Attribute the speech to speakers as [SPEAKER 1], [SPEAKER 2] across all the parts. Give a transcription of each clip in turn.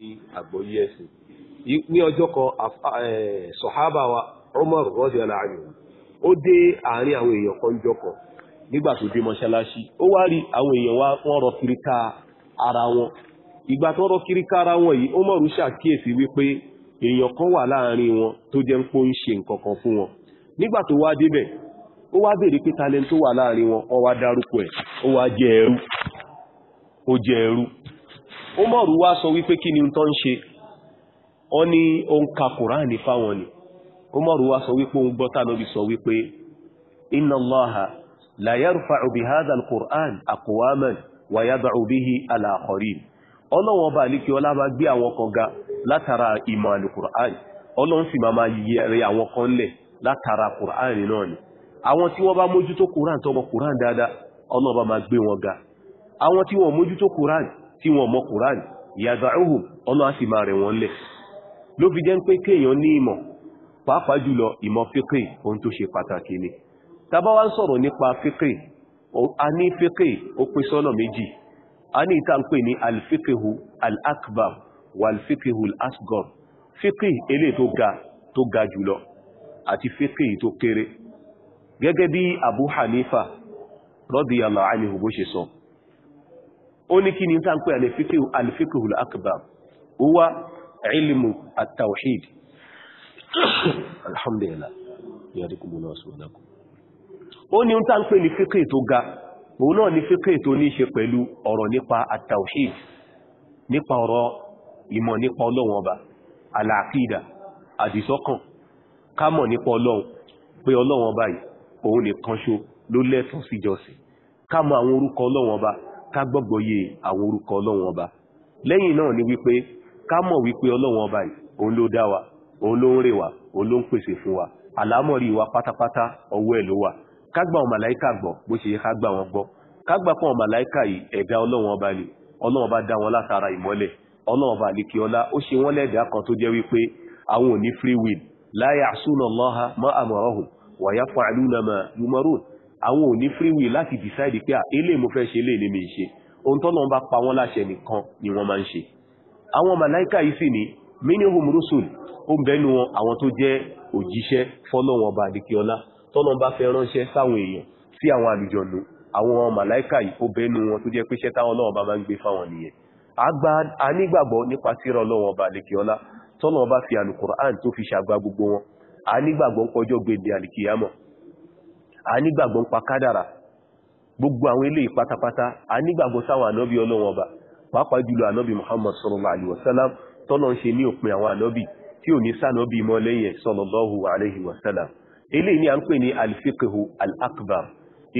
[SPEAKER 1] ní àgbọ́yé ẹ̀sìn ní ọjọ́ kan sọ̀hábà wa Umar radiyallahu anhu ó dé àárín àwọn èèyàn kan jọkọ̀ nígbà tó dé mọ́ṣáláṣí ó wá rí àwọn èèyàn wa wọ́n rọ kiri ara wọn ìgbà tó rọ kiri ara wọn yìí Umar ṣàkíyèsí wípé èèyàn kan wà láàárín wọn tó jẹ́ ń pọ́ ń ṣe nǹkan kan fún wọn nígbà tó wá débẹ̀ ó wá béèrè pé talent wà láàárín wọn ó wá dárúkọ ẹ̀ ó wá jẹ́ ẹrú ó jẹ́ ẹrú Umaru wá sọ wípé kí ni tó ń ṣe ọ ní o ń ka Kùránì fáwọn ni Umaru wá sọ wípé ohun gbọ́ta lóbi sọ wípé inna Allaha la yarfa'u bi hadha al-Qur'an aqwaman wa yada'u bihi al-akharin ọlọ́wọ́n bá ní kí ọlá bá gbé àwọn kan ga látara ìmọ̀ al-Qur'an ọlọ́run sì máa máa yẹrẹ kan lẹ̀ látara Qur'an náà ni àwọn tí wọ́n bá mójútó Qur'an tọmọ Qur'an dáadáa ọlọ́run bá máa gbé wọn ga àwọn tí wọ́n mójútó Qur'an tí wọ́n mọ kùránì yada'uhum ọlọ́ á sì máa rẹ̀ wọ́n lẹ̀ ló fi jẹ́ ń pé kéèyàn ní ìmọ̀ pàápàá jùlọ ìmọ̀ fíkì ohun tó ṣe pàtàkì ni tàbá wá ń sọ̀rọ̀ nípa fíkì a ní fíkì ó pín sọ́nà méjì a ní ìta ń pè ní alfikihu alakbar walfikihu alasgor fíkì elé tó ga tó ga jùlọ àti fíkì tó kéré gẹ́gẹ́ bí Abu Hanifa radiyallahu anhu bó ṣe sọ ó ní kí ni tá ń pè alifikihul akbar huwa ilmu at-tawhid alhamdulillah yàríkùnmọ́lá ọ̀sọ̀lọ́kù ó ní tá ń pè ní fíkì tó ga òun náà ní fíkì tó ní ṣe pẹ̀lú ọ̀rọ̀ nípa at-tawhid nípa ọ̀rọ̀ ìmọ̀ nípa ọlọ́wọ̀n ọba al-aqida àdìsọ́kàn kámọ̀ nípa ọlọ́run pé ọlọ́wọ̀n ọba yìí òun nìkan ṣo ló lẹ́tọ̀ọ́ síjọsìn kámọ̀ ká gbọ́gbọ́ yé àwọn orúkọ ọlọ́run ọba lẹ́yìn náà ni wípé ká mọ̀ wípé ọlọ́run ọba yìí òun ló dá wa òun ló ń rè wa òun ló ń pèsè fún wa àlámọ̀rí wa pátápátá ọwọ́ ẹ̀ ló wà ká gba àwọn màláíkà gbọ́ bó ṣe yẹ ká gba wọn gbọ́ ká gbà pọ̀ àwọn màláíkà yìí ẹ̀dá ọlọ́run ọba ni ọlọ́run ọba dá wọn látara ìmọ́lẹ̀ ọlọ́run ọba àlekí àwọn ò free will láti decide pé eléyìí mo fẹ́ ṣe eléyìí lè mi ṣe ohun tọ́nà bá pa wọ́n láṣẹ nìkan ni wọ́n máa ń ṣe àwọn màláíkà yìí sì ni minihum rusul ó ń bẹnu wọn àwọn tó jẹ́ òjíṣẹ́ fọ́lọ́wọ́n ọba àdìkíọlá tọ́nà bá fẹ́ ránṣẹ́ sáwọn èèyàn sí àwọn àlùjọ̀nù àwọn màláíkà yìí ó bẹnu wọn tó jẹ́ pé ṣẹ́ táwọn ọlọ́wọ́n ọba máa ń gbé fáwọn nìyẹn àgbà anígbàgbọ́ nípa tírà ọlọ́wọ́n a nígbàgbọ́ ń pa kádàrà gbogbo àwọn eléyìí pátápátá a nígbàgbọ́ sáwọn ànábì ọlọ́wọ́n ọba pàápàá jùlọ ànábì muhammad sallallahu alaihi wasallam tọ́lọ́ ń ṣe ní òpin àwọn ànábì tí ò ní sànábì mọ́ lẹ́yìn sallallahu alaihi wasallam eléyìí ni a ń al-akbar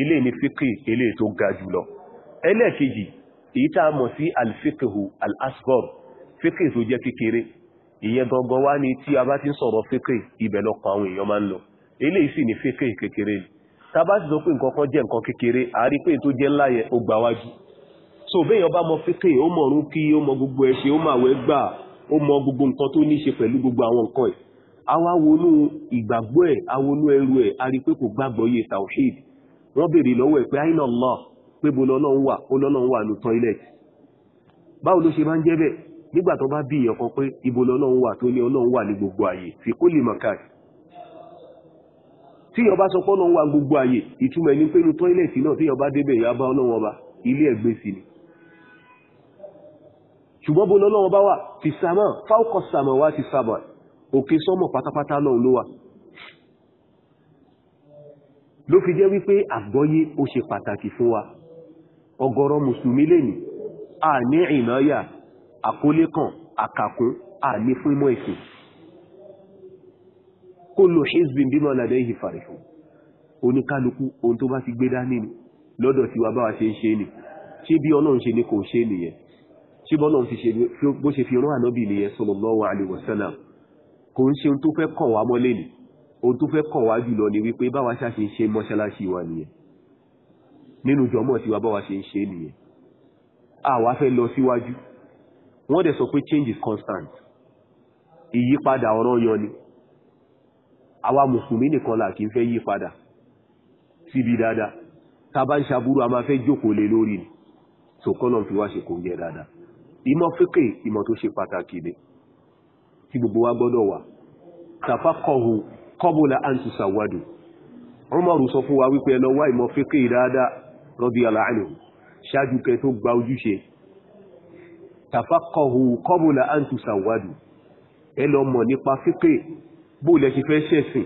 [SPEAKER 1] eléyìí ni fíkì eléyìí tó ga jùlọ ẹlẹ́ẹ̀kejì èyí tá a al-asghar fíkì tó jẹ́ kékeré ìyẹn gangan wá ní tí a bá ti ń sọ̀rọ̀ fíkì ibẹ̀ kékeré ni tàbá sì sọ pé nǹkan kan jẹ́ nǹkan kékeré àrí pé tó jẹ́ ńlá yẹn ó gbà wájú so béèyàn bá mọ fíkè ó mọ ọ̀run kí ó mọ gbogbo ẹ̀ṣẹ̀ ó máa wẹ́ gbà ó mọ gbogbo nǹkan tó ní ṣe pẹ̀lú gbogbo àwọn nǹkan ẹ̀ àwa wonú ìgbàgbọ́ ẹ̀ awonú ẹrù ẹ̀ àrí pé kò gbàgbọ́ yé tawhid wọ́n béèrè lọ́wọ́ ẹ̀ pé àìnà Allah pé bo lọ́nà ń wà ó lọ́nà ń wà ní toilet báwo ló ṣe máa ń jẹ́ bẹ́ẹ̀ nígbà tó bá bí èèyàn kan tí èèyàn bá sọ pé ọlọ́run wà gbogbo àyè ìtumọ̀ ẹni pé inú tọ́ílẹ̀tì náà tí èèyàn débẹ̀ èèyàn bá ọlọ́run ọba ilé ẹ̀gbẹ́ sí ni ṣùgbọ́n bó lọ́lọ́run ọba wà ti sàmà fáwọkọ̀ sàmà wá ti sàmà òkè sọ́mọ̀ pátápátá náà ló wà ló fi jẹ́ wípé àgbọ́yé ó ṣe pàtàkì fún wa ọ̀gọ̀rọ̀ mùsùlùmí lẹ́ni a ìnáyà àkólé kan àkàkún a fún ìmọ̀ ìsìn kullu hizbin bima ladayhi farihun oníkálukú ohun tó bá ti gbé dání ni lọ́dọ̀ tiwa báwa ṣe ń ṣe ni ṣé bí ọlọ́run ṣe ni kò ṣe nìyẹn ṣé bọ́lọ́run ti ṣe bó ṣe fi rán ànábì nìyẹn sallallahu alaihi wasallam kò ń ṣe ohun tó fẹ́ kàn wá mọ́lé ni ohun tó fẹ́ kàn wá jùlọ ni wípé báwa ṣá ni àwa mùsùlùmí nìkan là kì í fẹ́ yí padà síbi dáadáa tá a bá ń ṣaburú a máa fẹ́ jókòó lé lórí ni tó kọ́nà fi wá ṣe kò jẹ dáadáa ìmọ̀ fíkè ìmọ̀ tó ṣe pàtàkì ni tí gbogbo wa gbọ́dọ̀ wà tàfà kọ̀hù kọ́bùlà àǹtí sàwádù wa wípé ẹ lọ wá ìmọ̀ fíkè dáadáa radiyallahu anhu ṣáájú kẹ tó gba ojúṣe tàfà kọ̀hù bó lẹ ṣe fẹ́ ṣẹ̀sìn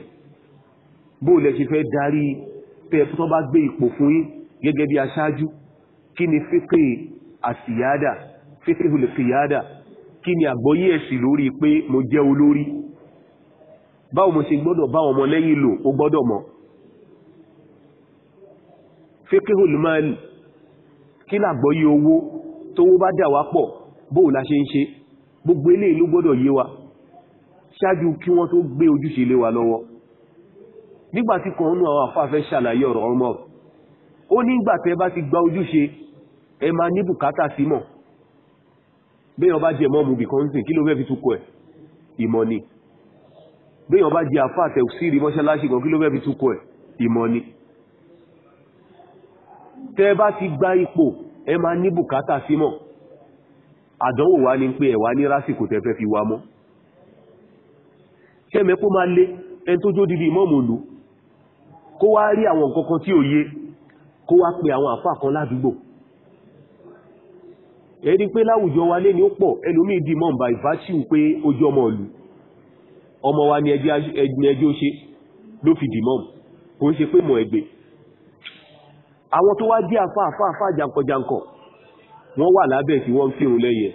[SPEAKER 1] bó lẹ ṣe fẹ́ darí pé tó bá gbé ipò fún yín gẹ́gẹ́ bí aṣáájú kí ni fíkè àsìyáàdà fíkè olùkìyáàdà kí ni àgbọ́yé ẹ̀sìn lórí pé mo jẹ́ olórí báwo mo ṣe gbọ́dọ̀ bá ọmọ lẹ́yìn lò ó gbọ́dọ̀ mọ̀ fíkè olùmọ̀ẹ́lì kí làgbọ́yé owó tówó bá dà wá pọ̀ bó la ṣe ń ṣe gbogbo eléyìí ló gbọ́dọ̀ yé wa ṣáájú kí wọ́n tó gbé ojúṣe lé wa lọ́wọ́ nígbàtí kan nú àwọn àfáfẹ́ ṣàlàyé ọ̀rọ̀ ọmọ ó nígbàtẹ́ bá ti gba ojúṣe ẹ ma ní bùkátà símọ̀ béèyàn bá jẹ mọ́mù bì kan sìn kí ló fẹ́ fi tukọ̀ ẹ̀ ìmọ̀ ni béèyàn bá jẹ àfá àtẹ̀síìrì mọ́ṣáláṣí kan kí ló fẹ́ fi tukọ̀ ẹ̀ ìmọ̀ ni tẹ́ bá ti gba ipò ẹ ma ní bùkátà símọ̀ àdánwò wa ni pé ẹ̀wà ní rásìkò tẹ́fẹ́ fi wa mọ́ ṣẹ́mẹ́ kó máa lé ẹn tó jó dìdì ìmọ́mù lò kó wá rí àwọn nǹkankan tí ò yé kó wá pe àwọn àfà kan ládùúgbò ẹni pé láwùjọ wa lé ní ó pọ̀ ẹlòmí di mọ́ bá ìfáṣíù pé ojú ọmọ ìlú ọmọ wa ni ẹjọ́ ṣe ló fi dì mọ́mù kò ń ṣe pé mọ̀ ẹgbẹ́ àwọn tó wá dí àfà àfà àfà jàǹkọjàǹkọ wọ́n wà lábẹ́ tí wọ́n ń kírun lẹ́yìn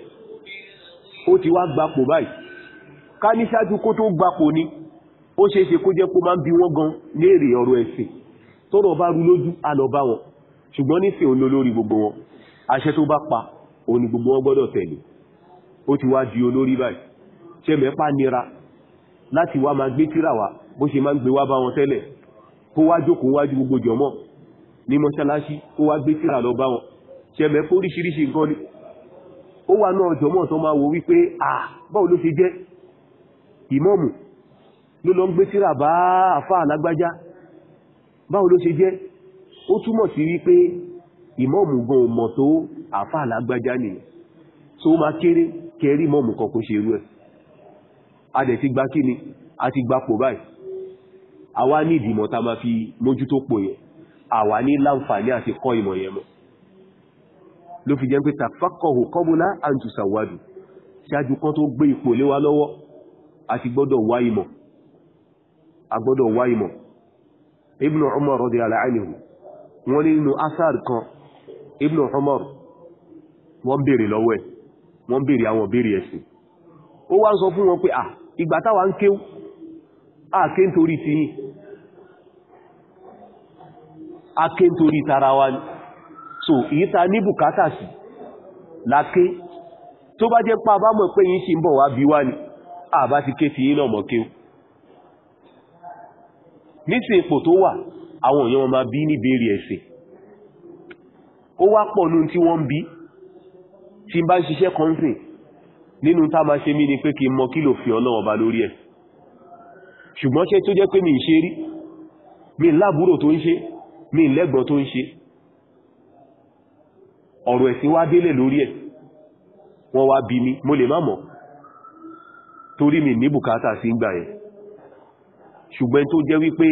[SPEAKER 1] ó ti wá gbapò báyìí ká ní ṣáájú kó tó gbapò ni ó ṣe é ṣe kó jẹ́ kó máa ń bi wọ́n gan léèrè ọ̀rọ̀ ẹ̀sìn tọ́rọ̀ bá rú lójú alọ́bá wọn ṣùgbọ́n nísìn òun gbogbo wọn àṣẹ tó bá pa òun ni gbogbo wọn gbọ́dọ̀ tẹ̀lé ó ti wá di olórí báyìí ṣẹ́mẹ̀ pa nira láti wá máa gbé tíra wá bó ṣe máa ń gbé wá bá wọn tẹ́lẹ̀ kó wá jókòó wájú gbogbo jọmọ́ ní mọ́ṣáláṣí kó wá gbé ìmọ́mù ló lọ ń gbé tíra bá àfáà lágbájá báwo ló ṣe jẹ́ ó túmọ̀ sí wípé ìmọ́mù gan ò mọ̀ tó àfáà lágbájá nìyẹn tó máa kéré kẹrí ìmọ́mù kan kó ṣe irú ẹ̀ a dẹ̀ ti gba kíni a ti gba pò báyìí àwa ní ìdìmọ̀ tá máa fi mójútó pò yẹn àwa ní láǹfààní àti kọ́ ìmọ̀ yẹn mọ́ ló fi jẹ́ pé tàfákọ̀hù kọ́bùlá àǹtùsàwádù ṣáájú kan tó gbé ipò léwa lọ́wọ́ a ti gbọ́dọ̀ wá ìmọ̀ a gbọ́dọ̀ wá ìmọ̀ ibn umar radiyallahu anhu wọ́n ní inú asar kan ibn umar wọ́n bèèrè lọ́wọ́ ẹ̀ wọ́n bèèrè àwọn bèèrè ẹ̀sìn ó wá ń sọ fún wọn pé ah ìgbà táwa ń kéw àké nítorí ti yìn àké nítorí tara wa so èyí ta ní bùkátà sí láké tó bá jẹ́ pa bá mọ̀ pé yìí sì ń bọ̀ wá bí wá ni àbá ti ké ti yí náà mọ́ kí ó ní sí ipò tó wà àwọn èèyàn wọn máa bí ní béèrè ẹ̀sìn ó wá pọ̀ nú tí wọ́n bí tí bá ń ṣiṣẹ́ kọ́nsìn nínú tá máa ṣe mí ni pé kí n mọ kí ló fi ọlọ́wọ́ bá lórí ẹ̀ ṣùgbọ́n ṣe tó jẹ́ pé mi ń ṣe rí mi lábúrò tó ń ṣe mi lẹ́gbọ́n tó ń ṣe ọ̀rọ̀ ẹ̀sìn wá délẹ̀ lórí ẹ̀ wọ́n wá bí mi mo lè má mọ̀ torí mi ní bùkátà sí gbà yẹn ṣùgbọ́n tó jẹ́ wípé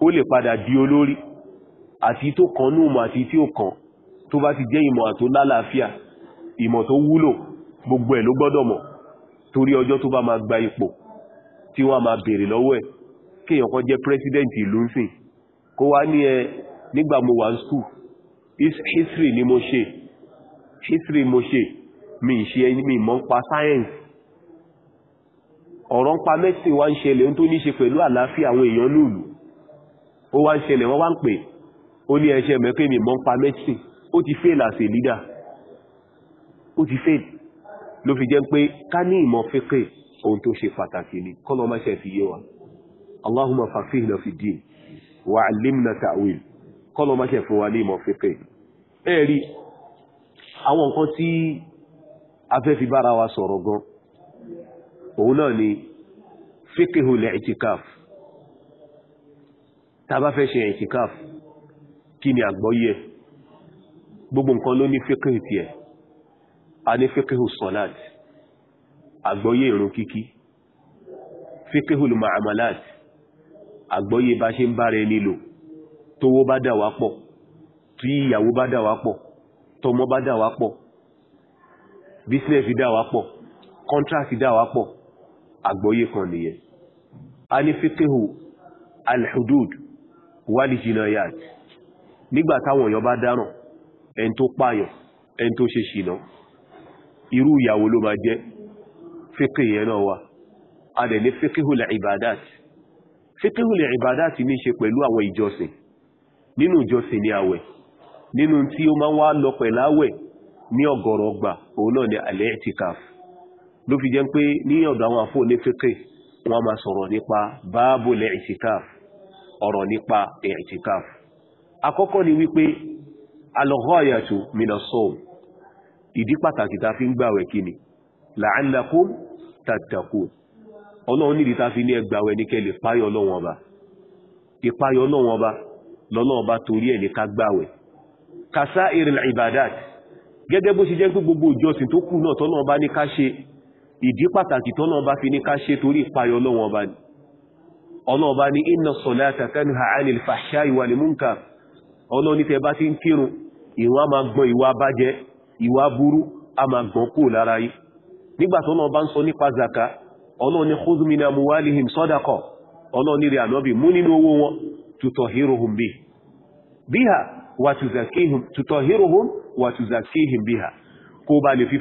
[SPEAKER 1] ó lè padà di olórí àti tó kan ní ìmọ̀ àti tí ó kan tó bá ti jẹ́ ìmọ̀ àtó lálàáfíà ìmọ̀ tó wúlò gbogbo ẹ̀ ló gbọ́dọ̀ mọ̀ torí ọjọ́ tó bá máa gba ipò tí wọ́n máa bèèrè lọ́wọ́ ẹ̀ kéèyàn kan jẹ́ president ìlú ń kó wá ní ẹ nígbà mo wà ní school history ni mo ṣe history mo ṣe mi ṣe mi mọ́ pa science ọ̀rọ̀ ń pa mẹ́sìn wá ń ṣẹlẹ̀ ohun tó ní ṣe pẹ̀lú àlàáfíà àwọn èèyàn lùlù ó wá ń ṣẹlẹ̀ wọ́n wá ń pè ó ní ẹṣẹ́ mẹ́pẹ́ mi ti fail as a ó ti fail ló fi jẹ́ pé ká ní ìmọ̀ fẹ́kẹ̀ ohun tó ṣe pàtàkì ni kọ́nà ọmọ ṣe fi yé wa allahumma fafihna fi din wa alimna ta'wil kọ́nà ọmọ ṣe fún wa ní ìmọ̀ fẹ́kẹ̀ àwọn nǹkan tí wa sọ̀rọ̀ gan òun náà ni fíkìhù lẹ̀ ìtìkáf tá a bá fẹ́ ṣe ìtìkáf kí ni àgbọ́yé gbogbo nǹkan ló ní fíkìhù tiẹ̀ a ní fíkìhù sọ́láàt àgbọ́yé ìrun kíkí fíkìhù màámàláàt àgbọ́yé bá ṣe ń bára ẹni lò tówó bá dà wá tí ìyàwó bá dà wá tọmọ bá dà wá pọ̀ bísínẹ̀sì dà àgbọ́yé kan nìyẹn a ní fíkíhù alhudud wal jinayat nígbà táwọn èèyàn bá dáràn ẹni tó pààyàn ẹni tó ṣe ṣìnà irú ìyàwó ló máa jẹ́ fíkí yẹn náà wà a dẹ̀ ní fíkíhù al-ibadat fíkíhù al-ibadat ní ọgbà òun náà ni al-i'tikaf ló fi jẹ́ pé ní ọ̀dọ̀ àwọn àfò ní fẹ́kẹ̀ wọ́n máa sọ̀rọ̀ nípa báàbòlè ìtìkáf ọ̀rọ̀ nípa ìtìkáf àkọ́kọ́ ni wípé alọ́gọ́yàtò minasọ́m ìdí pàtàkì ta fi ń gbàwẹ̀ kíni la'allakum tattaqun ọlọ́run nídi ta fi ní ẹgbàwẹ̀ ní kẹ́lẹ̀ páyọ ọlọ́run ọba ìpáyọ ọlọ́run ọba lọ́lọ́run kasa iril ibadat gẹ́gẹ́ bó ṣe jẹ́ pé gbogbo ìjọsìn tó kù ní ká ṣe ìdí pàtàkì tó náà bá fi ní ká ṣe torí ìpayọ ọlọ́wọ́n ọba ni ọlọ́wọ́n ọba ni inna salata tanha anil fahshai wal munkar ọlọ́wọ́n ní tẹ bá ti ń kírun a máa gbọ́n ìwà bàjẹ́ ìwà burú a máa gbọ́n kú lára yìí nígbà tó náà bá ń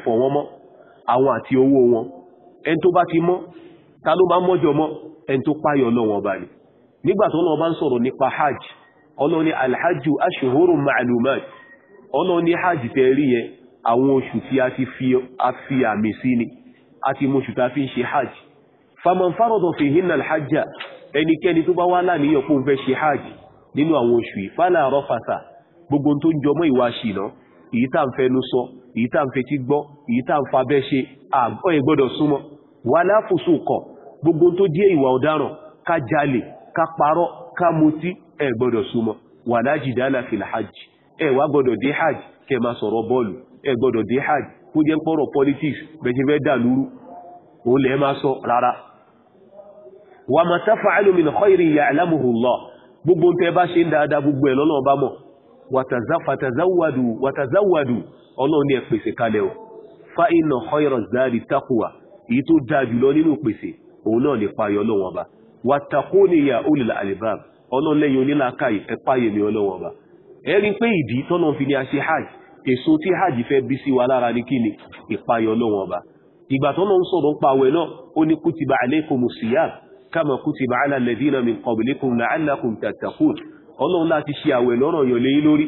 [SPEAKER 1] sọ zaka àwọn àti owó wọn ẹni tó bá ti mọ́ ta ló bá mọ́jọ mọ́ ẹni tó páyọ̀ lọ́wọ́n bá ní nígbà tó lọ́wọ́ bá ń sọ̀rọ̀ nípa hajj ọlọ́ ni alhajju ashhurun ma'lumat ọlọ́ ni hajj tẹ́ rí yẹn àwọn oṣù tí a ti fi àmì sí ni àti mọ̀ṣù tá fi ń ṣe hajj faman farada fihinna alhajja ẹnikẹ́ni tó bá wá láníyàn pé fẹ́ ṣe hajj nínú àwọn oṣù yìí fala rafasa gbogbo tó ń jọmọ́ ìwà ṣìnà èyí èyí tá n fetí gbọ́ èyí tá n fa bẹ́ ṣe àgbọ́ yẹn gbọ́dọ̀ súnmọ́ wà láfòsù kọ̀ gbogbo tó jẹ́ ìwà ọ̀daràn ká jalè ká parọ́ ká mutí ẹ gbọ́dọ̀ súnmọ́ wà fìlà hajj ẹ wá gbọ́dọ̀ dé hajj kẹ máa sọ̀rọ̀ bọ́ọ̀lù ẹ gbọ́dọ̀ dé hajj kó jẹ́ pọ̀rọ̀ politics bẹ̀ṣẹ̀ fẹ́ dà lúrú òun lẹ́ sọ rárá wà sáfà alómìnà gbogbo ọlọ́run ní ẹ pèsè kalẹ̀ o fa iná khayra zari takuwa èyí tó dáa jùlọ nínú pèsè òun náà lè payọ ọlọ́run ọba wà takó ní ìyá olùlà alibab ọlọ́run lẹ́yìn onílàákàyè ẹ páyè ní ọlọ́run ọba ẹ rí pé ìdí tọ́nà fi ní a ṣe hajj èso tí hajj fẹ́ bí sí wa lára ní kíni ìpayọ ọlọ́run ọba ìgbà tọ́nà ń sọ̀rọ̀ ń pa àwẹ̀ náà ó ní kútìbà alaykumu siyam kama kútìbà ala alladhina min qablikum la'allakum tattaqun ọlọ́run láti ṣe àwẹ̀ lọ́rọ̀ yọ̀lẹ́yìn lórí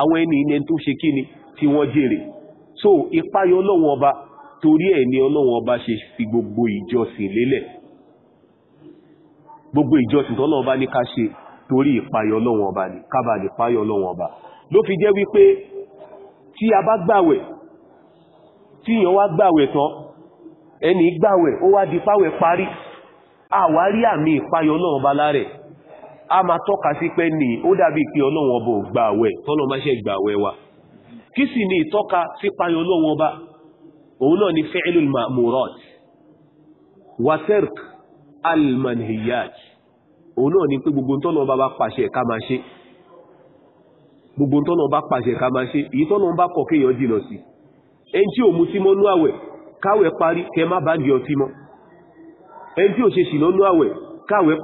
[SPEAKER 1] àwọn ẹni ilẹ̀ tó ṣe kí ni tí wọ́n jèrè so ìpáyọ ọlọ́wọ́n ọba torí ẹ̀ ni ọlọ́wọ́n ọba ṣe fi gbogbo ìjọsìn lélẹ̀ gbogbo ìjọsìn tọ́lọ́wọ́n ọba ní ká ṣe torí ìpáyọ ọlọ́wọ́n ọba ni kábà lè páyọ ọlọ́wọ́n ọba ló fi jẹ́ wípé tí a bá gbàwẹ̀ tí èèyàn wá gbàwẹ̀ tán ẹni gbàwẹ̀ ó wá di páwẹ̀ parí àwárí àmì ìpáyọ ọlọ́wọ́n ọba lárẹ̀ a máa tọ́ka sí pé ní ó dàbí pé ọlọ́run ọba ò gba àwẹ̀ tọ́lọ́run bá ṣe gba àwẹ̀ wa kí sì ní ìtọ́ka sí payọ ọlọ́run ọba òun náà ni fi'lul ma'murat wa tark al-manhiyat òun náà ni pé gbogbo tọ́lọ́run bá pàṣẹ ká máa ṣe gbogbo tọ́lọ́run bá pàṣẹ ká máa ṣe èyí tọ́lọ́run káwẹ̀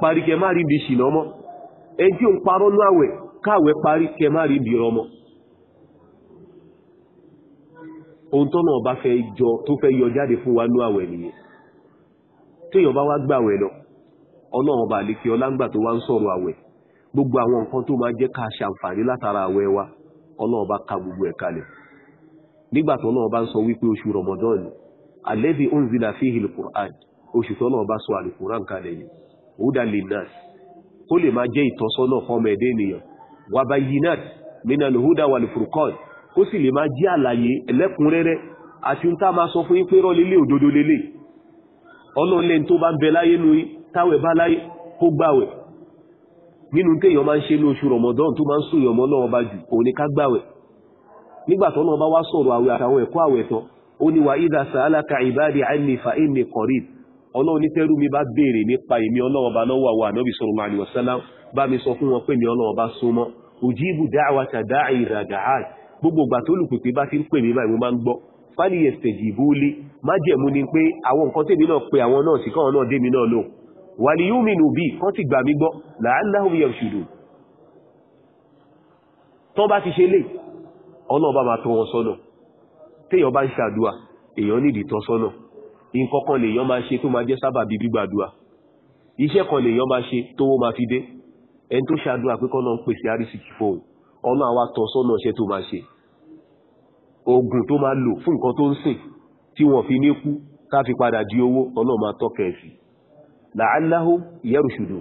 [SPEAKER 1] parí kẹ má rí ibi ṣìnà mọ́ Eji òun parọ́ ní àwẹ̀ káàwẹ̀ parí kẹ má rí ìbìrọ ọmọ ohun tọ́nà ọba fẹ́ jọ tó fẹ́ yọ jáde fún wa ní àwẹ̀ nìyẹn bá wá gbàwẹ̀ lọ ọlọ́run bá lè fi ọlágbà tó wá ń sọ̀rọ̀ àwẹ̀ gbogbo àwọn nǹkan tó máa jẹ́ ká ṣàǹfààní látara àwẹ̀ wa ọlọ́run ka gbogbo ẹ̀ kalẹ̀ nígbà tó ọlọ́run ń sọ wípé oṣù alẹ́bí oṣù tó sọ kalẹ̀ yìí kó lè máa jẹ́ ìtọ́sọ́nà fọ́mọ ẹ̀dẹ́ ènìyàn wabayinat minal huda wal furqan kó sì lè máa jẹ́ àlàyé ẹlẹ́kùnrẹ́rẹ́ àti ń tá máa sọ fún yín pé rọ́lélé òdodo lélẹ̀ ọlọ́ọ̀lẹ́ tó bá ń bẹ láyé nu táwẹ̀ bá láyé kó gbàwẹ̀ nínú téèyàn máa ń ṣe ní oṣù rọmọdán tó máa ń sùn yọmọ náà ọba jù òun ká gbàwẹ̀ nígbà tó náà bá wá sọ̀rọ̀ àwẹ̀ àtàwọn ẹ̀kọ́ àwẹ̀ tán ó ní wa idha sa'alaka ibadi anni fa inni ọlọ́run ní tẹ́rù mi bá béèrè nípa èmi ọlọ́run bá lọ́wọ́ àwọn ànábì sallallahu alaihi wasallam bá mi sọ fún wọn ujibu da'wata da'i idha da'an gbogbo ìgbà tó lùpèpè bá ti ń pè mí fali yastajibu li má jẹ̀mú ni pé àwọn nǹkan tèmi náà pé àwọn náà sí káwọn náà dé mi náà lò wali yuminu bi kán ti gbà ọlọ́run bá máa tọ́ wọn sọ́nà téèyàn bá èèyàn nídìí tọ́ sọ́nà nǹkan kan lèèyàn máa ṣe tó máa jẹ́ sábàbí gbígbàdúrà iṣẹ́ kan lèèyàn máa ṣe tówó máa fi dé ẹni tó ṣàdúrà pé kọ́nà ń pèsè àrísìkì fóun ọ̀nà àwa tọ̀ sọ́nà iṣẹ́ tó máa ṣe oògùn tó máa lò fún nǹkan tó ń sìn tí wọ́n fi ní kú ká fi padà di owó ọ̀nà máa tọ́kẹ̀ sí la'allahu yarshudu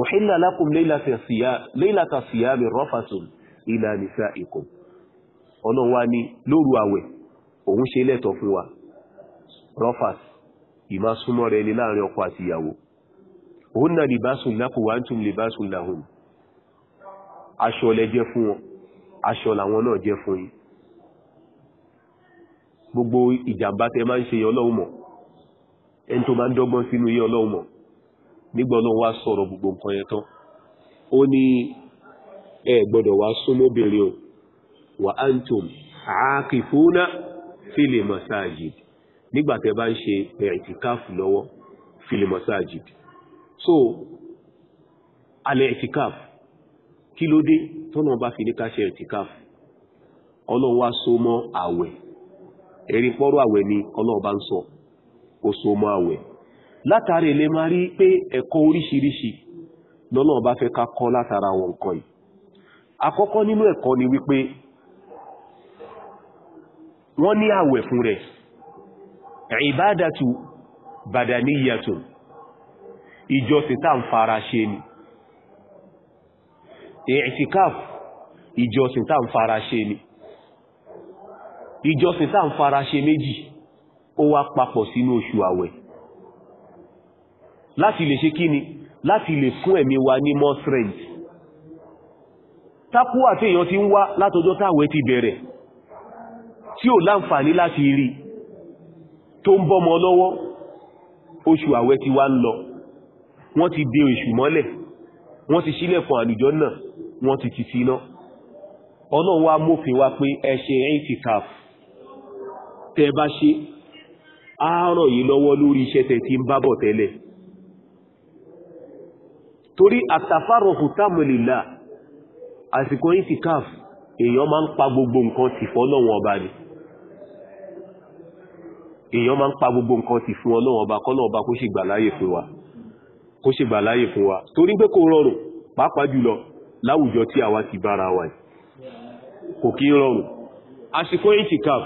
[SPEAKER 1] uhilla lakum laylata siyami rafatun ila ọ̀nà wa ni lóru àwẹ̀ òun ṣe lẹ́tọ̀ fún wa rọ́fàt ìmá súnmọ́ rẹ ni láàrin ọkọ àti ìyàwó òun náà libasun lakum wa antum libasun lahum aṣọ lẹ jẹ́ fún wọn aṣọ làwọn náà jẹ́ fún yín gbogbo ìjàmbá tẹ máa ń ṣe yẹn ọlọ́run mọ̀ ẹni wa antum aakifuna fil masajid nígbà tẹ́ bá ń ṣe ẹ̀ẹ̀tìkáàfù lọ́wọ́ fílímọ̀sáàjì so alẹ́ ẹ̀tìkáàfù kí ló dé tọ́nà bá fi ní ká ṣe ẹ̀tìkáàfù ọlọ́run wá so mọ́ àwẹ̀ ẹ̀rí pọ́rọ̀ àwẹ̀ ni ọlọ́run bá ń sọ ó so mọ́ àwẹ̀ látàrí ilé máa rí pé ẹ̀kọ́ oríṣiríṣi lọ́nà bá fẹ́ ká kọ́ látara wọn nǹkan yìí àkọ́kọ́ nínú ẹ̀kọ́ ni wípé wọ́n ní àwẹ̀ fún rẹ̀ ìbádàtù bàdàníyàtù ìjọsìn tá ń fara ṣe ni ìtìkáf ìjọsìn tá ń fara ṣe ni ìjọsìn tá ń fara ṣe méjì ó wá papọ̀ sínú oṣù àwẹ̀ láti lè ṣe kíni láti lè fún ẹ̀mí wa ní mọ́srẹ̀ǹtì tákú àti èèyàn ti ń wá látọjọ́ táwẹ̀ ti bẹ̀rẹ̀ tí ò láǹfààní láti rí tó ń bọ́mọ lọ́wọ́ oṣù àwẹ̀ ti wá ń lọ wọ́n ti dé oṣù mọ́lẹ̀ wọ́n ti ṣílẹ̀kùn àlùjọ náà wọ́n ti ti síná ọlọ́run wá mófin wá pé ẹ ṣe intikaf tẹ bá ṣe á ràn yín lọ́wọ́ lórí iṣẹ́ tẹ ti ń bábọ̀ tẹ́lẹ̀ torí àtàfàrọ̀kù táàmùlìlà àsìkò intikaf èèyàn máa ń pa gbogbo nǹkan tìfọ́ lọ́wọ́n ọba èèyàn máa ń pa gbogbo nǹkan ti fún ọlọ́wọ́ ọba kọ́nà ọba kó ṣègbà láyè fún wa kó ṣègbà láyè fún wa torí pé kò rọrùn pàápàá jùlọ láwùjọ tí àwa ti bára wa yìí kò kí ń rọrùn àsìkò ìtìkàf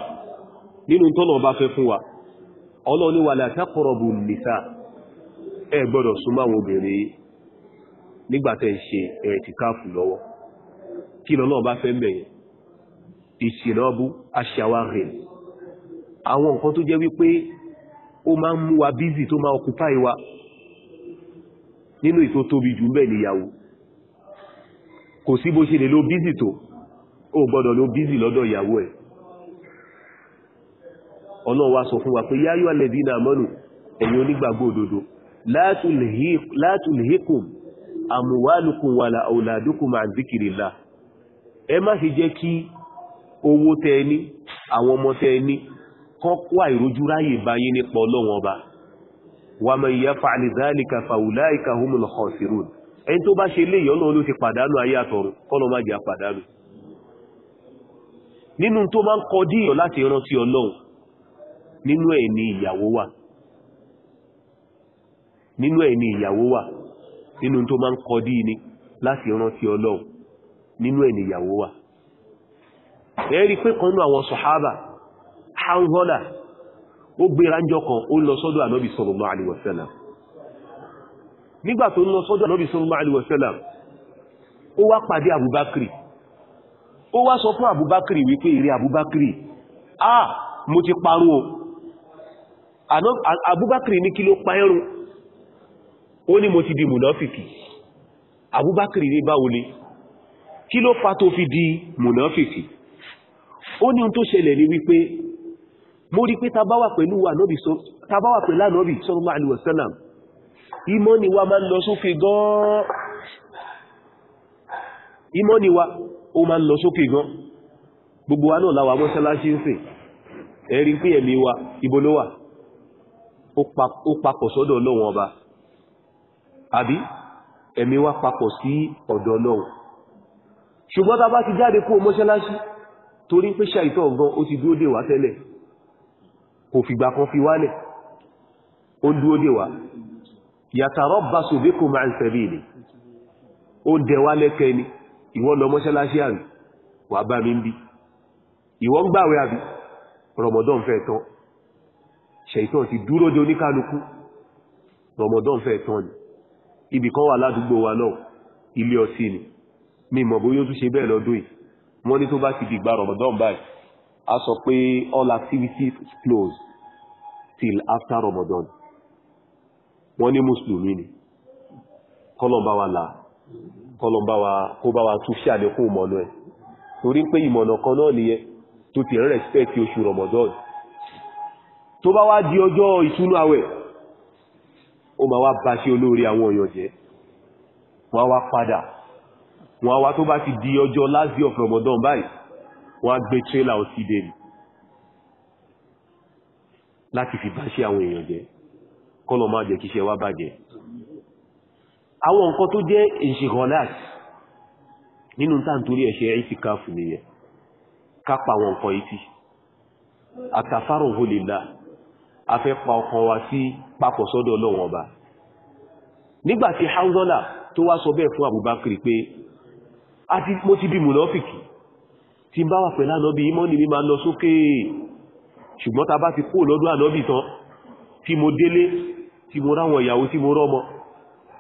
[SPEAKER 1] nínú tọ́nà ọba fẹ́ fún wa ọlọ́ni wà àwọn nǹkan tó jẹ́ wípé ó máa ń mú wa bízì tó máa occupy wa nínú ìtò tóbi jù bẹ́ẹ̀ níyàwó kò sí bó ṣe lè ló bízì tó ó gbọ́dọ̀ ló bízì lọ́dọ̀ ìyàwó ẹ̀ ọlọ́wà sọ fún wa pé yáyọ́ alẹ́dínà mọ́nù ẹ̀yin onígbàgbọ́ òdodo látùlhíkùn kọ́ kó àìrójú ráyè báyé nípa ọlọ́wọ́n ọba wa man yaf'al dhalika fa ulaika humul khasirun ẹni tó bá ṣe léyìn ọlọ́run ló ti pàdánù ayé àtọ̀run kọ́lọ́ má jẹ́ àpàdánù nínú tó máa ń kọ díyàn láti rántí ọlọ́run nínú ẹ̀ ni ìyàwó wà ẹ̀rí pé kan nú àwọn sàhábà hanzọ́là ó gbéra ń jọkàn ó lọ sọ́dọ̀ ànábì sallallahu alaihi wasallam nígbà tó ń lọ sọ́dọ̀ ànábì sallallahu alaihi ó wá pàdé abubakiri ó wá sọ fún abubakiri wípé èrè abubakiri ah mo ti parun o abubakiri ní kí ló pa ẹrun ó ní mo ti di mùnáfìkì abubakiri ní báwo ni kí ló pa tó fi di mùnáfìkì ó ní ohun tó ṣẹlẹ̀ ní wípé mo rí pé tabawa pẹ̀lú ànọ́bì sallallahu alaihi wasallam ìmọ́ ni wa máa ń lọ sókè gan-an ìmọ́ ni wa ó máa ń lọ sókè gan gbogbo wa náà láwà mọ́sálásí ń sìn ẹ̀rí pé ẹ̀mí wa ibo ló wà ó papọ̀ sọ́dọ̀ Ọlọ́run ọba àbí ẹ̀mí wa papọ̀ sí ọ̀dọ̀ Ọlọ́run ṣùgbọ́n tá ti jáde kó mọ́sálásí torí pé ṣàìtọ̀ gan ó ti dúró dè wá tẹ́lẹ̀ kò fìgbà kan fi wálẹ̀ ó ń dúó dè wá yatarabbasu bikum an sabili ó dẹ̀ lẹ́kẹ́ ni ìwọ lọ mọ́ṣáláṣí àrí wà bá mi ń bí ìwọ ń gbàwẹ̀ àbí rọmọdán fẹ́ tán ṣẹ̀ìtàn ti dúró de oníkálukú rọmọdán fẹ́ tán ni ibì kan wà ládùúgbò wa náà ilé ọtí ni mímọ̀ bóyá ó tún ṣe bẹ́ẹ̀ lọ́dún yìí wọ́n ní tó bá ti dìgbà rọmọdán báyìí a sọ pé all activities close till after Ramadan wọ́n ní mùsùlùmí ni kọlọ̀mbá wa la, kọlọ̀mbá wa kó bá wa tún ṣàlékún ìmọ̀nà ẹ̀ torí pé ìmọ̀nà kan náà nìyẹn tó ti respect oṣù Ramadan tó bá wá di ọjọ́ ìtúnú àwẹ̀ ó ma wá bá ṣe olóore àwọn èèyàn jẹ́ wọ́n wá padà wọ́n wá tó bá ti di ọjọ́ last day of Ramadan báyìí wọ́n á gbé tírélà ọtí dé ni láti fi bá ṣe àwọn èèyàn jẹ kọ́lọ̀ máa jẹ́ kíṣẹ́ wá bàjẹ́ àwọn nǹkan tó jẹ́ ìṣìhànláàt nínú tàntorí ẹ̀ṣẹ́ ìsìkáfù nìyẹn kápa àwọn nǹkan ìtì àtàfàrò volèlá afẹ́ pa ọkàn wa sí papọ̀ sọ́dọ̀ ọlọ́wọ̀n ọba nígbàtí hanzola tó wá sọ bẹ́ẹ̀ fún Abubakar pé mo ti bí mùnàfìkì tí bá wà pẹ̀lú ànọ́bì ìmọ́ni mi máa lọ sókè ṣùgbọ́n ta bá ti kó lọ́dún ànọ́bì tán tí mo délé tí mo ráwọn ìyàwó tí mo rọ́mọ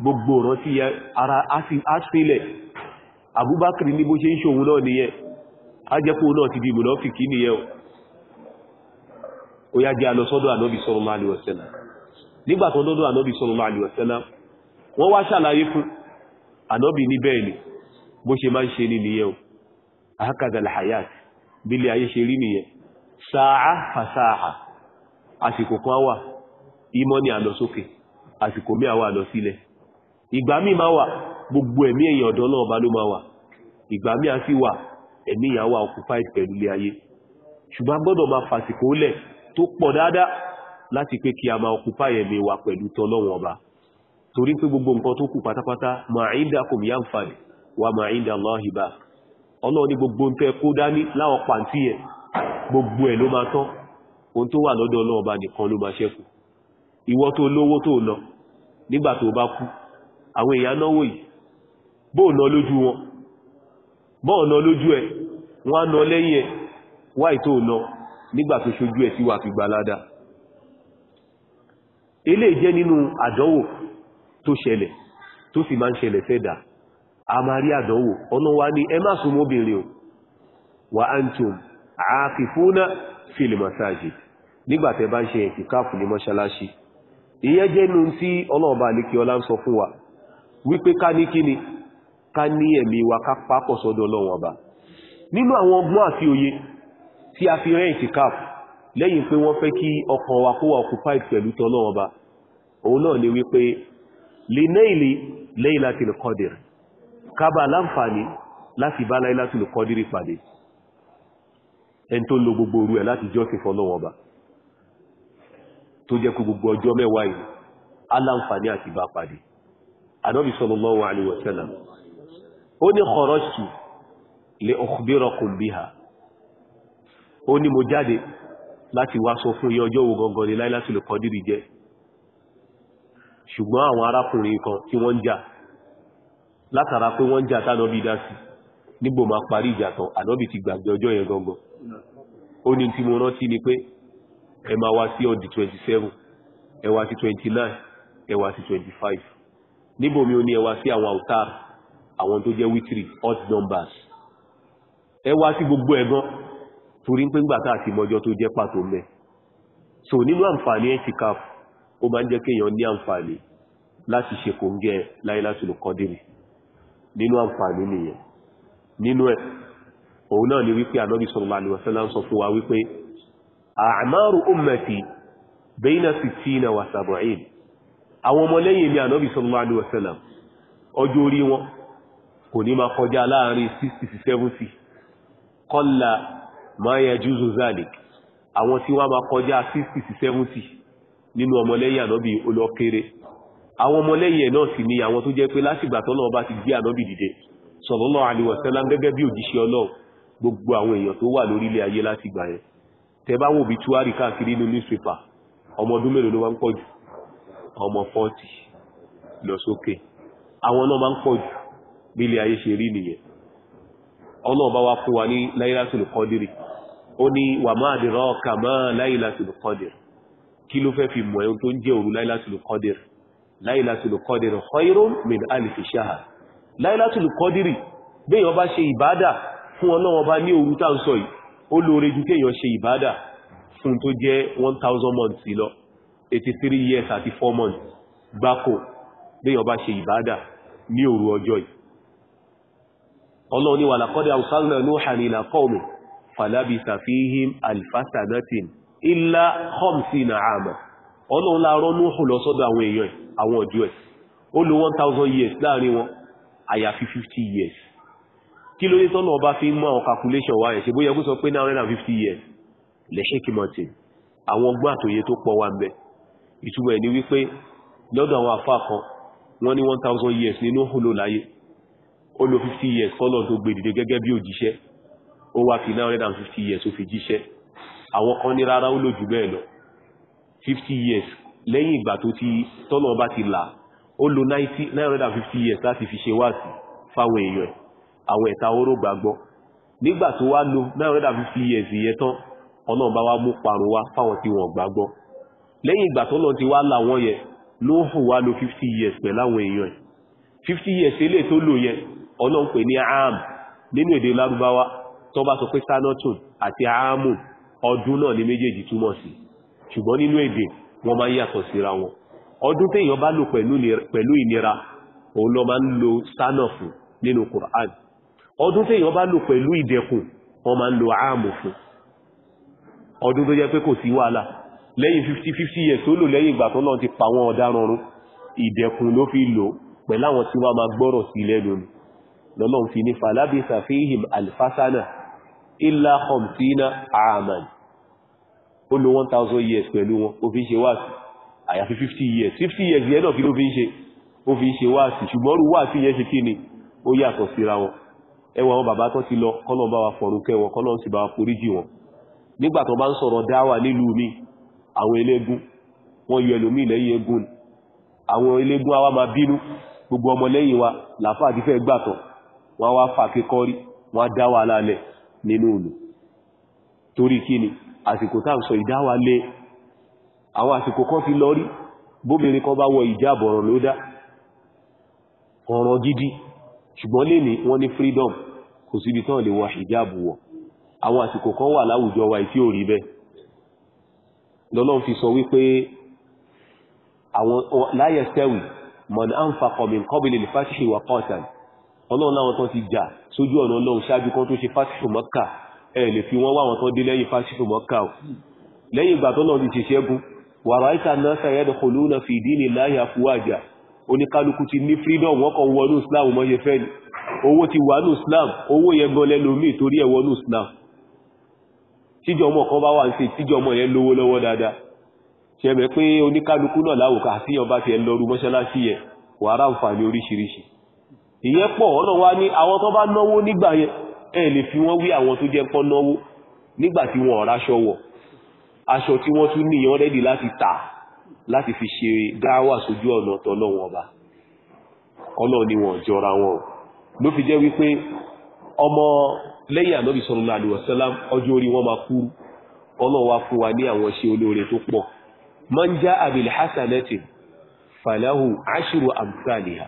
[SPEAKER 1] gbogbo ọ̀ràn tí ara áṣílẹ̀ Abubakar ní bó ṣe ń ṣòun náà nìyẹn a jẹ́ pé náà ti di mùnáfìkì nìyẹn ó yá jẹ́ alọ́sọ́dọ̀ ànọ́bì sallallahu alaihi wasallam nígbà tó dọ́dọ̀ ànọ́bì sallallahu ni bó hakadal hayat bílẹ̀ ayé ṣe rí nìyẹn sáà fasáà àsìkò kan wà ìmọ̀ ni àlọsókè àsìkò mí àwà àlọ sílẹ̀ ìgbà mí máa wà gbogbo ẹ̀mí èèyàn ọ̀dọ́ náà bá ló máa wà ìgbà mí a sì wà ẹ̀mí èèyàn wà occupied pẹ̀lú ilé ayé ṣùgbọ́n gbọ́dọ̀ máa fàsìkò lẹ̀ tó pọ̀ dáadáa láti pé kí a máa occupy ẹ̀mí wa pẹ̀lú tọ́lọ́wọ̀n ọba torí pé gbogbo nǹkan tó kù pátápátá ma'indakum yanfad wa ma'indallahi baqi ọlọ́run ní gbogbo ń tẹ́ kó dání láwọn pàǹtí ẹ̀ gbogbo ẹ̀ ló máa tán ohun tó wà lọ́dọ̀ ọlọ́run ọba nìkan ló máa ṣẹ́kù ìwọ tó lówó tó lọ nígbà tó bá kú àwọn èèyàn náwó yìí bó ná lójú wọn bó ná lójú ẹ wọ́n á ná lẹ́yìn ẹ wá ìtò ná nígbà tó ṣojú ẹ sí wà fi gbalada eléyìí jẹ́ nínú àdánwò tó ṣẹlẹ̀ tó sì máa ń ṣẹlẹ̀ fẹ́dàá a máa rí àdánwò ọ̀nà wa ní ẹ má súnmọ́ obìnrin o wa antum aakifuna fil masajid nígbà tẹ́ bá ń ṣe ìtìkáàfù ní mọ́ṣáláṣí ìyẹn jẹ́ nu tí ọlọ́ọ̀bá àlékí ọlá ń sọ fún wa wípé ká ní kíni ká ní ẹ̀mí wa ká pápọ̀ sọ́dọ̀ ọlọ́wọ̀n kábà láǹfààní láti bá láyé láti lè kọ́dírí pàdé ẹni tó lo gbogbo orú ẹ̀ láti jọ́sìn fọlọ́wọ́ ọba tó jẹ́ kó gbogbo ọjọ́ mẹ́wàá yìí aláǹfààní àti bá pàdé ànábì sallallahu alaihi wa sallam ó ní kharajtu li ukhbirakum biha ó ní mo jáde láti wá sọ fún iye ọjọ́ wo gangan ni láyé ṣùgbọ́n àwọn arákùnrin kan tí wọ́n ń jà látara pé wọ́n jà tánàbí dá sí nígbò máa parí ìjàtọ̀ ànábì ti gbàgbé ọjọ́ yẹn gangan ó ní tí mo rántí ni pé ẹ máa wá sí ọdí 27 ẹ wá sí 29 ẹ wá sí 25 níbòmí ó ní ẹ sí àwọn autar àwọn tó jẹ́ wítìrì odd numbers ẹ wá sí gbogbo ẹ̀gan torí pé ńgbà táà ti tó jẹ́ pàtó mẹ́ so nínú àǹfààní ẹ̀tìkáf ó máa ń jẹ́ kéèyàn ní àǹfààní láti ṣe kòńgẹ́ láìlátùlù kọ́dìrì nínú àǹfààní nìyẹn nínú ẹ̀ òun náà ni wípé ànábì sallallahu alaihi wasallam sọ fún wa wípé a'maru ummati bayna sittina wa sab'in àwọn ọmọlẹ́yìn ni ànábì sallallahu alaihi wasallam ọjọ́ orí wọn kò ní máa kọjá láàrin 60 sí 70 kọ́lá máa yẹ jùzù zalik àwọn àwọn ọmọlẹ́yìn ẹ̀ náà sì ni àwọn tó jẹ́ pé látìgbà tọ́lọ́wọ́ bá ti gbé ànábì dìde sallallahu alaihi wasallam gẹ́gẹ́ bí òjíṣẹ́ ọlọ́run gbogbo àwọn èèyàn tó wà lórílẹ̀ ayé látìgbà yẹn tẹ bá wò bí túwárì káàkiri inú newspaper ọmọ ọdún mélòó ló máa ń pọ̀ jù ọmọ 40 lọ sókè àwọn náà máa ń pọ̀ jù bí ilé ayé ṣe rí nìyẹn ọlọ́ọ̀bá wa fún wa ní láìlátùlù kọ́dìrì ó ní wà máa dìrọ́ ọkà máa láìlátùlù kọ́dìrì kí ló fẹ́ fi mọ̀ ẹ́ tó ń jẹ́ òru láìlátùlù kọ́dìrì láìlátùlù kọ́dìrì khairun min alifi shahr láìlátùlù kọ́dìrì béèyàn bá ṣe ìbádà fún ọlọ́wọ́n bá ní òru tá ń sọ yìí ó lóore ju kéèyàn ṣe ìbádà fún tó jẹ́ 1000 months lọ 83 years àti 4 months gbáko béèyàn bá ṣe ìbádà ní òru ọjọ́ yìí ọlọ́run ni wà làkọ́dé àwùsánà Nuhan ila qawmi falabisa fihim alfasanatin ọlọ́run láàárọ̀ Nuhu lọ sọ́dọ̀ àwọn èèyàn àwọn ọ̀dọ́ ẹ̀ ó lo one thousand years láàrin wọn àyàfi fifty years kí ló dé tọ́nà ọba fi ń mú àwọn calculation wa ẹ̀ ṣe bóyá kó sọ pé nine hundred and fifty years lẹ́ṣẹ́ kí mọ̀tì àwọn ọgbọ́n àtòyé tó pọ̀ wà ń bẹ ìtumọ̀ ẹ̀ ni wípé lọ́dọ̀ àwọn àfáà kan wọ́n ní one thousand years nínú Nuhu lò láyé ó lo fifty years kọ́lọ̀ tó gbé dìde gẹ́gẹ́ bí òjíṣẹ́ ó wá fi nine hundred and fifty years ó fi jíṣẹ́ àwọn kan ní rárá ó lò jù bẹ́ẹ̀ lọ 50 years lẹ́yìn ìgbà tó ti tọ́nà ọba ti là ó lo ninety years láti fi ṣe wáàsí fáwọn èèyàn ẹ̀ àwọn ẹ̀ta oró gbàgbọ́ nígbà tó wá lo nine years ìyẹn tán ọlọ́run bá wá mú parun wá fáwọn tí wọ́n gbàgbọ́ lẹ́yìn ìgbà tó náà ti wá là wọ́n yẹn ló hù wá lo fifty years pẹ̀lú àwọn èèyàn ẹ̀ years eléyìí tó lò yẹn ọlọ́run pè ní aam nínú èdè lárúbáwá tó bá sọ pé sanotun àti aamun ọdún náà ni méjèèjì túmọ̀ sí i ṣùgbọ́n nínú èdè wọ́n máa ń yàtọ̀ síra wọn ọdún téèyàn bá lò pẹ̀lú ìnira òun lọ máa ń lo sánà fún nínú Qur'an ọdún téèyàn bá lò pẹ̀lú ìdẹ̀kùn wọ́n máa ń lo áàmù fún ọdún tó jẹ́ pé kò sí wàhálà lẹ́yìn 50-50 years ó lò lẹ́yìn ìgbà tó náà ti pa wọn ọ̀daràn rún ìdẹ̀kùn ló fi lò pẹ̀láwọn tí wọ́n máa gbọ́rọ̀ sí lẹ́nu lọ́lọ́run fi ní falabisa fihim alfasana illa khamsina aman ó lo one thousand years pẹ̀lú wọn ó fi ń ṣe wáàsì àyàfi fifty years fifty years yẹn náà kí ló fi ń ṣe ó fi ń ṣe wáàsì ṣùgbọ́n ọ̀rù wáàsì yẹn ṣe kí ni ó yàtọ̀ síra wọn ẹwà wọn bàbá tó ti lọ kọ́lọ̀ bá wa fọ̀rún kẹwọn kọ́lọ̀ sì bá wa forí jì wọn nígbà tó bá ń sọ̀rọ̀ dáwà nílùú mi àwọn elégún wọn yọ ẹlòmíì lẹ́yìn eégún àwọn elégún àwa máa bínú gbogbo ọmọ lẹ́yìn wa làfà àti gbàtọ̀ wọn wá fà kékọ́rí wọn dá wà lálẹ̀ nínú ìlú torí kíni àsìkò tá ń sọ ìdáwà lé àwọn àsìkò kan fi lọ rí bóbìnrin kan bá wọ ìjáàbọ̀ ló dá ọ̀rọ̀ gidi ṣùgbọ́n lè ní wọ́n ní freedom kò síbi tán lè wọ ìjáàbù wọ̀ àwọn àsìkò kan wà láwùjọ wa tí ò rí bẹ́ẹ̀ lọ́lọ́n fi sọ wípé àwọn láyẹ̀ sẹ́wì mọ̀nà àǹfàkọ̀ min qabli al-fathi wa qatal ọlọ́run láwọn tán ti jà sójú ọ̀nà ọlọ́run ṣáájú kan tó ṣe fásitì mọ́kà ẹ lè fi wọ́n wá àwọn tó dé lẹ́yìn fásitì mọ́kà o lẹ́yìn ìgbà tó náà ti ṣiṣẹ́ gun wàrà ìta náà sàyẹ́dọ̀ kò lóun náà fi ìdí ní láyé àfúwàjà oníkálukú ti ní freedom wọ́n kàn wọnú islam mọ́ ṣe fẹ́ ni owó ti wà ní islam owó yẹn gan lẹ́lòmíì torí ẹ̀ wọnú islam tíjọ ọmọ kan bá wà ń ṣe tíjọ ọmọ yẹn lówó lọ́wọ́ dáadáa ṣẹbẹ̀ pé oníkálukú náà láwùká àfihàn bá ti lọ́rú mọ́ṣáláṣí yẹn wàrà àǹfààní oríṣiríṣi ìyẹn pọ̀ ọ̀nà wa ní àwọn tó bá náwó nígbà yẹn ẹ lè fi wọ́n wí àwọn tó jẹ́ pọ́n náwó nígbà tí wọ́n ọ̀ráṣọ wọ̀ aṣọ tí wọ́n tún níyàn rẹ́dì láti tà láti fi ṣe dáwà sójú ọ̀nà tọ́lọ́wọ́n ọba ọlọ́ ni wọ́n jọra wọn ló fi jẹ́ wípé ọmọ lẹ́yìn ànábì sallallahu alaihi wasallam ọjọ́ orí wọn máa kúrú ọlọ́run wá fún wa ní àwọn ṣe olóore tó pọ̀ man jaa bil hasanati falahu ashru amthaliha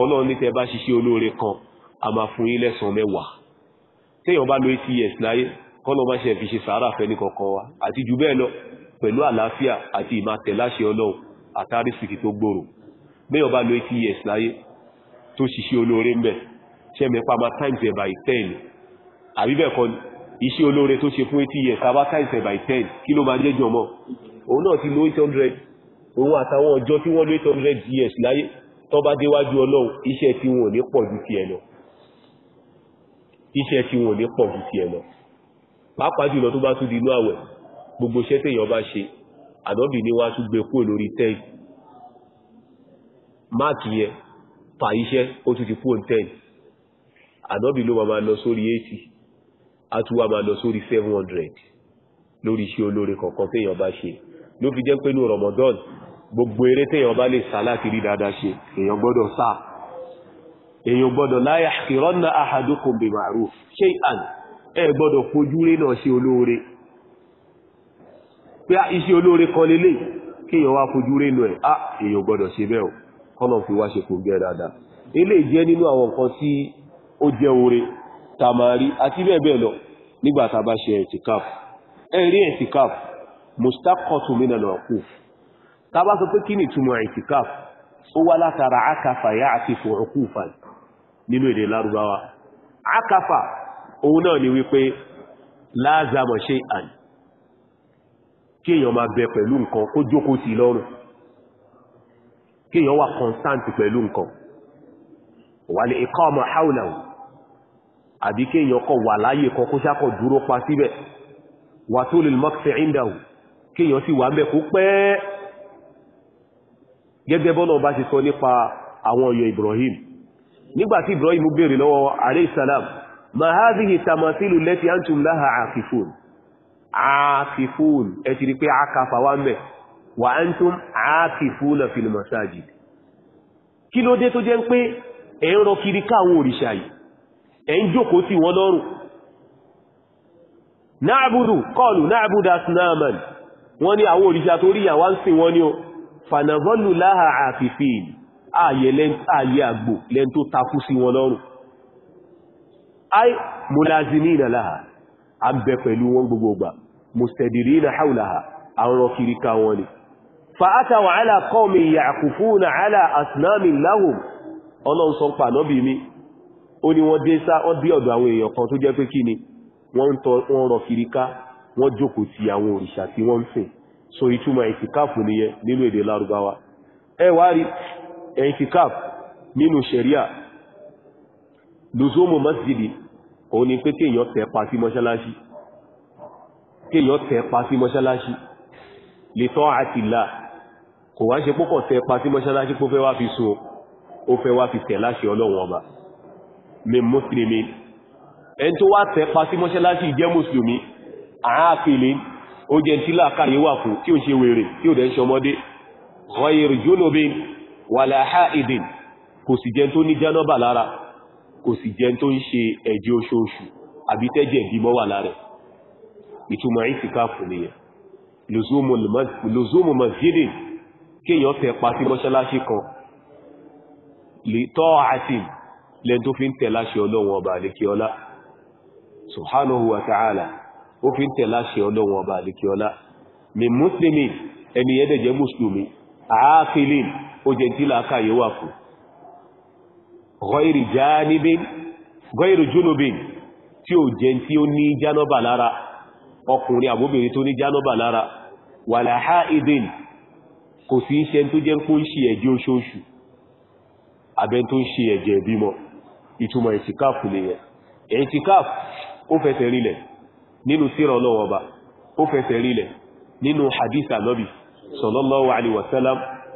[SPEAKER 1] ọlọ́run ní tẹ bá ṣiṣẹ́ olóore kan a máa fún yín lẹ́san mẹ́wàá téèyàn bá lo acs láyé kọ́nà bá ṣe fi ṣe sàárà fẹ́ ní kọ̀ọ̀kan wa àti jù bẹ́ẹ̀ lọ pẹ̀lú àlàáfíà àti ìmàtẹ̀láṣẹ ọlọ́run àtàrísìkì tó gbòòrò béèyàn bá lo acs láyé tó ṣiṣẹ́ olóore ń bẹ̀ ṣẹ́mi pàmà times ẹ̀ by ten àbí bẹ́ẹ̀ kọ́ iṣẹ́ olóore tó ṣe fún acs àbá times ẹ̀ by ten kí ló máa jẹ́jọ mọ́ òun náà ti lo eight hundred òun àtàwọn ọjọ́ tí wọ́n lo eight hundred years láyé tó bá déwájú ọlọ́run iṣẹ́ tí wọn ò ní pọ̀ ju tiẹ̀ lọ iṣẹ́ tí wọn ò ní pọ̀ ju tiẹ̀ lọ pàápàá jùlọ tó bá tún di inú àwẹ̀ gbogbo iṣẹ́ téèyàn bá ṣe àdọ́bì ni wá tún gbé kúrò lórí tẹ́ẹ̀n máàkì yẹn fà iṣẹ́ ó tún ti kúrò tẹ́ẹ̀n àdọ́bì ló máa lọ sórí 80 a tún wá máa lọ sórí 700 lórí iṣẹ́ olóore kọ̀ọ̀kan téèyàn bá ṣe ló fi jẹ́ pé ní Ramadan gbogbo eré téèyàn bá lè sá láti rí dáadáa ṣe èèyàn gbọ́dọ̀ sáà èyàn gbọ́dọ̀ la yahqiranna ahadukum bi ma'ruf shay'an ẹ gbọ́dọ̀ fojú rí ṣe olóore pé iṣẹ́ olóore kan lélẹ̀ kéèyàn wá fojú nù ẹ̀ á èyàn gbọ́dọ̀ ṣe bẹ́ẹ̀ kọ́nà fi wá ṣe kò gẹ́ nínú àwọn nǹkan tí ó jẹ́ àti bẹ́ẹ̀ bẹ́ẹ̀ lọ nígbà tá a bá ṣe ẹ rí nínú èdè lárúbáwá akafa òun náà ni wípé láàzàmọ̀ ṣe àn kí èyàn máa bẹ pẹ̀lú nǹkan kó jókòó sí lọ́rùn kí èyàn wà constant pẹ̀lú nǹkan wà lè ikọ́ ọmọ haulahu àbí kí èyàn kọ wà láyé kan kó sákọ̀ dúró pa síbẹ̀ wà tó lè mọ́kṣẹ̀ ìndáhù kí èyàn sì wà mẹ́kú pẹ́ gẹ́gẹ́ bọ́nà bá ti sọ nípa àwọn ọ̀yọ̀ Ibrahim nígbàtí Ibrahim béèrè lọ́wọ́ aleyhisalam ma hazihi tamasilu lẹ́tí antum láha àkìfún àkìfún ẹ ti rí pé àkàfà wá mẹ́ wà antum àkìfún na fil masajid kí ló dé tó jẹ́ pé ẹ̀ ń rọ kiri káwọn òrìṣà yìí ẹ̀ ń jókòó tì wọ́n lọ́rùn náàbùdù kọlù náàbùdù asnaman wọ́n ní àwọn òrìṣà tó rí yà wá ń sìn wọ́n ní o fanavọ́lù láha àkìfín ààyè àgbò lẹ́n tó takú sí wọn lọ́rùn ai mulazimina laha a ń bẹ pẹ̀lú wọn gbogbo gbà mustadirina haulaha a ń rọ kiri ká wọn ni fa'ata wa ala qawmin ya'kufuna ala asnamin lahum ọlọ́run sọ pa lọ́bì mi ó ní wọ́n dé sá wọ́n dé ọ̀dọ̀ àwọn èèyàn kan rí ẹ̀ǹfikáp nínú ṣẹ̀ríà lùsùmù masjidi òun ni pé kéèyàn tẹ̀ pa sí mọ́ṣáláṣí kéèyàn tẹ̀ pa sí mọ́ṣáláṣí lè tọ́ àti là kò wá ṣe púpọ̀ tẹ̀ pa sí mọ́ṣáláṣí pó fẹ́ wá fi sun ó fẹ́ wá fi tẹ̀ láṣẹ ọlọ́run ọba mi mùsùlùmí ẹn tó wá tẹ̀ pa sí mọ́ṣáláṣí jẹ́ mùsùlùmí àákìlì ó jẹ́ tí làákàyè wà fún tí ò ṣe wèrè tí ò dẹ̀ ń ṣọmọdé ghayr junubin wàlà haidin kò sì jẹ́ tó ní jánọ́bà lára kò sì jẹ́ tó ń ṣe ẹ̀jẹ̀ oṣooṣù àbí tẹ́jẹ̀ bímọ wà lára ìtumọ̀ ìsìkáàfù nìyẹn lòzómù masjidin kéèyàn tẹ pa sí mọ́ṣáláṣí kan lè tọ́ àti lẹ́n tó fi ń tẹ̀ láṣẹ ọlọ́wọ̀n ọba àlékiọlá subhanahu ó jẹ́ tí làákàyè wà fún gọ́ìrì jáníbí gọ́ìrì júnúbí tí ó jẹ́ tí ó ní jánọ́bà lára ọkùnrin àbóbìnrin tó ní jánọ́bà lára wàláhá ìdín kò sí iṣẹ́ tó jẹ́ kó ń ṣe ẹ̀jẹ̀ oṣooṣù abẹ́ tó ń ṣe ẹ̀jẹ̀ ìbímọ ìtumọ̀ ìtìkáàfù lè yẹn sallallahu alaihi wasallam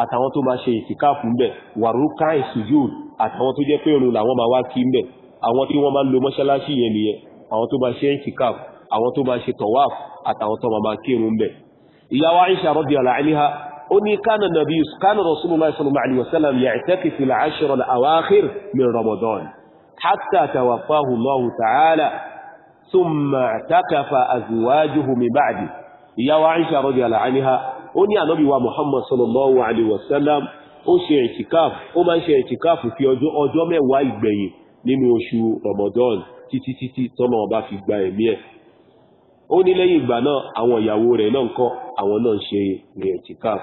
[SPEAKER 1] àtàwọn tó bá ṣe ìsìkáàfù ń bẹ̀ wàrúkà ìsùjúd àtàwọn tó jẹ́ pé òun làwọn máa wá kí ń bẹ̀ àwọn tí wọ́n máa ń lo mọ́ṣáláṣí yẹn nìyẹn àwọn tó bá ṣe ìsìkáàfù àwọn tó bá ṣe tọ̀wáàfù àtàwọn tó máa kí ń bẹ̀. ìyá wa Aisha radiyallahu ó ní kánà nàbí kánà rasulullah ó ní ànábì wa muhammad sallallahu alayhi wa sallam ó ṣe ìtìkáf ó máa ń ṣe ìtìkáf fi ọjọ́ mẹ́wàá ìgbẹ̀yìn nínú oṣù ramadan títí títí tọ́mọ ọba fi gba ẹ̀mí ẹ̀ ó ní lẹ́yìn ìgbà náà àwọn ìyàwó rẹ̀ náà kọ́ àwọn náà ṣe ìtìkáf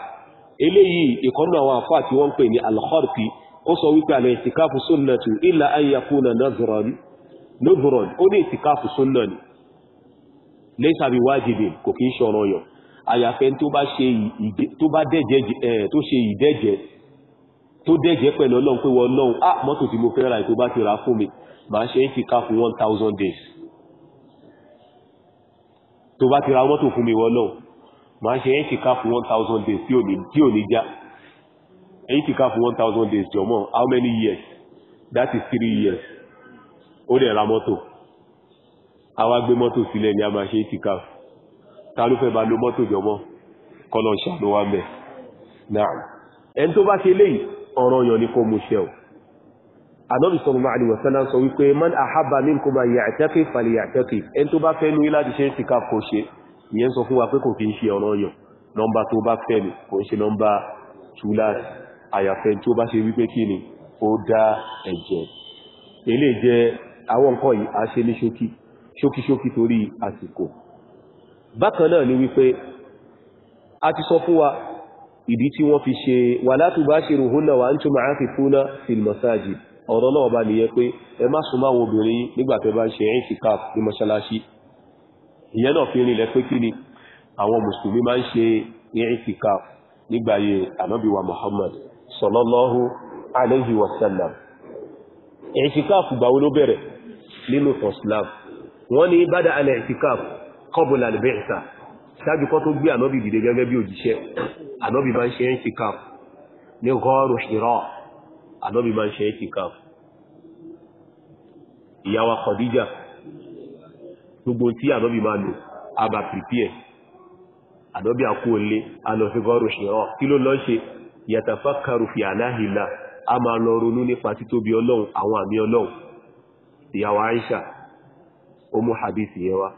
[SPEAKER 1] eléyìí ìkọ́nù àwọn afá tí wọ́n ń pè ní alkhorpi ó sọ wípé àlẹ́ ìtìkáf sunnatu illa an yakuna nazran ó ní ìtìkáf sunna ni laysa bi kò kí ń ṣọ̀rọ̀ yọ̀ àyàfẹ́ tó bá ṣe ìdẹ́jẹ́ tó dẹ́jẹ́ pẹ̀lú ọlọ́run pé wọ́n lọ́run ah mọ́tò tí mo fẹ́ ra ìtò bá ti ra fún mi máa ṣe ń fi ká fún 1000 days tó bá ti ra mọ́tò fún mi wọ́n lọ́run máa ṣe ń fi ká fún 1000 days tí ò ní já èyí ti ká fún 1000 days jọmọ́ how many years that is 3 years ó dẹ̀ ra mọ́tò àwa gbé mọ́tò sílẹ̀ ni a máa ṣe ń fi ká fún ta ló fẹ́ bá lo mọ́tò jọmọ́ kọ́lọ̀ ṣàlówà mẹ́ náà ẹni tó bá ṣe lè ọ̀rọ̀ yàn ní kó mú ṣẹ́ ọ̀ ànábì sallallahu alaihi wasallam sọ wípé man ahabba minkum an ya'taqif falya'taqif ẹni tó bá fẹ́ ní láti ṣe ìsìnká kò ṣe ìyẹn sọ fún wa pé kò kí ń ṣe ọ̀rọ̀ yàn nọ́mbà tó bá fẹ́ ní kò ń ṣe nọ́mbà túláàsì àyàfẹ́ tó bá ṣe wípé kí ni ó dá ẹ̀jẹ̀ ilé jẹ́ àwọn nǹkan yìí a ṣe ní ṣókí ṣókíṣókí torí àsìkò bákan náà ni wípé a ti sọ fún wa ìdí tí wọ́n fi ṣe wala tubashiruhunna wa antum aakifuna fil masajid ọ̀rọ̀ náà bá nìyẹn pé ẹ má súnmọ́ àwọn obìnrin nígbàtẹ́ bá ń ṣe i'tikaf ní mọ́ṣálásí ìyẹn náà fi rinlẹ̀ pé kí ni àwọn mùsùlùmí máa ń ṣe i'tikaf nígbàyé ànábíwa Muhammad sallallahu alayhi wa sallam i'tikaf gbàwo ló bẹ̀rẹ̀ nínú islam wọ́n ní bada kọ́bùlà lẹ́bẹ̀ẹ́sà ṣáájú kọ́ tó gbé ànábì dìde gẹ́gẹ́ bí òjíṣẹ́ ànábì máa ń ṣe ẹ́ǹtì kaf ní gọ́ọ̀rù Hira ànábì máa ń ṣe ẹ́ǹtì kaf ìyàwó Khadija gbogbo tí ànábì máa lò àbà pìpìẹ̀ ànábì àkó olè ànábì gọ́ọ̀rù Hira kí ló lọ́ ṣe yàtàfàkàrù ìyàwó Aisha ó mú hadisi yẹn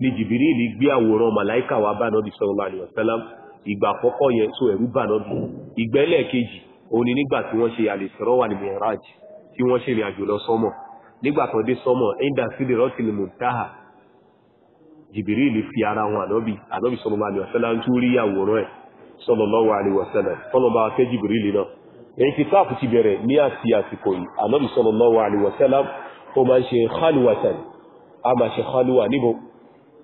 [SPEAKER 1] ni jìbìrìlì gbé àwòrán màláìkà wá bá nọ́bí sallallahu alaihi wasallam ìgbà àkọ́kọ́ yẹn tó ẹ̀rú bà nọ́bí ìgbà ẹlẹ́ẹ̀kejì òun ni nígbà tí wọ́n ṣe al-Isra wal Mi'raj tí wọ́n ṣe ìrìnàjò lọ sọ́mọ̀ nígbà tó dé sọ́mọ̀ inda Sidratil Muntaha jìbìrìlì fi ara wọn ànọ́bí ànọ́bí sallallahu alaihi wasallam ń tún rí àwòrán ẹ̀ sallallahu alaihi wasallam tọ́lọ́ bá fẹ́ jìbìrìlì náà ìtìkáàfù ti bẹ̀rẹ̀ ní àti àsìkò yìí ànọ́bí sallallahu alaihi wasallam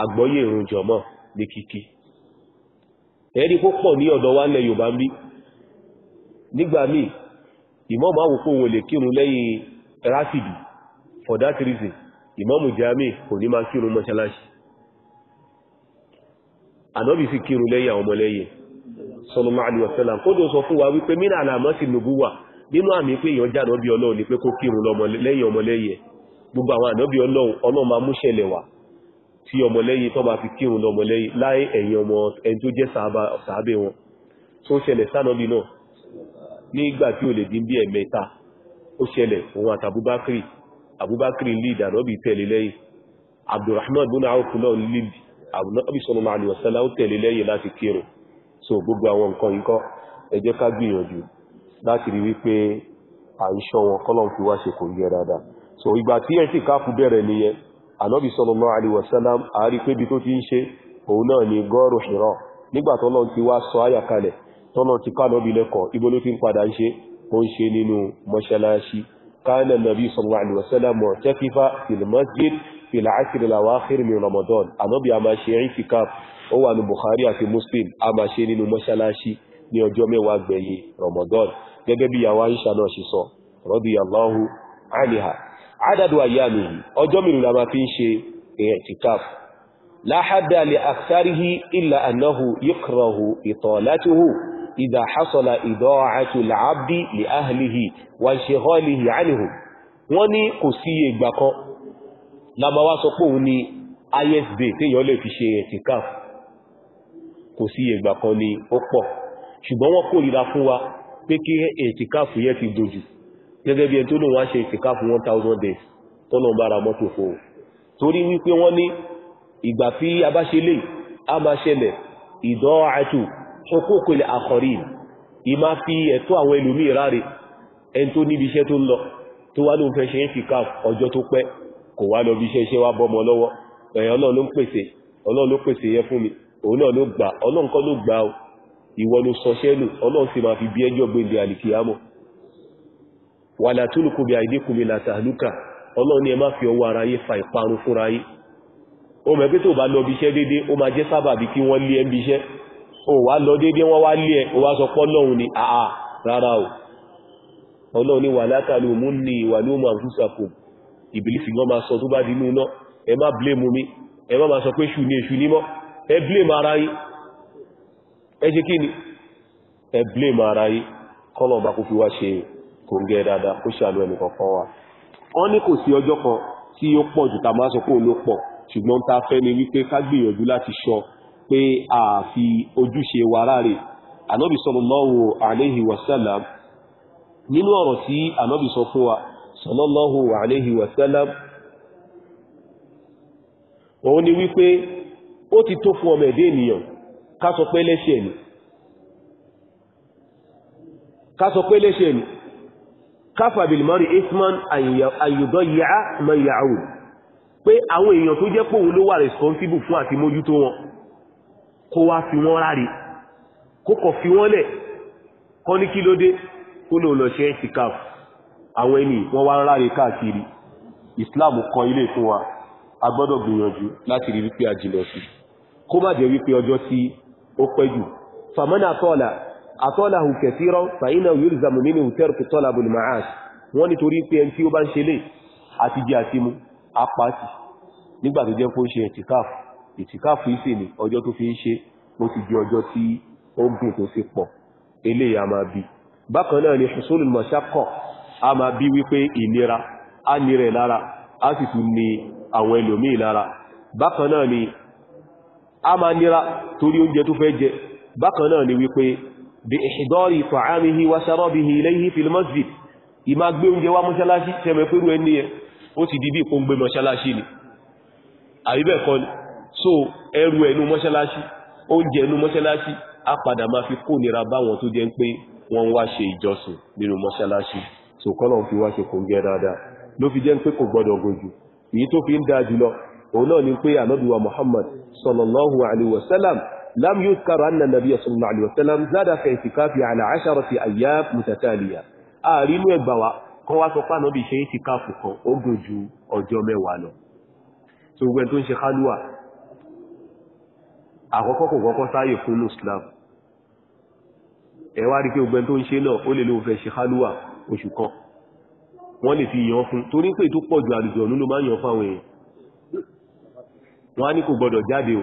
[SPEAKER 1] àgbọ́yé ìrun jọmọ́ ní kíkí ẹ̀rí kó pọ̀ ní ọ̀dọ̀ wa lẹ̀ Yorùbá ń bí nígbà míì ìmọ́mù àwòkó òun kírun lẹ́yìn ráfìdì for that reason ìmọ́mù jami kò ní máa kírun mọ́ṣáláṣì ànọ́bì sì kírun lẹ́yìn àwọn ọmọlẹ́yìn sallallahu alaihi wasallam kódò sọ fún wa wípé mínà àlàmọ́ sí nùbúwà nínú àmì pé èèyàn jáde kírun lẹ́yìn ọmọlẹ́yìn gbogbo tí ọmọlẹ́yìn tó máa fi kírun lọmọlẹ́yìn láì ẹ̀yìn ọmọ ẹni tó jẹ́ sàábẹ̀ wọn tó ṣẹlẹ̀ sánàbí náà nígbà tí ó lè dín bí ẹ̀mẹ́ta ó ṣẹlẹ̀ òun àtàbúbákiri àbúbákiri lead ànábì tẹ̀lé lẹ́yìn abdulrahman bin awf náà lead ànábì sallallahu alaihi wasallam ó tẹ̀lé lẹ́yìn láti kírun so gbogbo àwọn nǹkan nǹkan ẹ jẹ́ ká gbìyànjú láti rí wípé à ń ṣọ́ wọn kọ́lọ̀ fi wá ṣe kò yẹ dáadáa so ìgbà tí ẹ̀ sì káàfù bẹ̀rẹ̀ nìyẹn ànábì sallallahu alaihi wasallam àárí pé bí tó ti ń ṣe òun náà ni gọ́ọ̀rù Hira nígbà tọ́lọ́ ti wá sọ àyà kalẹ̀ tọ́lọ́ ti ká ànábì lẹ́kọ̀ọ́ ibo ló ti ń padà ń ṣe ó ń ṣe nínú mọ́ṣáláṣí kana nabi sallallahu alaihi wasallam mu'takifa fil masjid fil asr al awakhir min ramadan ànábì a máa ṣe i'tikaf ó wà ní Bukhari àti adadu ayyamihi ọjọ́ mìíràn la ma fi ń ṣe i'tikaf láhádà lè àksáríhì ìlà annahu yukrahu ìtọ̀látuhu idha hasala ìdọ́ọ̀hátù làábdí lè ahlihi wà ṣe họ́lìhì ánìhù wọ́n ní kò sí ìgbà kan lábáwá sọ pé òun ni isd téèyàn lè fi ṣe i'tikaf kò sí ni ó pọ̀ ṣùgbọ́n wọ́n fún wa pé kí dojú gẹ́gẹ́ bí ẹni tó lòun wá ṣe ìtìká fún one days tọ́nà ń bára mọ́tò fò ó torí wípé wọ́n ní ìgbà tí a bá ṣe lè a máa ṣẹlẹ̀ ìdọ́ọ̀ẹ́tù ṣokókòlẹ̀ àkọ̀rí ìmá fi ẹ̀tọ́ àwọn ẹlòmí ìráre ẹni tó níbi iṣẹ́ tó ń lọ tó wá ló ń fẹ́ ṣe ń fìkà ọjọ́ tó pẹ́ kò wá lọ bí iṣẹ́ iṣẹ́ wá bọ́mọ lọ́wọ́ Ọlọ́run ló ń pèsè Ọlọ́run ló pèsè wàlá túlùkù bí àìdíkùnmí látàlúkà ọlọ́run ni ẹ má fi ọwọ́ ara yé fa ìparun fúnra yí o mẹ́ pé tó bá lọ bí iṣẹ́ dédé ó máa jẹ́ sábàbí kí wọ́n lé ẹbí iṣẹ́ o wá lọ dédé wọ́n wá lé ẹ o wá sọ pọ́lọ́run ni àà rárá o ni ẹ má blame mi ẹ má máa sọ pé ṣù blame ara yí ẹ blame ara yí kọ́lọ̀ bá kó fi wá ṣe kò ń gẹ́ dáadáa kó ṣàánú kọ̀ọ̀kan wa wọ́n ní kò sí ọjọ́ kan tí ó pọ̀ jù ta máa ta fẹ́ ni wípé ká gbìyànjú láti a fi ojúṣe wa ráre wa sallam nínú ọ̀rọ̀ tí ànábì sọ fún wa òun ni wípé ó ti tó fún ọmọ ẹ̀dẹ́ ènìyàn ká sọ káfà bilimari isman ayùdọ́ yá mayaun pé àwọn èèyàn tó jẹ́ pòun ló wà responsible fún àti mójútó wọn kó wá fi wọ́n ráre kó kọ̀ fi wọ́n lẹ̀ kọ́ ní kí ló dé kó lò lọ ṣe ẹ̀tìkáf àwọn ẹni wọ́n wá ń káàkiri islam kan ilé fún wa a gbọ́dọ̀ gbìyànjú láti rí wípé a jìnà sí kó má jẹ́ wípé ọjọ́ tí ó pẹ́ jù famana tọ́ọ̀lá atọ́láhù kẹsírọ́ fàínà yóò zàmù nínú tẹ́rùkù tọ́lábù ma'áṣ wọ́n ni torí pé ẹn tí ó bá ń ṣe lè àti jẹ́ àti mú apáti nígbà tó jẹ́ kó ṣe ìtìkáfù ìtìkáfù ìsìn ni ọjọ́ tó fi ń ṣe ó ti di ọjọ́ tí ó gùn tó sì pọ̀ eléyìí a máa bí bákan náà ni ṣùsùlù mọ̀ṣákọ̀ a máa bí wípé ìnira á ní rẹ̀ lára á sì tún ní àwọn ẹlòmíì lára bákan náà ni a máa nira torí oúnjẹ tó fẹ́ jẹ bákan náà ni wípé bí ìṣìdọ́rì tọ̀ámihi wa sárọ́bìhi iléyìí fil masjid ìmá gbé oúnjẹ wá mọ́ṣálásí tẹ́mẹ̀ pẹ̀lú ẹni ó ti dìbí ìpò ń mọ́ṣálásí ni àríbẹ̀kọ́ ni so ẹrù ẹnu mọ́ṣálásí oúnjẹ ẹnu mọ́ṣálásí a padà máa fi kó nira báwọn tó jẹ́ pé wọ́n wá ṣe ìjọsìn nínú mọ́ṣálásí so kọ́lọ̀ fi wá ṣe kòǹgẹ́ dáadáa ló fi jẹ́ pé kò gbọ́dọ̀ gojú èyí tó fi ń dáa jùlọ òun náà لم يذكر أن النبي صلى الله عليه وسلم زاد في اعتكافه على عشرة أيام متتالية ààrínú ẹgbà wa kọ́ wá sọ pánà bí ṣe ìtìkáàfù kan ó gùn ju ọjọ́ mẹ́wàá lọ tó gbẹ́ tó ń ṣe kálúwà àkọ́kọ́ kò kọ́kọ́ sáyè fún Islam ẹ wá rí pé gbẹ́ tó ń ṣe náà ó lè ló fẹ́ ṣe kálúwà oṣù kan wọ́n lè fi yàn fún torí pé tó pọ̀ ju àlùjọ nínú máa yàn fáwọn èèyàn wọ́n á ní kò gbọ́dọ̀ jáde o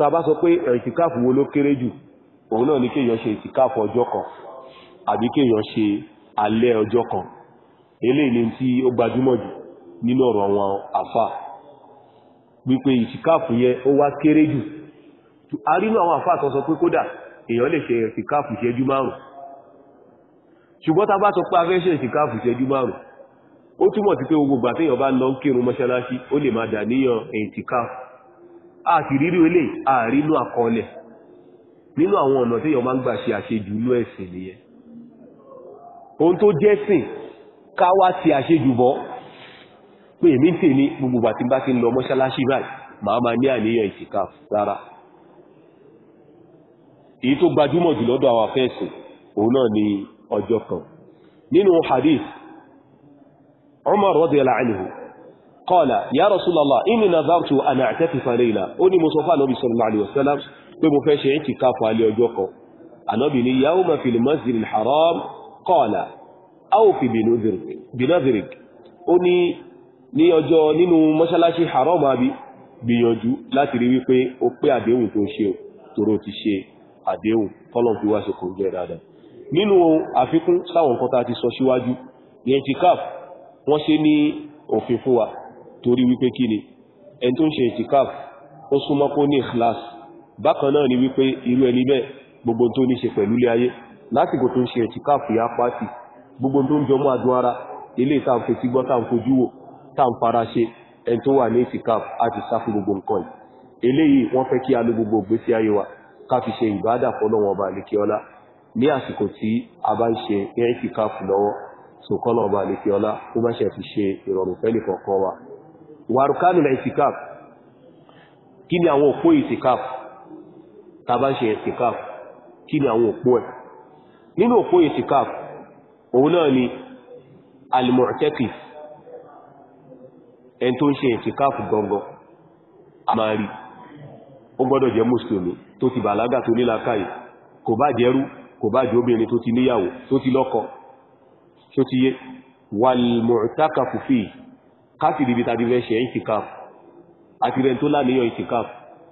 [SPEAKER 1] tó a bá sọ pé ìtìkáàfù wo ló kéré jù òun náà ní kéèyàn ṣe ìtìkáàfù ọjọ́ kan àbí kéèyàn ṣe alẹ́ ọjọ́ kan eléyìí ni tí ó gbajúmọ̀ jù nínú ọ̀rọ̀ àwọn àfà wípé ìtìkáàfù yẹn ó wá kéré jù a rí inú àwọn àfà kan sọ pé kódà èèyàn lè ṣe ìtìkáàfù ìṣẹ́jú márùn ṣùgbọ́n tá a bá sọ pé a fẹ́ ṣe ìtìkáàfù ìṣẹ́jú márùn ó túmọ̀ sí pé gbogbo àtẹ́yàn bá lọ ń kírun mọ́ṣáláṣí ó lè máa dà níyàn ìtìkáàfù a sì rírú ilé àrínú àkọọ́lẹ̀ nínú àwọn ọ̀nà tí èèyàn máa ń gbà ṣe àṣejù inú ẹ̀sìn nìyẹn ohun tó jẹ́ sìn ká wá ti àṣejù bọ́ pé èmi ń tèmi gbogbo bá ti bá ti lọ mọ́ṣáláṣí báyìí màá máa ní àníyàn ìtìká rárá èyí tó gbajúmọ̀ jù lọ́dọ̀ àwọn afẹ́sìn òun náà ni ọjọ́ kan nínú hadith Umar radiyallahu anhu قال يا رسول الله nazartu نظرت a'takifa layla ó ní mo النبي صلى الله عليه وسلم wa sallam pé mo fẹ́ ṣe i'tikafu alẹ́ ọjọ́ kan ànábì ní yawma fil masjid al-haram qala awfi binadhirik ó ní ní ọjọ́ nínú mọ́ṣáláṣí haram abi gbìyànjú láti rí wípé ó pé àdéhùn tó ṣe o tòrò ti ṣe àdéhùn tọ́lọ̀ fi wá ṣe kò jẹ́ dáadáa nínú àfikún sáwọn nǹkan tá a ti sọ síwájú ìyẹn ti káf wọ́n ṣe ní òfin fún wa torí wípé kí ni ẹni tó ń ṣe ìtìkáf ó súnmọ́ kó ní ikhlas bákan náà ni wípé irú ẹni bẹ́ẹ̀ gbogbo tó ní ṣe pẹ̀lú ilé ayé lásìkò tó ń ṣe ìtìkáf ya pàtì gbogbo tó ń jọmọ́ adùn ara ilé ìtàǹfẹ́ tí gbọ́ tàǹfẹ́ ojú wò tàǹfàra ṣe ẹni tó wà ní ìtìkáf àti sáfù gbogbo nǹkan eléyìí wọ́n fẹ́ kí a lo gbogbo ìgbésí ayé wa ká fi ọba àlekíọ́lá ní àsìkò bá ń fi ṣe ìrọ̀rùn fẹ́lì kọ̀ọ̀kan wa wàrùkánù na ìsìkáf kí ni àwọn òpó ìsìkáf tàbá ń ṣe ìsìkáf kí ni àwọn òpó ẹ̀ nínú òpó ìsìkáf òun náà ni almu'takif ẹni tó ń ṣe ìsìkáf gangan a máa rí ó gbọ́dọ̀ jẹ́ mùsùlùmí tó ti bàlágà tó nílàkàyè kò bá jẹ́rú kò bá jẹ́ obìnrin tó ti níyàwó tó ti lọ́kọ tó ti yé wal káàkiri ibi tàbí fẹ́ ṣe ìtìkáf àti rẹ̀ tó láníyàn ìtìkáf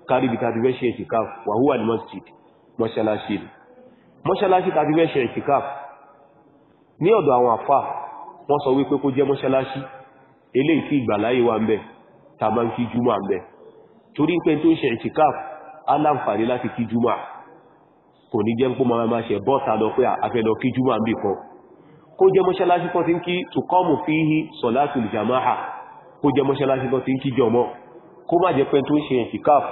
[SPEAKER 1] kárí ibi tàbí fẹ́ ṣe ìtìkáf wàhúwà ní masjid mọ́ṣálásí mọ́ṣálásí tàbí fẹ́ ṣe ìtìkáf ní ọ̀dọ̀ àwọn àfà wọ́n sọ wípé kó jẹ́ mọ́ṣálásí eléyìí tí ìgbàláyé wà ń bẹ tàbá ń kí júmọ̀ ń bẹ torí pé tó ń ṣe ìtìkáf aláǹfààní láti kí júmọ̀ kò ní jẹ́ ń máa máa ṣe bọ́ta lọ pé àfẹ́lọ kí júmọ̀ ń kan kó jẹ́ mọ́ṣálásí kan ti ń kí tùkọ́mù fíhí sọ̀látùl jàmáà kó jẹ mọ́ṣáláṣí lọ ti ń kíjọ mọ́ kó má jẹ́ pé tó ń ṣe ìtìkáf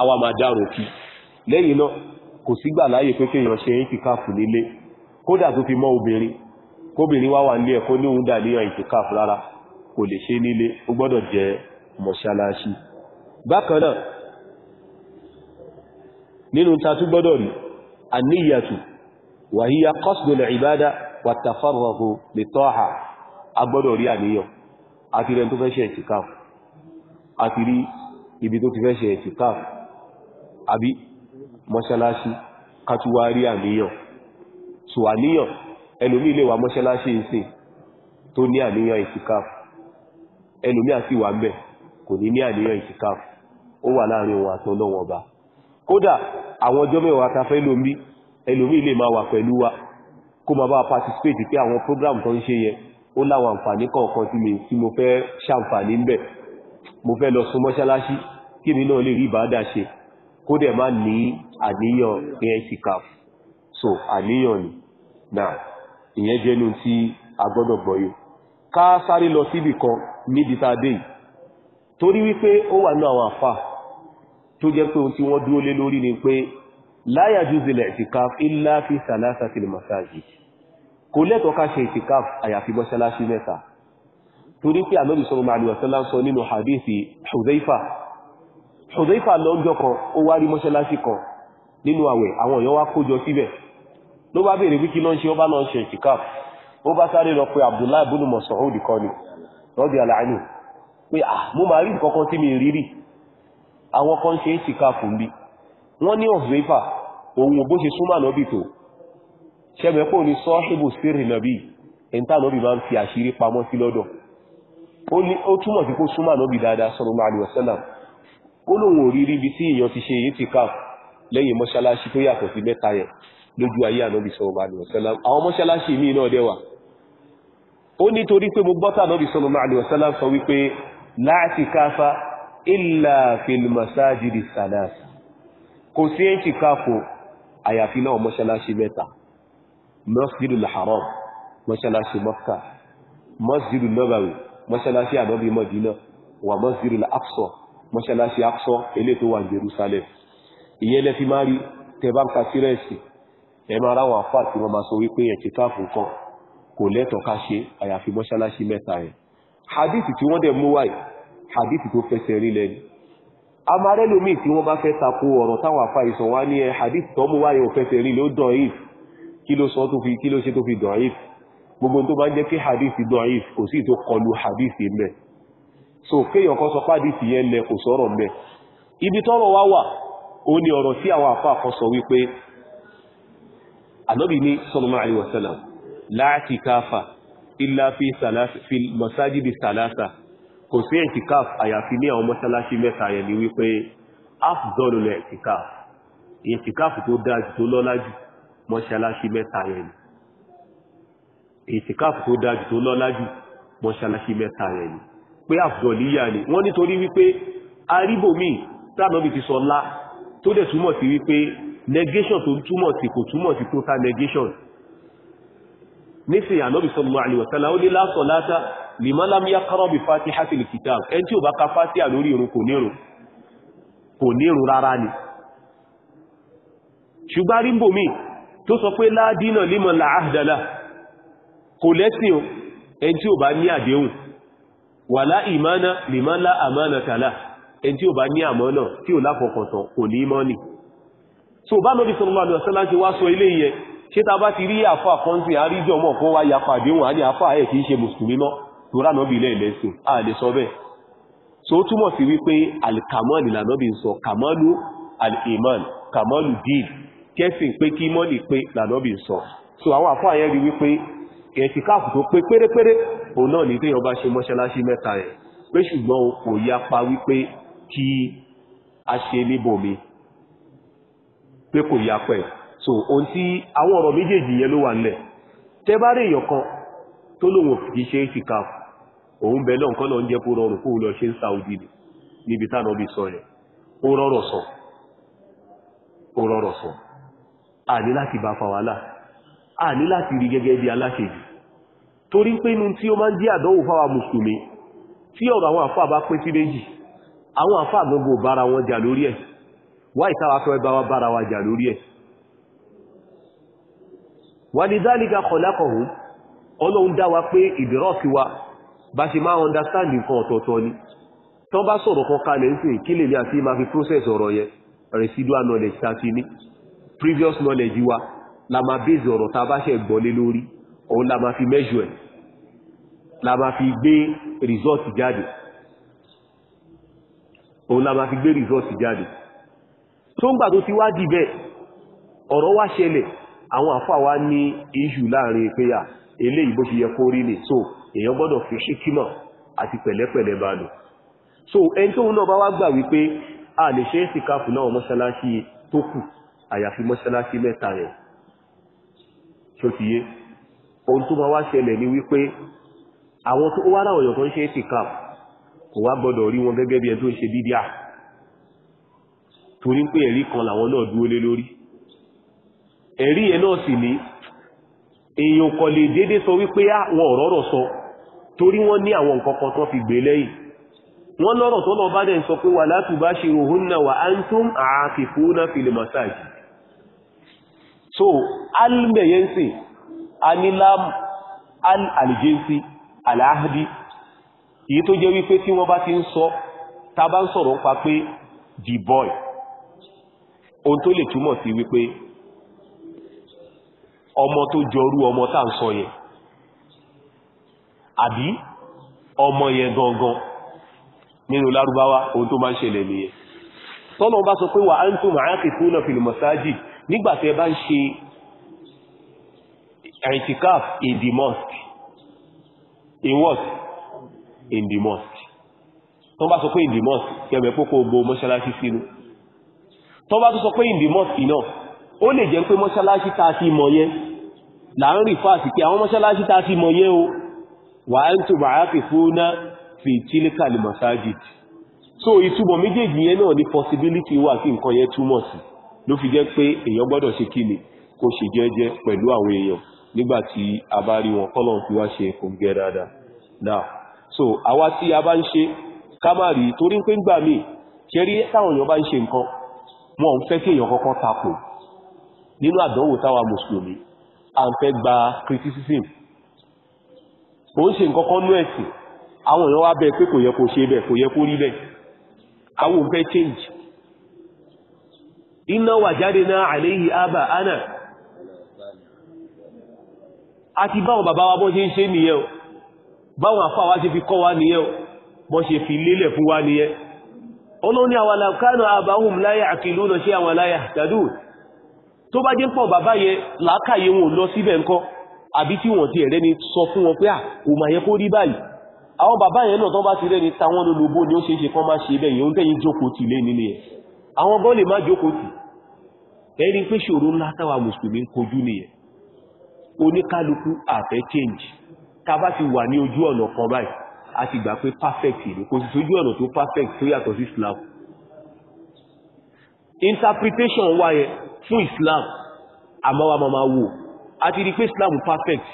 [SPEAKER 1] àwa máa dárò kí lẹ́yìn náà kò sígbà láàyè pé kéèyàn ṣe ìtìkáf nílé kódà tó fi mọ́ obìnrin kóbìnrin wá wà nílé ẹ̀kọ́ ní òun dà níyàn ìtìkáf rárá kò lè ṣe nílé ó gbọ́dọ̀ àti rẹ̀ tó fẹ́ ṣe ẹ̀tìkáf àti rí ibi tó ti fẹ́ ṣe ẹ̀tìkáf àbí mọ́ṣálásí kàtúwà rí àníyàn so àníyàn ẹlòmí ilé wà mọ́ṣálásí ìsìn tó ní àníyàn ẹ̀tìkáf ẹlòmí àti wà mẹ́ kò ní ní àníyàn ẹ̀tìkáf ó wà láàrin wọn participate pé àwọn program tó ń ó láwọn àǹfààní kọ̀ọ̀kan tí mi tí mo fẹ́ ṣàǹfààní ń bẹ̀ mo fẹ́ lọ sún mọ́ṣáláṣí kí mi náà lè rí ìbádà ṣe kó dẹ̀ má ní àníyàn aircraft so àníyàn ni náà ìyẹn jẹ́nu tí a gbọ́dọ̀ gbọ́yé ká sáré lọ síbì kan níbi tá a dé yìí torí wípé ó wà ní àwọn àfà tó jẹ́ pé ohun tí wọ́n dúró lé lórí ni pé láyàjú zilẹ̀ ìtìkáf illa fi sàlásà tìlìmọ̀sáàjì kò lẹ́tọ̀ọ́ ká ṣe ìtìkáf àyàfi mọ́ṣáláṣí mẹ́ta torí pé ànábì sallallahu alaihi wasallam sọ nínú hadithi Hudhaifa Hudhaifa lọ́jọ́ kan ó wá rí mọ́ṣáláṣí kan nínú àwẹ̀ àwọn èèyàn wá kójọ síbẹ̀ ló bá béèrè wíkí náà ṣe ó bá náà ṣe ìtìkáf ó bá sáré lọ pé Abdullahi ibn Mas'ud kan ṣẹ́mi pò ní sọ́ọ́ṣìbù sírì nàbí ẹ̀ńtà nàbí máa ń fi àṣírí pamọ́ sí lọ́dọ̀ ó túmọ̀ sí kó súnmọ́ nàbí dáadáa sallallahu alaihi wasallam ó lóun ò rí rí ibi tí èèyàn ti ṣe èyí ti káf lẹ́yìn mọ́ṣáláṣí tó yàtọ̀ sí mẹ́ta yẹn lójú ayé ànábì sallallahu alaihi wasallam àwọn mọ́ṣáláṣí míì náà dẹ́wà ó nítorí pé mo gbọ́tà ànábì sallallahu alaihi wasallam sọ wípé láti káfá ìlà fìlmọ̀sáàjì di sàdáàsì kò sí ẹ̀ńtì káfò àyàfi náà mọ́ṣáláṣí mẹ́ta masjidu al-haram mọ́ṣálásí mọ́ká masjidu nabawi mọ́ṣálásí ànábì mọ́dínà wà masjidu al-aqsa mọ́ṣálásí aqsa ilé tó wà jerusalem ìyẹn lẹ fi máa rí tẹbá ń ka sírẹ́ẹ̀sì ẹ máa ráwọn afá tí wọ́n máa sọ wípé ẹ̀ tìkáàfù kan kò lẹ́tọ̀ ká ṣe àyàfi mọ́ṣálásí mẹ́ta ẹ̀ hadithi tí wọ́n dẹ̀ mú wáyé hadithi tó fẹsẹ̀ rí lẹ́ni amarẹ́lómi tí wọ́n bá fẹ́ tako ọ̀rọ̀ táwọn afá ìsọ̀wá ní ẹ hadithi tó mú wáyé ò fẹsẹ̀ rí ló dọ̀ yìí kí ló sọ tó fi kí ló ṣe tó fi dọ̀íf gbogbo tó bá jẹ́ kí hadithi dọ̀íf kò sí tó kọlu hadithi mẹ́ so kéèyàn kan sọ pàdìsì yẹn lẹ kò sọ̀rọ̀ mẹ́ ibi tọ́rọ̀ wá wà ó ní ọ̀rọ̀ sí àwọn àfáà kan sọ wípé ànábì ní sallallahu alaihi wasallam láti káfà ilá fi masajidi salasa kò sí ẹ̀tìkáf àyàfi ní àwọn mọ́sálásí mẹ́ta yẹn ni wípé afdọ́lù ẹ̀tìkáf ẹ̀tìkáf tó dájú tó lọ́lájú mọ́ṣáláṣí mẹ́ta yẹn ni ìtìkáàfù tó dájú tó lọ́lá jù mọ́ṣáláṣí mẹ́ta yẹn ni pé àfùdọ̀líyà ni wọ́n nítorí wípé aríbòmí sáàmọ́bì ti sọ lá tó dẹ̀ túmọ̀ sí wípé negation tó túmọ̀ sí kò túmọ̀ sí total negation nísìnyí ànábì sallallahu alaihi wasallam ó ní la salata liman lam yaqra fati fatihatil kitab ẹni tí ò bá ka fatiha lórí irun kò nírun kò nírun rárá ni ṣùgbọ́n aríbòmí tó sọ pé ládínà límọ̀ láàdàlá kò lẹ́sìn ẹn tí ò bá ní àdéhùn wà láìmánà límọ̀ láàmánà tàlá ẹn tí ò bá ní àmọ́nà tí ò láfọkàntàn kò ní mọ́ni so bá nọ́bí sallallahu alaihi wasallam ti wá sọ ilé yẹn ṣé ta bá ti rí àfà kọ́ntì àríjọ mọ̀ kó wá yapa àdéhùn àní àfà ẹ̀ kìí ṣe mùsùlùmí mọ́ tó ránàbí sí wípé alkamal ìlànàbí sọ kamalu al-iman kamalu dìdì kẹ́sìn pé kí mọ́nì pé lànàbì sọ so àwọn àfáà yẹn rí wípé ẹ̀tìkáàfù tó pé pérépéré òun náà ní téèyàn bá ṣe mọ́ṣáláṣí mẹ́ta ẹ̀ pé ṣùgbọ́n kò yapa wípé kí a ṣe níbòmí pé kò yapa ẹ̀ so ohun tí àwọn ọ̀rọ̀ méjèèjì yẹn ló wà nílẹ̀ tẹ́ bá rí èèyàn kan tó lòun se ṣe O òun bẹ̀ náà nǹkan náà ń jẹ́ kó rọrùn kó lọ ṣe ń níbi sọ ó sọ àní láti bá fa wàhálà àní láti rí gẹ́gẹ́ bí aláṣejù torí pé inú tí ó máa ń jẹ́ àdánwò fáwa mùsùlùmí tí ọ̀rọ̀ àwọn àfáà bá pín sí méjì àwọn àfáà gbogbo bára wọn jà lórí ẹ̀ wá ìtawà fẹ́ bá wá bára wa jà lórí ẹ̀ wà ní dálígà kọ̀lákọ̀hún ọlọ́run dá wa pé ìdírọ́ọ̀kì wa bá ṣe máa understand nǹkan ọ̀tọ̀ọ̀tọ̀ ni tán bá sọ̀rọ̀ kan kalẹ̀ ń sìn kí lè ní àti máa fi process previous knowledge wa la máa base ọ̀rọ̀ tá a bá ṣe gbọ́ lé lórí òun la máa fi measure ẹ̀ la máa fi gbé result jáde òun la máa fi gbé result jáde tó ń gbà tó ti wá dì bẹ́ẹ̀ ọ̀rọ̀ wá ṣẹlẹ̀ àwọn àfà wa ní issue láàrin ìpéyà eléyìí bó ṣe yẹ kó rí ni so èèyàn gbọ́dọ̀ fi ṣíkímọ̀ àti pẹ̀lẹ́pẹ̀lẹ́ bá lò so ẹni tóun náà bá wá gbà wípé a lè ṣe é sìkáàfù náà mọ́ṣáláṣí tó kù àyàfi mọ́ṣáláṣí mẹ́ta yẹn tó ti yé ohun tó bá wá ṣẹlẹ̀ ni wípé àwọn tó wá láwọn èèyàn tó ń ṣe tikap kò wá gbọ́dọ̀ rí wọn gẹ́gẹ́ bí ẹni tó ń ṣe pé ẹ̀rí kan làwọn náà dúró lé lórí ẹ̀rí yẹn náà sì ni èèyàn dédé sọ wípé wọn ò sọ torí wọn ní àwọn nǹkan kan tó fi gbé lẹ́yìn tó lọ bá sọ pé wà wà so almẹ̀yẹ́nsì anilam alìjẹ́nsì aláhàdí èyí tó jẹ́ wípé tí wọ́n bá ti ń sọ ta bá ń sọ̀rọ̀ pa pé the boy ohun tó lè túmọ̀ sí wípé ọmọ tó jọrú ọmọ tá ń sọ yẹn àbí ọmọ gangan nínú lárúbáwá ohun tó máa ń ṣẹlẹ̀ nìyẹn tọ́lọ́ bá sọ pé wà á ń tún màá nígbà tẹ́ bá ń ṣe i'tikaf in the mosque in what in the mosque tó bá sọ pé in the mosque kẹmẹ̀ pópó gbogbo mọ́ṣálásí sínú tó bá tó sọ pé in the mosque náà ó lè jẹ́ pé mọ́ṣálásí ta ti mọ̀ yẹn láàrin fásitì pé àwọn mọ́ṣálásí ta ti mọ̀ yẹn o wà á ń tó bàá fi fún fi tílíkà lè masajid so ìtumọ̀ méjèèjì yẹn náà ni possibility wà kí nǹkan yẹn túmọ̀ sí ló fi jẹ́ pé èèyàn gbọ́dọ̀ ṣe kí ni kó ṣe jẹ́jẹ́ pẹ̀lú àwọn èèyàn nígbà tí a bá rí wọn kọ́lọ̀ fi wá ṣe kò dáadáa now so àwa tí a bá ń ṣe ká má rí torí pé ńgbà míì ṣe rí táwọn èèyàn bá ń ṣe nǹkan wọn ò fẹ́ kí èèyàn kọ́kọ́ takò nínú àdánwò táwa mùsùlùmí à ń fẹ́ gba criticism ó ń ṣe nǹkan kan nú ẹ̀sìn àwọn èèyàn wá bẹ́ẹ̀ pé kò yẹ kó ṣe bẹ́ẹ̀ kò yẹ kó rí bẹ́ẹ̀ àwọn ò fẹ́ change iná wà jáde náà àléhì àbà ánà a ti báwọn bàbá wa bọ́ ṣe ń ṣe nìyẹn báwọn àfà wa ṣe fi kọ́ wa nìyẹn bọ́ ṣe fi lélẹ̀ fún wa nìyẹn olóní àwọn alákánà àbáhùn láyé àkìlú lọ sí àwọn láyé àtàdù tó bá jẹ́ pọ̀ bàbá yẹn làákàyè wọn lọ síbẹ̀ ńkọ́ àbí tí wọ́n ti ẹ̀rẹ́ ni sọ fún wọn pé à ò mà yẹ kó rí báyìí àwọn bàbá yẹn náà tán bá ti rẹ́ni táwọn olóbó ni ó ṣeéṣe kán má ṣe bẹ́yìn oúnjẹ yìí jókòó tì nílé ẹ̀ àwọn gan lè má jókòó tì ẹni pé ṣòro ńlá táwa mùsùlùmí kojú nìyẹn oníkálukú àfẹ́ change ta bá ti wà ní ojú ọ̀nà kan báyìí a ti gbà pé perfect ni kò sì sójú ọ̀nà tó perfect tó yàtọ̀ sí Islam interpretation wá yẹn fún Islam àmọ́wà máa máa wò a ti rí pé Islam perfect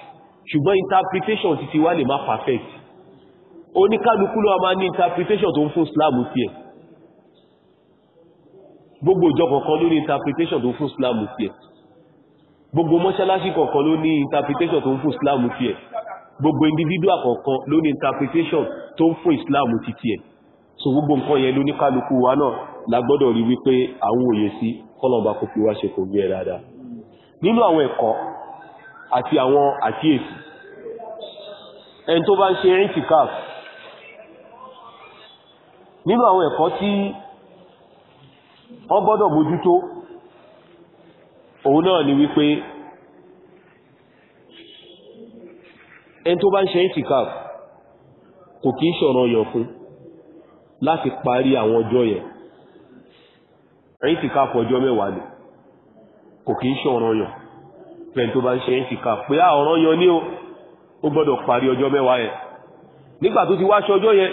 [SPEAKER 1] ṣùgbọ́n interpretation ti ti wá lè má perfect oníkálukú ló máa ní interpretation tó ń fún Islam tiẹ̀ gbogbo ìjọ kọ̀ọ̀kan ló ní interpretation tó fún Islam tiẹ̀ gbogbo mọ́ṣáláṣí kọ̀ọ̀kan ló ní interpretation tó ń fún Islam tiẹ̀ gbogbo individual kọ̀ọ̀kan ló ní interpretation tó ń fún Islam ti tiẹ̀ so gbogbo nǹkan yẹn ló ní kálukú wa náà la gbọ́dọ̀ rí wípé àwọn òye sí kọ́lọ̀bà kò fi wá ṣe kò gbé dáadáa nínú àwọn ẹ̀kọ́ àti àwọn àkíyèsí ẹni tó bá ń ṣe ìtìkáf nínú àwọn ẹ̀kọ́ tí ọ gbọ́dọ̀ mójútó òun náà ni wípé ẹni tó bá kò kí ṣọ̀rọ̀ fún láti parí àwọn ọjọ́ yẹ ìtìkáf ọjọ́ mẹ́wàá nì kò kí ṣọ̀rọ̀ yàn tó bá ń ṣe ní o ó gbọ́dọ̀ parí ọjọ́ mẹ́wàá yẹ nígbà tó ti wá ṣọjọ́ yẹ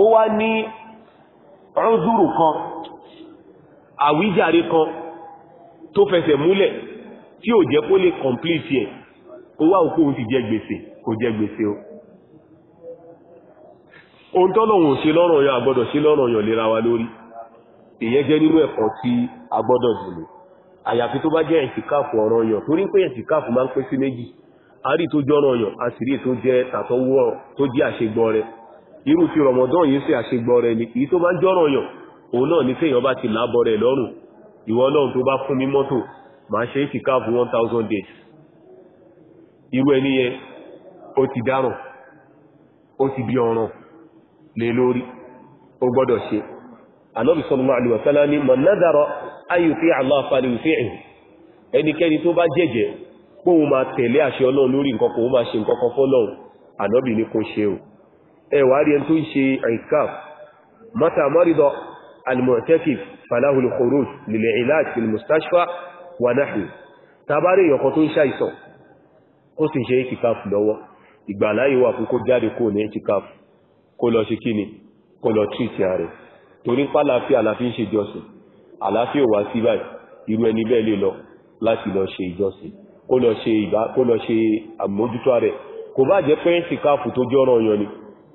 [SPEAKER 1] ó wá ní kan àwíjàre kan tó fẹsẹ̀ múlẹ̀ tí ò jẹ́ kó lè complete ẹ̀ ó wá òkú òun ti jẹ gbèsè kò jẹ gbèsè o ohun tọ́lọ̀wọ̀n ṣe lọ́rọ̀ yàn àgbọ́dọ̀ ṣe lọ́rọ̀ yàn lera wa lórí ìyẹn jẹ́ nínú ẹ̀kọ́ tí agbọ́dọ̀ dìlò àyàfi tó bá jẹ́ ẹ̀sìkáàfù ọ̀rọ̀ yàn torí pé ẹ̀sìkáàfù máa ń pín sí méjì àárí tó jọ́rọ̀ yàn àṣírí tó jẹ́ tàtọ́wọ́ tó jẹ́ àṣegbọ́ rẹ irú ti rọ̀mọ̀dán yìí sí àṣegbọ́ rẹ ni èyí tó bá ń jọ́rọ̀ yàn òun náà ní téèyàn bá ti lábọ̀ rẹ̀ lọ́rùn ìwọ ọlọ́run tó bá fún mi mọ́tò máa ṣe ìtìkáàfù one thousand days irú ẹni yẹn ó ti dáràn ó ti bí ọ̀ràn lé lórí ó gbọ́dọ̀ ṣe ànábì sallallahu Allah falyuti'hu ẹnikẹ́ni tó bá jẹ́jẹ́ pé òun máa tẹ̀lé àṣẹ ọlọ́run lórí nǹkan kan òun máa ṣe ní kò ṣe o ẹ̀wà mata marido. المعتكف فله الخروج للعلاج في المستشفى ونحو tabari èèyàn kan tó ń ṣàìsàn ó sì ń ṣe itikaf lọ́wọ́ ìgbàláyé wà fún kó jáde kó ní itikaf kó lọ ṣe kíni kó lọ tírìtì ààrẹ torí pàlàfíà àlàfí ń ṣe ìjọsìn àlàfíà wà sí báyìí irú ẹni bẹ́ẹ̀ lè lọ láti lọ ṣe ìjọsìn kó lọ ṣe ìbá kó lọ ṣe àmójútó rẹ̀ kò bá jẹ́ pé itikaf tó jẹ́ ọ̀ranyàn ni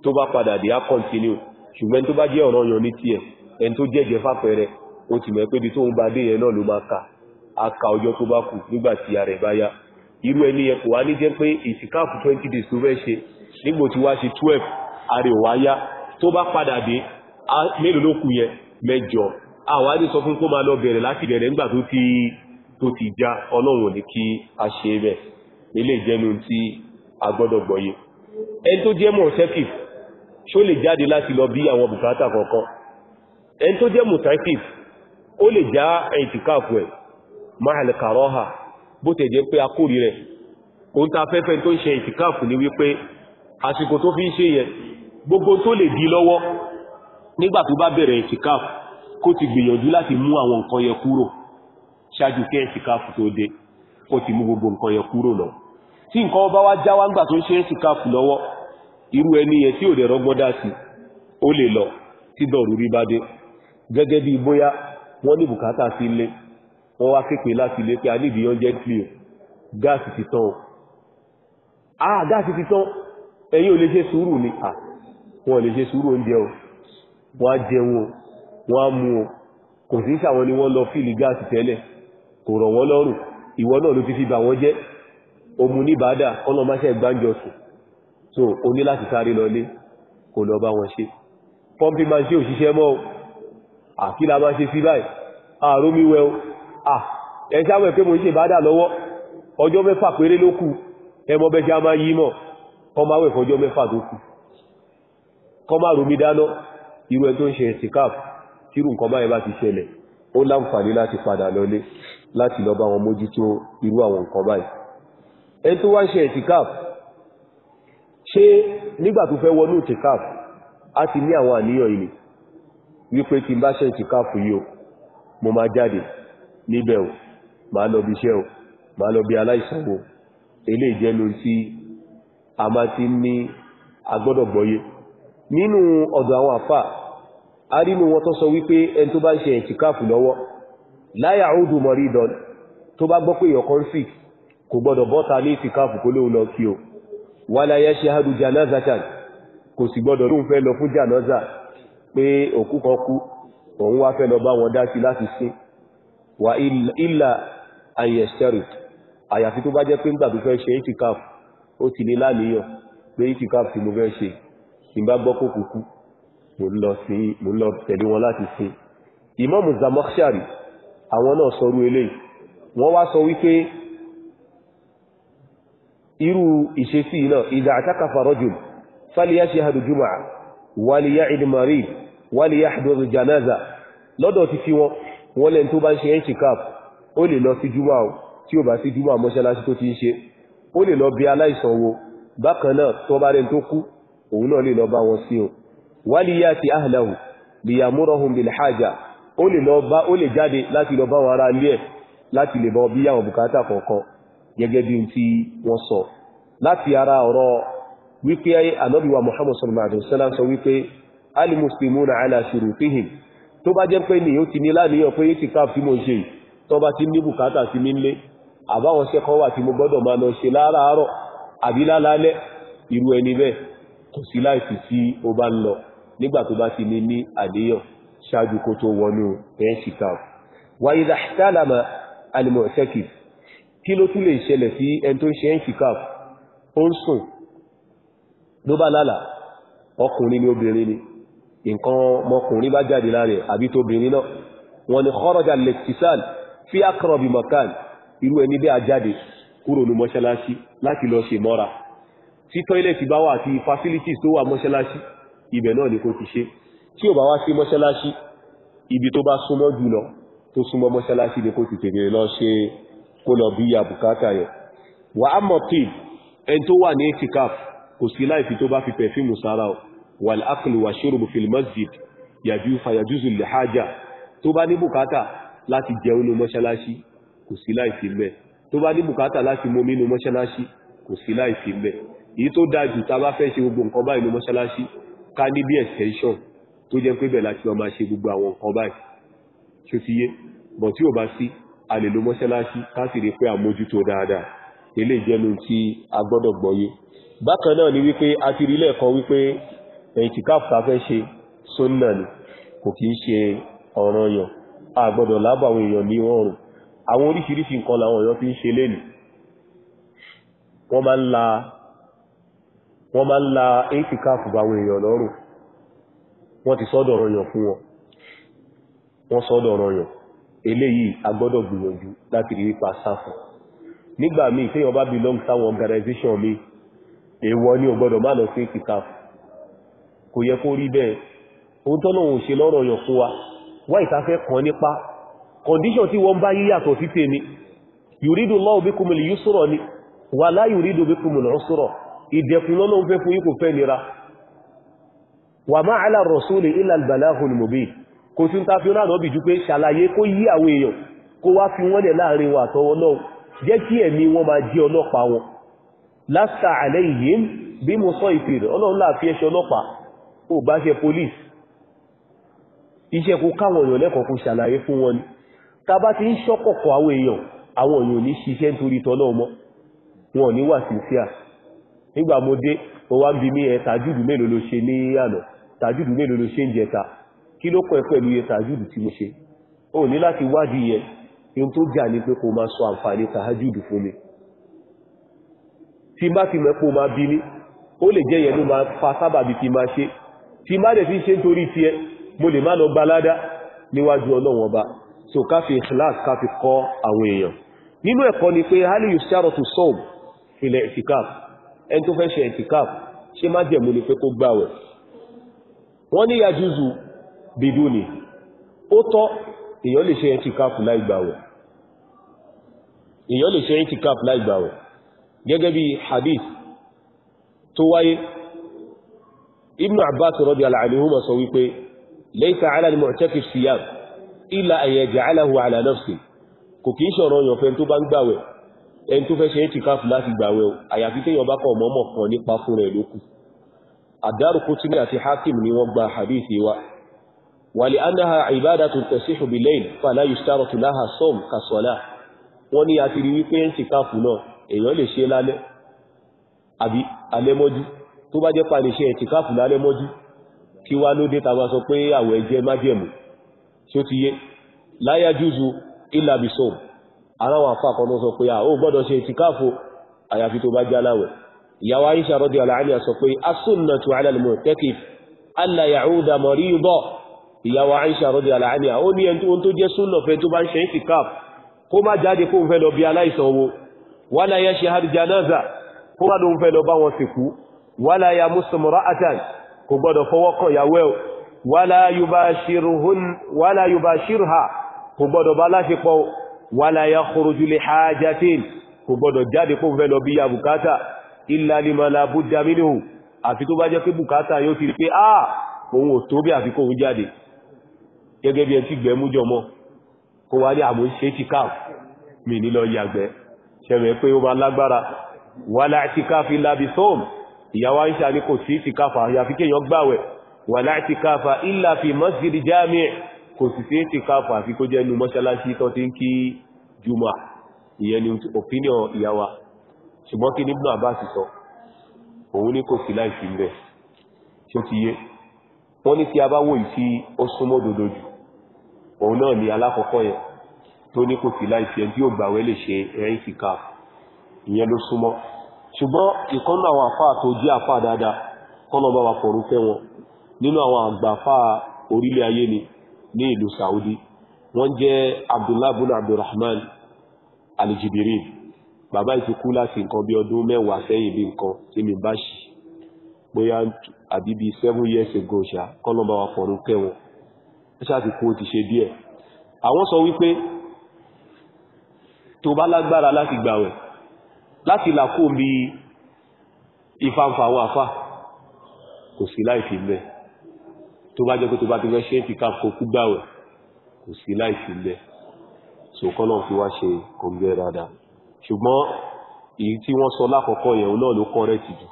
[SPEAKER 1] tó bá padà dé á kọ́ntínú ṣùgbọ́n tó bá jẹ́ ọ̀ranyàn ní tiẹ̀ ẹni tó jẹ́jẹ́ fápẹrẹ ó ti mọ̀ pé ibi tóun bá dé yẹn náà ló máa kà á ọjọ́ tó bá kù nígbà tí ara bá yá irú ẹni yẹn kò wá ní jẹ́ pé ìsìkáàfù twenty days ló fẹ́ ṣe nígbò tí wá ṣe twelve ara ẹ̀ wá yá tó bá padà dé mélòó ló kù yẹn mẹ́jọ àwọn á ní sọ fún kó máa lọ bẹ̀rẹ̀ láti bẹ̀rẹ̀ nígbà tó ti tó ti já ọlọ́run ní kí a ṣe bẹ̀ nílé ìjẹnu tí a gbọ́dọ̀ gbọ́yé ẹni tó jẹ́ mọ̀ ṣẹ́kì ṣó lè jáde láti lọ bí àwọn bùkátà kọ̀ọ̀kan ẹni tó jẹ́ mutakif ó lè já ẹ̀tìkáàfù ẹ̀ mahal karoha bó tẹ̀ jẹ́ pé akórí rẹ̀ òun ta fẹ́fẹ́ tó ń ṣe ẹ̀tìkáàfù ní wípé àsìkò tó fi ń ṣe yẹn gbogbo tó lè di lọ́wọ́ nígbà tó bá bẹ̀rẹ̀ ẹ̀tìkáàfù kó ti gbìyànjú láti mú àwọn nǹkan yẹn kúrò ṣáájú kí ẹ̀tìkáàfù tó dé ó ti mú gbogbo nǹkan yẹn kúrò lọ tí nǹkan bá wá já wá ńgbà tó ń ṣe ẹ̀tìkáàfù lọ́wọ́ irú ẹni yẹn tí ò dẹ̀ rọ́gbọ́n dá sí ó lè lọ tí dọ̀rú rí bá dé gẹ́gẹ́ bí bóyá wọ́n ní bùkátà sí ilé wọ́n wá képe láti ilé pé a ní ìdíyàn jẹ́ tí o gáàsì ti tán ah gáàsì ti tán ẹ̀yin ò lè ṣe sùúrù ni à wọ́n lè ṣe sùúrù oúnjẹ o wọ́n á jẹun o wọ́n á mu o kò sí sàwọn ni wọ́n lọ fíìlì gáàsì tẹ́lẹ̀ kò rọ̀ wọ́n lọ́rùn ìwọ náà ló ti fi bà wọ́n jẹ́ omu ní bàádà ọlọ́máṣẹ́ gbáǹjọ so o ní láti sáré lọlé kò lọ bá wọn ṣe pọ́mpì máa ṣe òṣìṣẹ́ mọ́ àkílà máa ṣe sí báyìí àrómíwẹ́ o à ẹ̀ṣàwẹ̀ pé mo ń ṣe ìbádà lọ́wọ́ ọjọ́ mẹ́fà péré ló kù ẹmọ bẹ́ a máa yí mọ̀ kọmáwẹ̀ fọjọ́ mẹ́fà tó kù kọmá rómí dáná irú ẹ tó ń ṣe ẹ̀sìkáf tírù nǹkan báyẹ̀ bá ti ṣẹlẹ̀ ó láǹfààní láti padà lọlé láti lọ bá wọn mójútó irú àwọn nǹkan báyìí ẹni tó wá ń ṣe ẹ̀sìkáf ṣé nígbà tó fẹ́ wọnú ẹ̀sìkáf wípé tí bá ṣe ìtìkáfù yìí o mo máa jáde níbẹ̀ o máa lọ bí iṣẹ́ o máa lọ bí aláìsàn o ilé ìjẹ́nu tí a máa ti ní agbọ́dọ̀ gbọ́yé nínú ọ̀dọ̀ àwọn àfà a rínú wọn tó sọ wípé ẹni tó bá ṣe ìtìkáfù lọ́wọ́ láyà òdù mọ̀rí ìdán tó bá gbọ́ pé yọ̀kan sick kò gbọ́dọ̀ bọ́ta ní ìtìkáfù kó lóun lọ kí o wà láyẹ́ ṣe hadu janazatan kò sì gbọ́dọ̀ lóun fẹ́ lọ fún janaza pé òkú kan kú òun wá fẹ́ lọ bá wọn dá sí láti sí wà ìlà ayẹ̀ṣẹ́rì àyàfi tó bá jẹ́ pé ńgbà tó fẹ́ ṣe ìtìkáf ó ti ní láníyàn pé ìtìkáf tí mo fẹ́ ṣe tí bá gbọ́ kó kúkú mo lọ tẹ̀lé wọn láti sí ìmáàmù Zamakhshari àwọn náà sọrú eléyìí wọ́n wá sọ wípé irú ìṣesí náà ìdá àtàkàfà rọ́jùl fáliyá ṣe hàdùjúmọ̀ wàlíyá ìdìmọ̀rí wálé yáhdọ́rù janaza lọ́dọ̀ ti fi wọn wọ́n lẹ́n tó bá ń ṣe ẹ̀ṣìkáf ó lè lọ sí júmọ́ àwọn tí ó bá sí júmọ́ mọ́ṣáláṣí tó ti ń ṣe ó lè lọ bí aláìsàn wo bákan náà tó bá rẹn tó kú òun náà lè lọ bá wọn sí o wálé yá ti ahlahu liyamurahum bil haja ó lè lọ bá ó lè jáde láti lọ bá wọn ará ilé ẹ̀ láti lè bá bí àwọn bùkátà kọ̀ọ̀kan gẹ́gẹ́ bí tí wọ́n sọ láti ara ọ̀rọ̀ wípé ànábì wa sallallahu alaihi wasallam sọ wípé alimuslimuna ala shurutihim tó bá jẹ́ pé ní ó ti ní láníyàn pé yìí ti káàf tí mo ń ṣe tó bá ti ní bùkátà sí mi nílé àbáwọn ṣẹ́kọ́ wà tí mo gbọ́dọ̀ máa lọ ṣe láràárọ̀ àbí lálálẹ́ irú ẹni bẹ́ẹ̀ kò sí láìsí tí ó bá ń lọ nígbà tó bá ti ní ní àníyàn ṣáájú kó tó wọnú ẹ̀ṣì ọkùnrin ni obìnrin ni nǹkan ọmọkùnrin bá jáde láre àbí tóbìnrin náà wọ́n ní kharaja lẹ́kìsàn fi aqrabi makan irú ẹni bẹ́ẹ̀ ajáde kúrò ní mọ́ṣáláṣí láti lọ ṣe mọ́ra tí tọ́ílẹ̀tì bá wà àti facilities tó wà mọ́ṣáláṣí ibẹ̀ náà ni kò ti ṣe tí ò bá wá sí mọ́ṣáláṣí ibi tó bá súnmọ́ jùlọ tó súnmọ́ mọ́ṣáláṣí ni kò ti tèbèrè lọ ṣe kó lọ bí ya bùkátà yẹ wà mọ̀ tí ẹni tó wà ní etikaf kò sí láìfi tó bá fi pẹ̀fíìmù sára o wal aklu wa shurubu fil masjid yàjú fàyàjúzù lè hájà tó bá ní bùkátà láti jẹ inú mọ́ṣáláṣí kò sí láìsí mẹ́ tó bá ní bùkátà láti mú inú mọ́ṣáláṣí kò sí láìsí mẹ́ èyí tó dájú ta bá fẹ́ ṣe gbogbo nǹkan báyìí inú mọ́ṣáláṣí ká ní bí extension tó jẹ́ pé bẹ̀ láti wọ́n máa ṣe gbogbo àwọn nǹkan báyìí ṣó ti yé bọ̀ tí ò bá sí a lè lo mọ́ṣáláṣí ká sì rí pé àmójútó dáadáa eléyìí jẹ́nu tí a gbọ́dọ̀ gbọ́yé bákan náà ni wípé a ti rí lẹ́ẹ̀kan wípé ẹ̀tìkáàfù tá fẹ́ ṣe sunna ni kò kìí ṣe ọ̀ranyàn a gbọ́dọ̀ lábà àwọn èèyàn ní ọrùn àwọn oríṣiríṣi nǹkan làwọn èèyàn fi ń ṣe lẹ́nu wọ́n máa ń la wọ́n máa ń la ẹ̀tìkáàfù bá àwọn èèyàn lọ́rùn wọ́n ti sọ́dọ̀ ọ̀ranyàn fún wọn wọ́n sọ́dọ̀ ọ̀ranyàn eléyìí a gbìyànjú láti rí ipa sáfù nígbà míì téèyàn bá belong sáwọn organization mi èèwọ̀ ni ò gbọ́dọ̀ má lọ sí ẹ̀tìkáàfù kò yẹ kó rí bẹ́ẹ̀ ohun tọ́nà òun ṣe lọ́rọ̀ yàn fún wa wá ìtafẹ́ kan nípa condition tí wọ́n bá yíyàtọ̀ sí tèmi yùrídù lọ́wọ́ bí kúmùlì yú sọ̀rọ̀ ni wà láì yùrídù bí kúmùlì rán sọ̀rọ̀ ìdẹ̀kùn lọ́nà fẹ́ fún yín kò fẹ́ nira wà má àlà rọ̀súlì ilà albalahul mubin kò tún ta fi ránà bí ju mo sọ ìpìrẹ̀ ọlọ́run láàfin ọlọ́pàá ò bá ṣe police iṣẹ́ kó káwọn èèyàn lẹ́kọ̀ọ́ kó ṣàlàyé fún wọn ni ta bá ti ń ṣọ́kọ̀kọ̀ àwọn èèyàn àwọn èèyàn ní ṣiṣẹ́ nítorí tọ́lọ́ ọmọ wọn ní wà sincere nígbà mo dé o wá ń bi mí ẹ tàjúdù mélòó ló ṣe ní àná mélòó ló ṣe ń jẹta kí ló pẹ̀ pẹ̀lú iye tàjúdù tí mo ṣe o ní láti wádìí yẹn ohun tó jà pé kó má ti tí má dẹ̀ fi ṣe nítorí tiẹ̀ mo lè má lọ gba ládá níwájú ọlọ́wọ́n ọba so ká fi ikhlas ká fi kọ́ àwọn èèyàn nínú ẹ̀kọ́ ni pé hali yusharo to solve ilẹ̀ etikaf ẹni tó fẹ́ ṣe etikaf ṣe má jẹ̀mú ni pé kó gbàwẹ̀ wọ́n ní yajuzu biduni ó tọ́ èèyàn lè ṣe etikaf láì gbàwẹ̀ èèyàn lè ṣe etikaf láì gbàwẹ̀ gẹ́gẹ́ bí hadith tó wáyé ibn abbas radiyallahu anhuma sọ wípé laysa ala al-mu'takif siyam illa an yaj'alahu ala nafsi kò kí ń ṣọ̀rọ̀ yàn fẹ́ tó bá ń gbàwẹ̀ ẹn tó fẹ́ ṣe é tìkáf láti gbàwẹ̀ o àyàfi téèyàn bá kọ̀ mọ́mọ̀ kan nípa fún rẹ̀ lókù ad-Daraqutni àti hakim ni wọ́n gba hadith wa wa li annaha ibadatun tasihu bil-layl fala yushtaratu laha sawm ka-salah wọ́n ní àti rí wípé ń tìkáf náà èèyàn lè ṣe lálẹ́ àbí alẹ́mọ́jú tó bá jẹ́ pàdé iṣẹ́ ẹ̀tìkáàfù lálẹ́ mọ́jú kí wá ló dé tàbá sọ pé àwẹ̀ jẹ́ májẹ̀mú tí ó ti yé láyá júzu ìlàbìsọ̀ aláwọ̀ àfàkọ́nà sọ pé àó gbọ́dọ̀ ṣe ẹ̀tìkáàfù àyàfi tó bá jẹ́ aláwẹ̀ ìyàwó Aisha rọ́dí aláàríà sọ pé asúnnàtù alàlùmọ̀ tẹ́kì aláyàúdà mọ̀rí bọ́ ìyàwó Aisha rọ́dí aláàríà ó ní ẹni tó jẹ́ súnnà fẹ́ tó bá ń ṣe ìtìkáàfù kó má jáde kó ń fẹ́ lọ bá wọn sìnkú wala yamusu mura'atan kò gbọ́dọ̀ fọwọ́ kan yàwó ẹ̀ wala yubashiruhun wala yubashirha kò gbọ́dọ̀ bá láṣepọ̀ wala yakhruju li hajatin kò gbọ́dọ̀ jáde kó fẹ́ lọ bí ya bùkátà illa lima la budda minhu àfi tó bá jẹ́ pé bùkátà yóò ti rí pé ah òun ò tó bí àfi kó òun jáde gẹ́gẹ́ bí ẹn tí gbẹ̀mú jọmọ́ kó wá ní ìyàwó aisha ní kò sí ìtìkáfà àyàfi kéèyàn gbàwẹ̀ wà láti káfà ìlà fi masjid jami kò sì sí ìtìkáfà àfi kó jẹ́ nu mọ́ṣáláṣí tó ti ń kí juma ìyẹn ni opinion ìyàwó ṣùgbọ́n kí ní Ibn Abbas sọ òun ní kò sí láìsí rẹ̀ tí ó ti yé wọ́n ní tí a bá wò ì tí ó súnmọ́ dodo jù òun náà ni alákọ̀ọ́kọ́ yẹn ìyẹn ló súnmọ́ ṣùgbọ́n ìkọ́nú àwọn àfáà tó jẹ́ àfáà dáadáa tọ́nà bá wa fọ̀rún fẹ́ wọn nínú àwọn àgbàfáà orílẹ̀ ayé ni ní ìlú Saudi wọ́n jẹ́ Abdullah bin Abdulrahman Al-Jibirin bàbá ìtukú láti nǹkan bí ọdún mẹ́wàá sẹ́yìn bí nǹkan tí mi bá ṣì bóyá àbíbí seven years ago ṣá kọ́nà bá wa fọ̀rún fẹ́ wọn ṣáà ti kú ó ti ṣe díẹ̀ àwọn sọ wípé tó bá lágbára láti gbàwẹ̀ láti làkó bí ìfàǹfà àwọn àfà kò sí láìfì mẹ́ tó bá jẹ́ pé tó bá ti fẹ́ ṣe ń fi káàkó kú gbàwẹ̀ kò sí láìfì mẹ́ so kọ́ náà fi wá ṣe kọ̀ǹgẹ́ dáadáa ṣùgbọ́n èyí tí wọ́n sọ lákọ̀ọ́kọ́ yẹn náà ló kọ́rẹ́ ti jù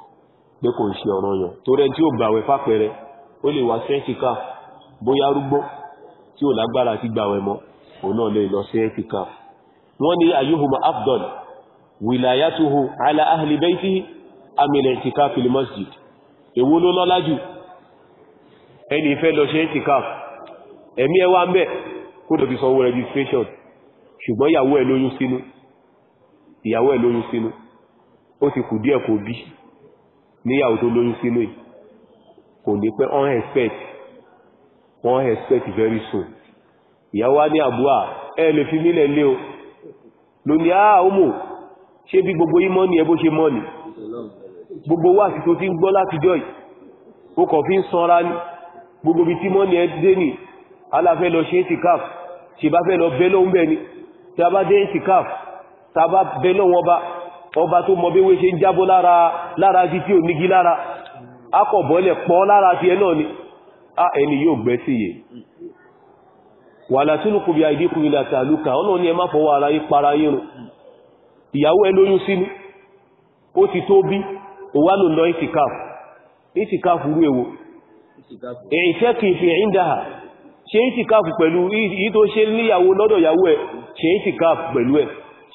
[SPEAKER 1] pé kò ń ṣe ọ̀ràn yàn tó rẹ tí ó gbàwẹ̀ fápẹrẹ ó lè wá sẹ́ńtìkà bóyá rúgbó tí ò lágbára ti gbàwẹ̀ mọ́ òun náà lè lọ sẹ́ńtìkà wọ́n ní ayéhùnmọ́ afdol wilayatuhu ala ahli baitihi amil i'tikaf fil masjid èwo ló lọ́lá jù ẹni ìfẹ́ lọ ṣe i'tikaf ẹ̀mí ẹwà ń bẹ̀ kó lọ fi sanwó registration ṣùgbọ́n ìyàwó ẹ̀ lóyún sínú ìyàwó ẹ̀ lóyún sínú ó ti kù díẹ̀ kò bí níyàwó tó lóyún sínú yìí kò ní pẹ́ on expect on expect very soon ìyàwó á ní àbúrà ẹ lè fi nílẹ̀ lé o lónìí àá ó mọ̀ ṣe bí gbogbo yí mọ́ni ẹbó ṣe mọ́ni gbogbo wà sí tó ti ń gbọ́ láti jọ yìí ó kọ̀ fi ń sanra ní gbogbo bí tí mọ́ni ẹ dé ní aláfẹ́ lọ ṣe ìtìkáf ṣe bá fẹ́ lọ bẹ́lọ́ ń bẹ̀ ni tí a bá dé ìtìkáf tá a bá bẹ́lọ́ wọn bá ọba tó mọ béwé ṣe ń jábọ́ lára ti tí ò nígi lára akọ̀bọ́lẹ̀ pọ́ lára ti ẹ náà ni a ẹni yóò gbẹ́ sí yẹ wà látúnukùbí àìdíkùnrin àtàlùkà ọlọ́ni ẹ má fọwọ́ ara yí para yírun ìyàwó ẹ lóyún sínú ó ti tó bí ó wá lò lọ ìtìkáfù ìtìkáfù rú èwo ìṣẹ́ kìí fi ìndáhà ṣe ìtìkáfù pẹ̀lú yí tó ṣe níyàwó lọ́dọ̀ ìyàwó ẹ̀ ṣe ìtìkáfù pẹ̀lú ẹ̀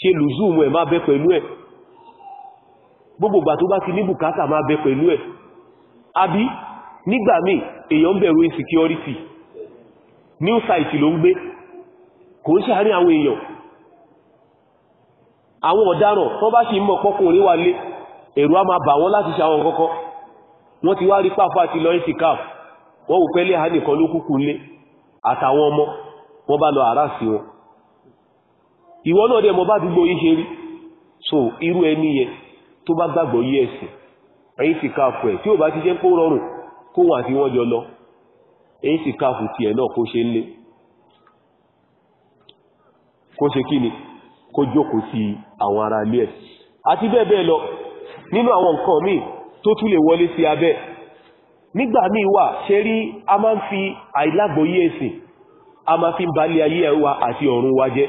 [SPEAKER 1] ṣe lùzúùmù ẹ̀ má bẹ pẹ̀lú ẹ̀ gbogbogbà tó bá ti ní bùkátà má bẹ pẹ̀lú ẹ̀ àbí nígbà míì new site àwọn ọ̀daràn tó bá sì mọ̀ pọ́kùnrin wà lé ẹ̀rù a máa bà wọ́n láti ṣe àwọn kọ́kọ́ wọ́n ti wá rí pàfà ti lọ ìsì káàf wọ́n wù pẹ́lẹ̀ ha nìkan ló kúkú lé àtàwọn ọmọ wọ́n bá lọ àrá sí wọn ìwọ náà dẹ̀ mọ́ bá dúgbò yí ṣe rí so irú ẹni yẹn tó bá gbàgbọ́ yí ẹ̀sìn ni kó jókòó ti àwọn ará ilé ẹ̀ àti bẹ́ẹ̀ bẹ́ẹ̀ lọ nínú àwọn nǹkan míì tó tún lè wọlé sí abẹ́ nígbà míì wà ṣe rí a máa ń fi àìlágbòyé ẹ̀sìn a máa fi ń balẹ̀ ayé ẹ̀wà àti ọ̀run wa jẹ́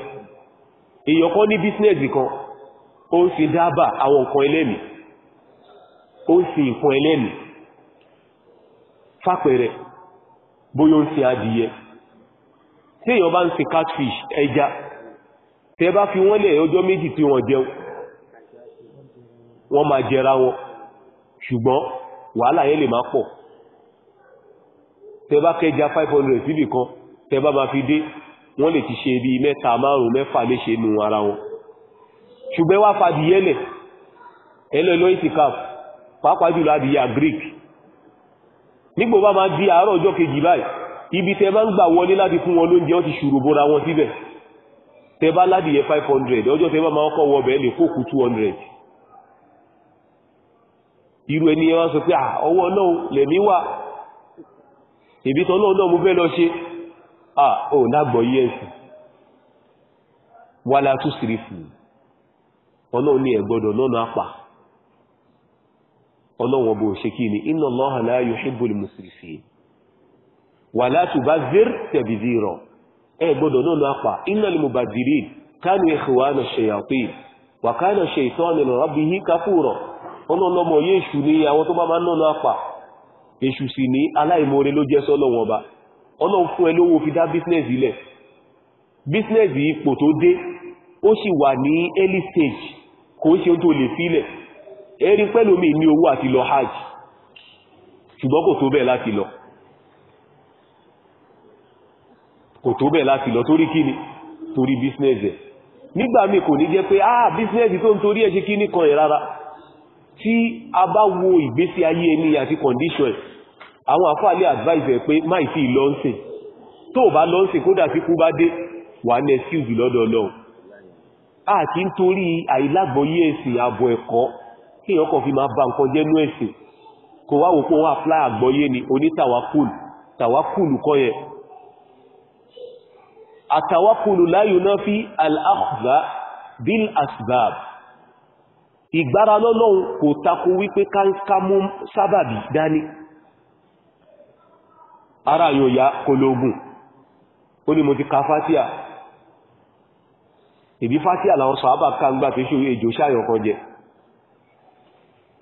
[SPEAKER 1] èèyàn ní bísínẹ̀sì kan ó ń sin dábà àwọn nǹkan ẹlẹ́mì ó ń sin nǹkan ẹlẹ́mì fàpẹẹrẹ bóyá ó ń sin adìyẹ tí èèyàn bá ń sin catfish ẹja tẹ bá fi wọ́n lẹ̀ ọjọ́ méjì tí wọ́n jẹun wọ́n máa jẹra wọn ṣùgbọ́n wàhálà yẹn lè máa pọ̀ tẹ bá kẹja 500 síbì kan tẹ bá máa fi dé wọ́n lè ti ṣe bí mẹ́ta márùn mẹ́fà léṣe nù ara wọn ṣùgbọ́n wá fàdí yẹ́lẹ̀ ẹlẹ́lọ́ ìtìkàf pàápàá jùlọ adìyà greek nígbò bá máa di àárọ̀ ọjọ́ kejì báyìí ibi tẹ bá ń gbà wọlé láti fún wọn lóúnjẹ wọ́n ti ṣùrù bóra wọn síbẹ̀ tẹ bá ládìyẹ five hundred ọjọ́ tẹ bá máa kọ́ wọ bẹ́ẹ̀ lè kókù two hundred irú ẹni yẹn wá sọ pé ọwọ́ náà wà náà fẹ́ lọ ṣe ah ò lágbọ̀ yí wà látú sírí ọlọ́run ní ẹ̀gbọ́dọ̀ lọ́nà apà ọlọ́run ọbọ̀ ṣe kí ni inna Allaha la wà látú bá ẹ gbọ́dọ̀ náà lọ apà innal mubadhirin kánú ikhwana shayatin wa kana shaytanu li rabbihi kafura ọlọ́lọ́mọ yé èṣù ní àwọn tó bá máa náà lọ apà èṣù sì ní aláìmoore ló jẹ́ sọ́lọ́wọ́n ọba ọlọ́run fún ẹ lówó fi dá bísínẹ́sì ilẹ̀ bísínẹ́sì ipò tó dé ó sì wà ní early stage kò ń ṣe tó lè sílẹ̀ ẹ̀rí pẹ́lú mi ní owó àti lọ hajj ṣùgbọ́n kò tó bẹ́ẹ̀ láti lọ kò tó bẹ̀ láti lọ torí kíni torí bísínẹ́sì ẹ̀ nígbà kò ní jẹ́ pé ah bísínẹ́sì tó ń torí ẹ̀ ṣe kíní kan ẹ̀ rárá tí a bá wo ìgbésí ayé ẹni àti condition ẹ̀ àwọn àfáàlẹ́ advice ẹ̀ pé má ì sí lọ́nsìn tó bá lọ́nsìn kódà tí kú bá dé wà ní excuse lọ́dọ̀ lọ́hùn àti nítorí àìlágbọ́yé ẹ̀sìn àbọ̀ ẹ̀kọ́ kí èèyàn kan fi máa ba nǹkan jẹ́nú ẹ̀sìn kò wá wò pé wọ́n apply àgbọ́yé ni onítàwákùlù tàwákùlù kọ́ yẹn àtàwákùlù láyò náà fi al-akhdha bil asbab ìgbára lọ́lọ́run kò tako wípé káńkámú sábàbí dání ara yóò ya kológun ó ní mo ti ka fátíà ìbí fátíà làwọn sàábà ká ń gbà fi ṣe èjò sáyọ̀ kan jẹ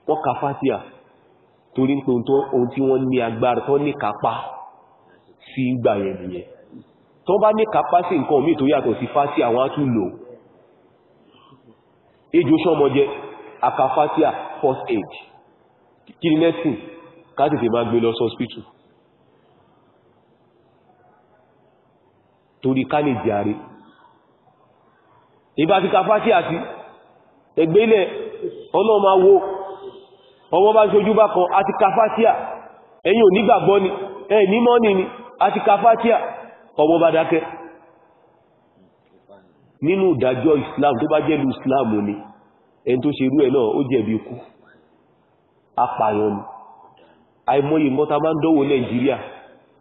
[SPEAKER 1] wọ́n ka fátíà torí pé ohun tí wọ́n ní agbára tó ní kápá sí ìgbà yẹn nìyẹn tó bá ní kàpásí nǹkan omi tó yàtọ̀ sí fásí àwọn àtúlò ejò ṣọ́mọjẹ akafasia first aid kí ni nẹ́sìn káàkiri máa gbé lọ sọ́spítù torí ká lè jàre ìbá ti kafasia sí ẹgbẹ́ ilẹ̀ ọlọ́ọ̀má wo ọmọ bá ṣojú bá kan àti kafasia ẹ̀yin ò nígbàgbọ́ ni ẹ̀ ní mọ́ni ni àti kafasia ọmọ bá dákẹ́ nínú ìdájọ́ islam tó bá jẹ́lu islam ni ẹni tó ṣe irú ẹ̀ náà ó jẹ̀bi ikú apààyàn ni àìmọye mọ́ta máa ń dánwò nàìjíríà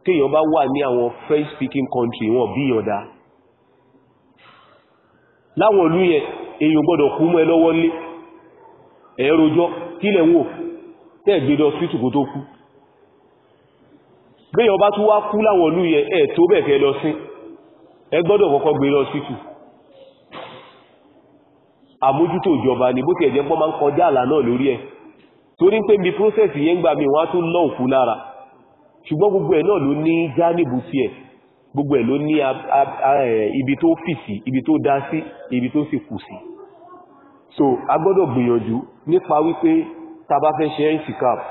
[SPEAKER 1] kéèyàn bá wà ní àwọn french speaking country wọn bí yọ̀dá láwọn ìlú yẹn èyàn gbọ́dọ̀ kú mọ́ ẹ lọ́wọ́ lé ẹ̀rọjọ́ kílẹ̀ wò tẹ́ẹ̀gbẹ́dọ̀ síìtù kó tó kú bẹ́yàn ọba tún wá kú láwọn olú yẹ ẹ̀ tó bẹ̀kẹ́ lọ sí ẹ gbọ́dọ̀ kọ́kọ́ gbé lọ sí tù àmójútó ìjọba ni bó ti ẹ̀jẹ̀ pọ́n máa ń kọjá àlà náà lórí ẹ̀ torí pé bí process yẹn gbà mí wọ́n á tún ná òkú lára ṣùgbọ́n gbogbo ẹ̀ náà ló ní jánìbù tiẹ̀ gbogbo ẹ̀ ló ní ibi tó fì sí ibi tó dá sí ibi tó sì kù sí so a gbọ́dọ̀ gbìyànjú nípa wípé tá a bá fẹ́ ṣe ẹ́ ìsìkáàpù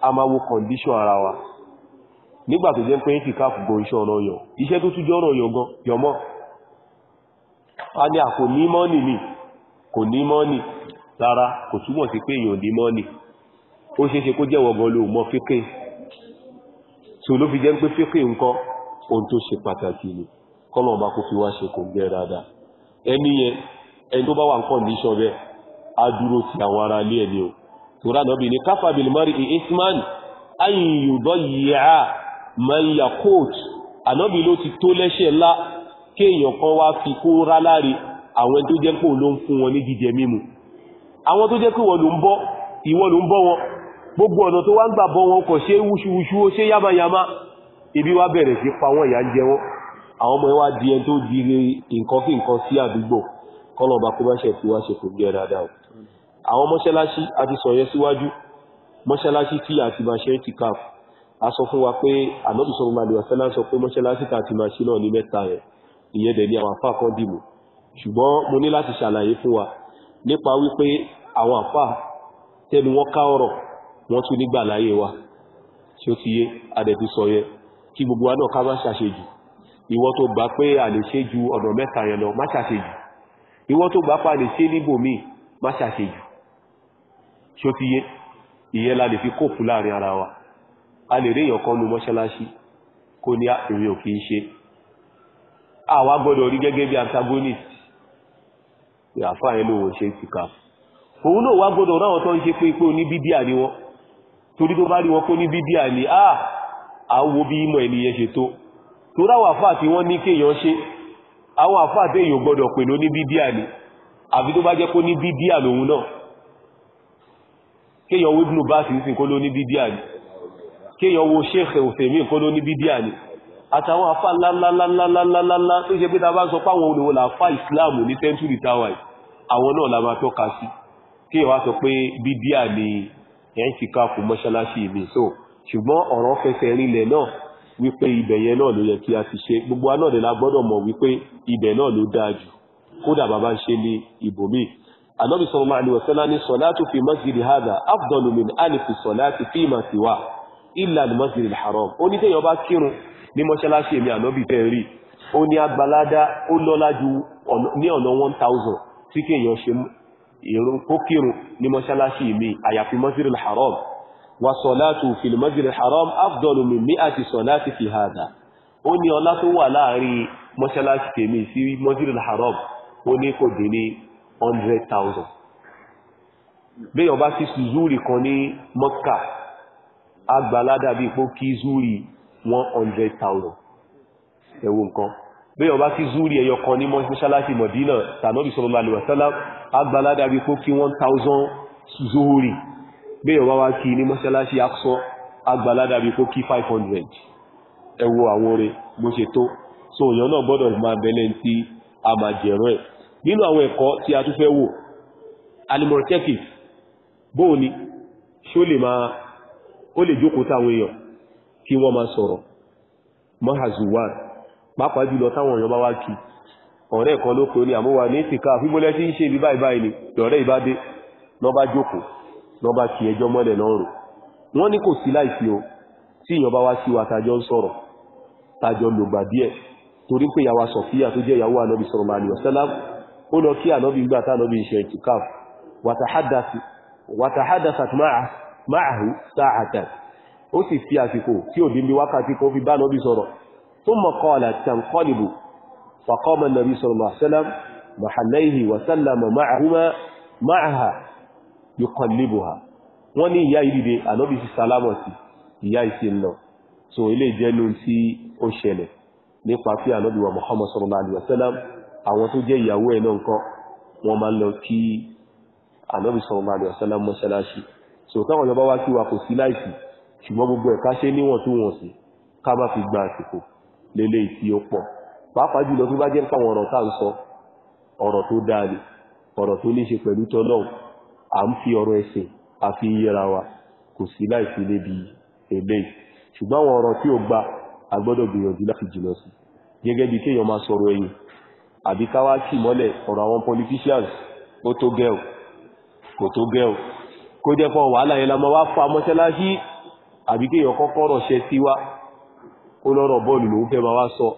[SPEAKER 1] a máa wo condition ara wa nígbà tó jẹ́ pé ń fi káàkù gan iṣẹ́ ọ̀nà ọ̀yọ̀ iṣẹ́ tó tún jọ́rọ̀ ọ̀yọ̀ gan yọmọ́ a ní àkò ní mọ́nì ni kò ní mọ́nì rárá kò túmọ̀ sí pé èèyàn ní mọ́nì ó ṣe é ṣe kó jẹ́wọ́ gan ló mọ́ fíkẹ́ tó ló fi jẹ́ pé fíkẹ́ nǹkan ohun tó ṣe pàtàkì ni kọ́lọ̀ ọba kó fi wá ṣe kò gẹ́ dáadáa ẹni yẹn ẹni tó bá wà nǹkan ní iṣọ́ bẹ́ẹ̀ á dúró ti àwọn ará ilé ẹni o tó rà náà bí ní káfà bìlmọ́rì ìsman ayùdọ́ yìí maya yakut ànábì ló ti tó lẹ́ṣẹ̀ ńlá kéèyàn kan wá fi kó rá láre àwọn tó jẹ́ pò ló ń fún wọn ní jíjẹ mímu àwọn tó jẹ́ pé wọ́n ló ń bọ́ ìwọ ló ń bọ́ wọn gbogbo ọ̀nà tó wá ń gbà bọ́ wọn kò ṣe wúṣuwúṣu ó ṣe yámayámá ibi wá bẹ̀rẹ̀ sí pa wọ́n ìyà ń jẹ wọ́n àwọn ọmọ ẹwà di ẹni tó di nǹkan kí nǹkan sí àdúgbò kọlọ̀ọ̀bà kó bá ṣe fi wá ṣe kò gẹ́ dáadáa o àwọn mọ́ṣáláṣí àti sọ̀yẹ́ síwájú mọ́ṣáláṣí tí àti bàṣẹ́ ti káàkù a sọ fún wa pé ànábì sallallahu alaihi wasallam sọ pé mọ́ṣáláṣí tá a ti máa ṣí náà ní mẹ́ta yẹn ìyẹn dẹ̀ ní àwọn àfáà kan dìbò ṣùgbọ́n mo ní láti ṣàlàyé fún wa nípa wípé àwọn àfáà tẹnu wọn ká ọ̀rọ̀ wọn tún nígbà láyé wa tí ó ti yé adẹ̀bí sọ yẹn kí gbogbo wa náà ká má ṣàṣejù ìwọ tó gbà pé a lè ṣe ju ọ̀nà mẹ́ta yẹn lọ má ṣàṣejù ìwọ tó gbà pé a lè ṣe níbòmí má ṣàṣejù tí ó ti yé ìyẹn la lè fi kóòpù láàrin ara wa a lè rí èèyàn kan nu mọ́ṣáláṣí kó ní èrè ò kìí ṣe àwa gbọ́dọ̀ rí gẹ́gẹ́ bí antagonist pé àfáà ẹ̀ lóun ṣe ti ká òun náà wá gbọ́dọ̀ ráwọn tó ń ṣe pé pé oní bídíà ni wọ́n torí tó bá rí wọn pé oní bídíà ni a àwo bí ìmọ̀ ènìyàn ṣe tó torí àwọn àfáà tí wọ́n ní kéèyàn ṣe àwọn àfáà tí èèyàn gbọ́dọ̀ pè lóní bídíà ni àbí tó bá jẹ́ pé oní bídíà lòun náà kéèyàn wíbùnú bá sì ń sìn kó lóní bídíà ni kéèyàn wo sheikh òfèmí nǹkan ní bídíà ni àtàwọn afá ńláńláńláńláńlá tó ṣe pé ta bá sọ páwọn olùwò làfá ìsìláàmù ní century tower àwọn náà la máa tọ́ka sí kéèyàn sọ pé bídíà ni ẹ̀yìn ti ká fún mọ́ṣáláṣí mi so ṣùgbọ́n ọ̀rọ̀ fẹsẹ̀ rinlẹ̀ náà wípé ibẹ̀ yẹn náà ló yẹ kí a ti ṣe gbogbo anáàdẹ̀ la gbọ́dọ̀ mọ̀ wípé ibẹ̀ náà ló dáa jù kódà bàbá ń ṣe ní ibòmí Ànábì sallallahu alaihi wasallam ní salatu fi masjidi hadha afdalu min alifi salati fi ma siwa ilà ní masjidil haram ó ní tẹ́yàn bá kírun ní mọ́ṣáláṣí èmi ànábì tẹ́ rí ó ní agbálada ó lọ́lá ju ní ọ̀nà one thousand tí kéèyàn ṣe ìrun kó kírun ní mọ́ṣáláṣí èmi àyàfi masjidil haram wa salatu fil masjidil haram afdalu min mi'ati salati fi hada ó ní ọlá tó wà láàrin mọ́ṣáláṣí tèmi sí masjidil haram ó ní kò dín ní hundred thousand béèyàn bá ti sùzúrì kan ní mọ́kà agbàládà bí ipò kí zúrì one hundred thousand ẹ̀wọ̀n nǹkan bẹ́ẹ̀ ọba kí zúrì ẹyọ kan ní mọ́ṣáláṣí mọ̀dínà tànàbí sallallahu alaihi wasallam agbàládà bí ipò kí one thousand zúrì bẹ́ẹ̀ ọba wá kí ní mọ́ṣáláṣí Aqsa agbàládà bí ipò kí five hundred ẹ̀wọ̀n àwọn orin bó ṣe tó so èèyàn náà gbọ́dọ̀ máa bẹ̀lẹ̀ tí a máa jẹ̀rọ ẹ̀ nínú àwọn ẹ̀kọ́ tí a tún fẹ́ wò alimọ̀tẹ́kì bóò ni ṣó lè máa ó lè jókòó táwọn èèyàn kí wọ́n máa sọ̀rọ̀ mahazuwan pàápàá jùlọ táwọn èèyàn bá wá kí ọ̀rẹ́ kan ló pé ó ní àmúwà ní ìtìká fíbólẹ́ tí ń ṣe ibi báyìí báyìí ni ọ̀rẹ́ ìbádé lọ bá jókòó lọ bá kí ẹjọ́ mọ́lẹ̀ lọ́rùn wọ́n ní kò sí láìsí o tí èèyàn bá wá sí wa tajọ́ máàhù sáàtà ó sì fi àsìkò tí ò dínbí wákàtí kó fi bá nọ́bí sọ̀rọ̀ tó mọ̀kọ́ ọ̀là tàǹkọ́lìbù fàkọ́mọ̀ nàbí sọ̀rọ̀ àṣẹ́lá mahalaihi wasallama ma'ahuma ma'aha yuqallibuha wọ́n ní ìyá ìdìde ànọ́bí sí salamọ̀ sí ìyá ìsìn lọ so ilé ìjẹ́nu tí ó ṣẹlẹ̀ nípa pé ànọ́bí wa Muhammad sallallahu alaihi wasallam àwọn tó jẹ́ ìyàwó so káwọn ìjọba wá kí wa kò sí láìsí ṣùgbọ́n gbogbo ẹ̀ ká ṣe níwọ̀ntúnwọ̀nsì ká má fi gba àsìkò lélẹ̀ tí ó pọ̀ pàápàá jùlọ tó bá jẹ́ pàwọn ọ̀rọ̀ tá ń sọ ọ̀rọ̀ tó dáa ni ọ̀rọ̀ tó ní ṣe pẹ̀lú tọ́lọ́hùn à ń fi ọ̀rọ̀ ẹ̀sìn a fi yẹra wa kò sí láìsí níbi èlé ṣùgbọ́n àwọn ọ̀rọ̀ tí ó gba a gbọ́dọ̀ gbìyànjú láti jìnà sí gẹ́gẹ́ bí kéèyàn máa sọ̀rọ̀ ẹ̀yìn àbí káwá kì mọ́lẹ̀ ọ̀rọ̀ àwọn politicians ó tó gẹ́ọ̀ kò tó gẹ́ọ̀ kó jẹ́ pọ̀ wàhálà yẹn la mọ́ wá fa mọ́ṣáláṣí àbí kéèyàn kọ́kọ́ rọ̀ ṣẹ sí wá ó lọ́rọ̀ bọ́ọ̀lù lòún fẹ́ máa wá sọ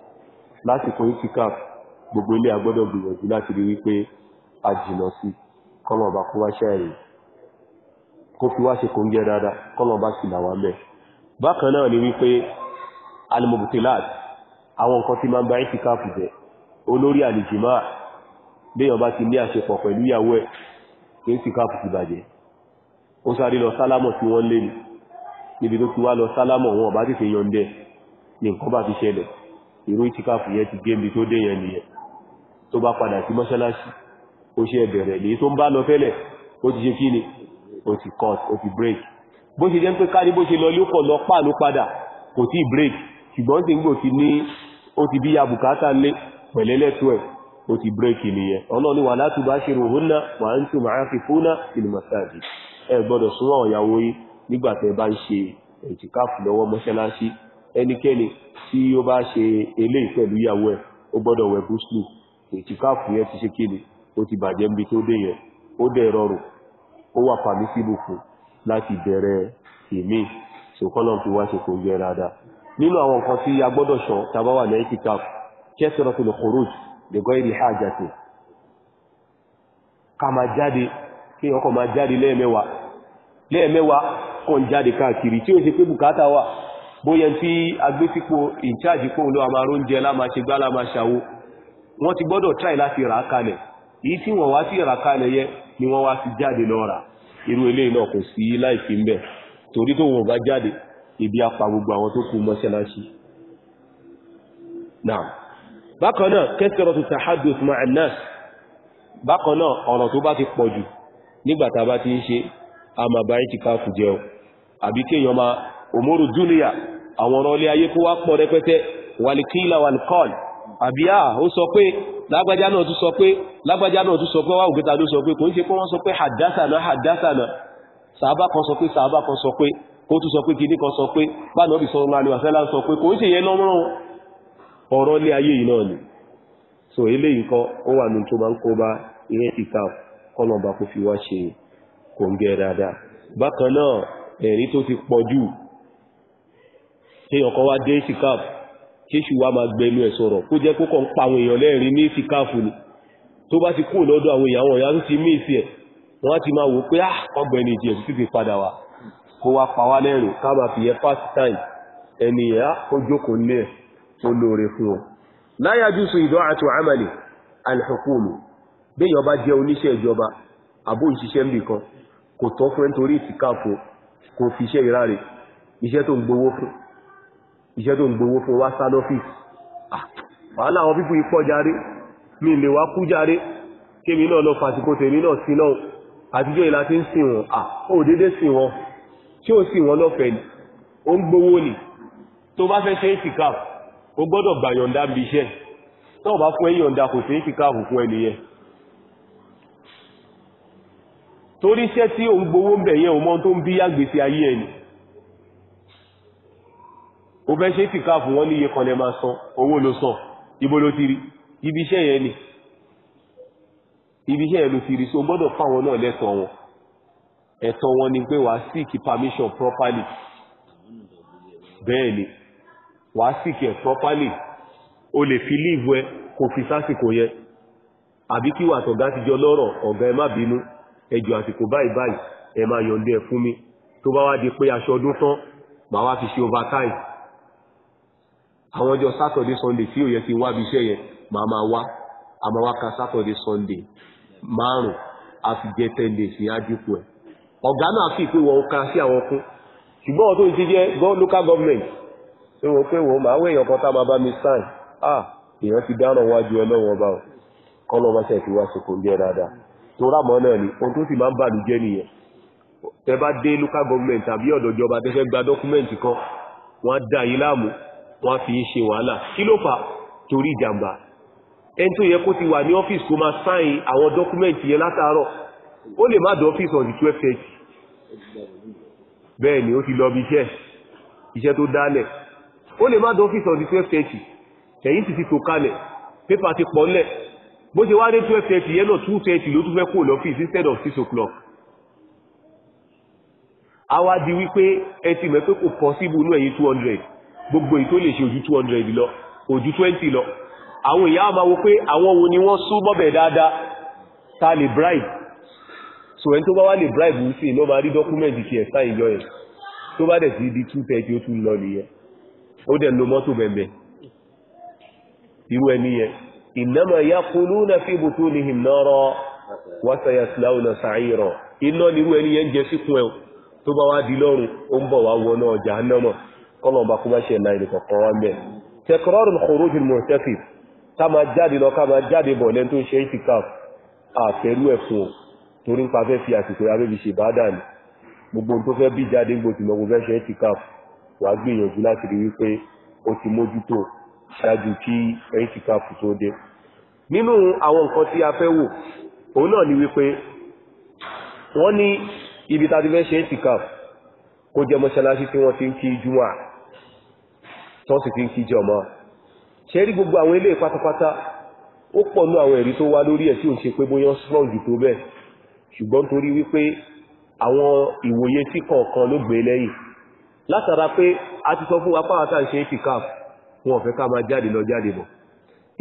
[SPEAKER 1] lásìkò itikaf gbogbo ilé agbọ́dọ̀ gbìyànjú láti rí wípé a jìnà sí kọ́lọ̀ ọba kó wá ṣẹ́rìn kó fi wá ṣe kó ń jẹ́ dáadáa kọ́lọ̀ ọba sì làwà mẹ́ bákan náà ni wípé alimobutilat àwọn nǹkan tí máa ń ba itikaf jẹ olórí àlìjìmá béèyàn bá ti ní àṣepọ̀ pẹ̀lú ìyàwó ẹ̀ itikaf ti bàjẹ́ ó sáré lọ sálámọ̀ tí wọ́n lé ní níbi tó ti wá lọ sálámọ̀ wọn ọ̀bá tètè yọndẹ̀ ní nǹkan bá ti ṣẹlẹ̀ irú ìtìkáfù yẹn ti gé ibi tó dé yẹn nìyẹn tó bá padà sí mọ́ṣáláṣí ó ṣe ẹ̀bẹ̀rẹ̀ lè tó ń bá lọ fẹ́lẹ̀ ó ti ṣe kí ni ó ti cut ó ti break bó ṣe jẹ́ pé kárí bó ṣe lọ ló lọ pà ló padà kò tí break ṣùgbọ́n tí ń gbò ti ní ó ti bí ya bùkátà lé pẹ̀lẹ́lẹ́tọ́ ẹ̀ ó ti break nìyẹn ọlọ́ni wà látúbáṣe rò hún náà wà ń tún màá fi fún ìlú masáàjì ẹ gbọdọ súnmọ́ àwọn ìyàwó yín nígbà bá ń ṣe ẹ̀tìkáàfù lọ́wọ́ mọ́ṣáláṣí ẹnikẹ́ni tí ó bá ṣe eléyìí pẹ̀lú ìyàwó ẹ ó gbọdọ wẹ̀ gúúsùlù ẹ̀tìkáàfù yẹn ti ṣe kíni ó ti bàjẹ́ níbi tó dé yẹn ó dẹ̀ rọrùn ó wà pàmí síbù fún láti bẹ̀rẹ̀ ṣòkọ́nà fi wá ṣe kò yẹ dáadáa nínú àwọn nǹkan tí a kí ọkọ̀ máa jáde lẹ́ẹ̀mẹ́wàá lẹ́ẹ̀mẹ́wàá kàn jáde káàkiri tí ó ṣe pé bùkátà wà bóyẹ tí agbésípò ìcháàjì pò ń lọ àmàrò oúnjẹ lámaṣe gbá lámaṣàwó wọ́n ti gbọ́dọ̀ tráì láti rà kalẹ̀ èyí tí wọ́n wá sí rà kalẹ̀ yẹ ni wọ́n wá sí jáde lọ rà irú eléyìí náà kò sí láìfi ń bẹ̀ torí tó wọ́n bá jáde ibi apá gbogbo àwọn tó kú mọ́ṣáláṣí náà bákan náà kẹsìrọ̀ tó tàhádùs ma'an nas bákan náà ọ̀rọ̀ tó bá ti pọ̀ jù nígbàtà bá ti ń ṣe a ma bá ìtì káàfù jẹun àbí kéèyàn ma òmòrò dúnìyà àwọn ọ̀rọ̀ ilé ayé kó wá pọ̀ rẹpẹtẹ wàlìkílà wàlìkọ́ọ̀lì àbí à ó sọ pé lágbájá náà tún sọ pé lágbájá náà tún sọ pé wà òkúta ló sọ pé kò ń ṣe sọ pé kan sọ pé kan sọ pé kó tún sọ pé kan sọ pé láàrin sọ pé kò ń ṣe yẹn ni so eléyìí kan ó wà nù tó máa kọ́lọ̀mbà kó fi wá ṣe kò dáadáa bákan náà ẹ̀rí tó ti pọ̀ jù tí ọkọ̀ wá dé ìsìkáàfù tí wá máa gbẹnu ẹ̀ sọ̀rọ̀ kó jẹ́ kó kàn pa àwọn èèyàn lẹ́rìn ní ìsìkáàfù ni tó bá ti kúrò lọ́dọ̀ àwọn èèyàn àwọn èèyàn ti mí ìsì ẹ̀ wọ́n ti máa wò pé ah ọgbẹ̀ni ìjì ẹ̀sùn ti padà wá kó wá pa wá lẹ́rìn ká máa fi yẹ past time ẹniyà ah, ó jókòó lé ẹ̀ ó lóore fún ọ láyájú sùn ìdọ́ àti àmàlì alhukumu béèyàn bá jẹ́ oníṣẹ́ ìjọba àbó ìṣiṣẹ́ mbì kan kò tọ́ fún nítorí ìtìkáàfò kò fi iṣẹ́ ìrá rẹ̀ iṣẹ́ tó ń gbowó fún iṣẹ́ tó ń gbowó fún wá sá lọ́fíìsì wàhálà àwọn pípù ipọ̀ járe mi lè wá kú járe kémi náà lọ fàsìkò tèmi náà sí náà àtijọ́ ìlà tí ń sìn wọn à ó dédé sìn wọn tí ó sìn wọn lọ́fẹ̀ẹ́ ni ó ń gbowó ni tó bá fẹ́ ṣe ìtìkáàfò ó gbọ́dọ̀ gbà yọ̀ǹda bí iṣẹ́ tó bá fún ẹ̀yọ̀ǹda kò ṣe ìtìkáàfò fún ẹnìyẹn torí iṣẹ́ tí òun gbowó ń bẹ̀ yẹn òun mọ́ tó ń bí yàgbèsè ayé ẹni ó fẹ́ ṣe tìka fún wọn níye kan lẹ máa san owó ló san ibo ló ti rí ibi iṣẹ́ yẹn ni ibi iṣẹ́ yẹn ló ti rí so gbọ́dọ̀ fáwọn náà lẹ́tọ̀ọ́ wọn ẹ̀tọ́ wọn ni pé wàá seek permission properly bẹ́ẹ̀ ni wàá seek ẹ̀ properly o lè fi leave ẹ kò fi sásìkò yẹn àbí kí wàá tọ̀gá ti jọ lọ́rọ̀ ọ̀gá ẹ má bínú ẹjọ́ àsìkò báyìí báyìí ẹ máa yọ̀ǹde ẹ̀ fún mi tó bá wá di pé aṣọ ọdún tán màá wá fi ṣe overtime àwọn ọjọ́ saturday sunday tí ò yẹ kí n iṣẹ́ yẹn màá máa wá a máa wá ka saturday sunday márùn a fi jẹ ten days ní àdínkù ẹ̀ ọ̀gá náà fi pé wọ́n ka sí àwọn kún ṣùgbọ́n ọ̀tọ́ ti jẹ́ local government tí wọ́n pé wọ́n máa wẹ̀yàn kan tá máa bá mi sign ah èèyàn ti dáràn wájú ọlọ́wọ́ ọba kọ́lọ́ máṣẹ́ fi wá ṣe kò ń jẹ́ dáadáa tó rámọ́ náà ni ohun tó sì máa ń bà lù jẹ́ nìyẹn tẹ bá dé local government tàbí ọ̀dọ̀ ìjọba tẹ́fẹ́ gba dọ́kúmẹ́ǹtì kan wọ́n dá yín láàmú wọ́n fi ń ṣe wàhálà kí ló fà torí ìjàmbá ẹni tó yẹ kó ti wà ní ọ́fíìsì kó máa sáìn àwọn dọ́kúmẹ́ǹtì yẹn látàárọ̀ ó lè má dọ̀ ọ́fíìsì on the twelve thirty bẹ́ẹ̀ ni ó ti lọ bí iṣẹ́ iṣẹ́ tó dálẹ̀ ó lè má dọ̀ ọ́fíìsì on the twelve thirty ẹ̀yìn ti ti tò kalẹ̀ pépà ti pọ̀ lẹ̀ bó ṣe wá dé twelve thirty yẹn náà two thirty ló tún fẹ́ kó lọ́fíìsì instead of six o'clock àwa di wípé ẹ ti mọ̀ pé kò possible inú ẹ̀yìn two hundred gbogbo èyí tó lè ṣe ojú two hundred lọ ojú twenty lọ àwọn ìyá máa wo pé àwọn wo ni wọ́n sún bọ́bẹ̀ dáadáa ta lè bribe so ẹni tó bá wá lè bribe ń sìn ló máa rí dọ́kúmẹ̀ntì kí ẹ̀ sáyìn lọ yẹn tó bá dẹ̀ sí di two thirty ó tún lọ nìyẹn ó dẹ̀ lo mọ́tò bẹ̀bẹ̀ irú ẹni yẹn innama yaquluna fi butunihim nara wa sayaslawna sa'ira iná nírú ẹni yẹn jẹ síkún ẹ̀ tó bá wá di lọ́rùn ó ń bọ̀ wá wọná jahannama kọ́lọ̀ bá kó má ṣe náà nìkan kan wá mẹ́ tẹkọrọrùn kòrójì mọ̀tẹ́fì ká máa jáde lọ ká máa jáde bọ̀ lẹ́n tó ń ṣe itikaf àfẹ́rú ẹ̀ fún ọ torí ń pa fẹ́ fi àsìkò yá bẹ́bí ṣe bá dànù gbogbo tó fẹ́ bí jáde gbò tí lọ́gbọ́ fẹ́ ṣe itikaf wàá gbìyànjú láti rí wípé ó ti mójútó ṣáájú kí itikaf tó dé nínú àwọn nǹkan tí a fẹ́ wò òun náà ni wípé wọ́n ní ibi tàbí fẹ́ ṣe ìtìkáf kó jẹ mọ́ṣáláṣí tí wọ́n ti ń kí jùmọ́ tó sì ti ń kí jọmọ́ ṣe rí gbogbo àwọn ilé pátápátá ó pọ̀ ní àwọn ẹ̀rí tó wá lórí ẹ̀ tí ò ń ṣe pé bóyá strong tó bẹ́ẹ̀ ṣùgbọ́n torí wípé àwọn ìwòye tí kọ̀ọ̀kan ló gbé lẹ́yìn látara pé a ti sọ fún apá àtàǹṣe ìtìkáf wọn ò fẹ́ ká máa jáde lọ jáde bọ̀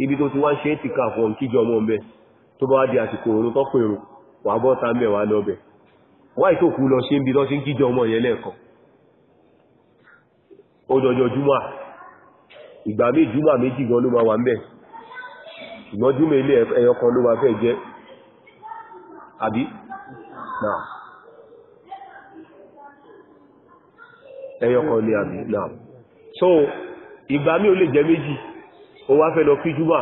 [SPEAKER 1] ibi tó ti wá ń ṣe ètìkà fún ọ̀n kíjọ ọmọ ọmọ tó bá di àsìkò òun tó pèrò wà bọ́ ta mẹ́ wà lọ́bẹ̀ wáì tó kú lọ ṣe ń bi lọ sí ń kíjọ ọmọ yẹn lẹ́ẹ̀kan ó júmọ́ ìgbà mí júmọ́ méjì gan ló máa wà ń so ìgbà mí ó lè jẹ méjì ó wá fẹ́ lọ kí júmọ̀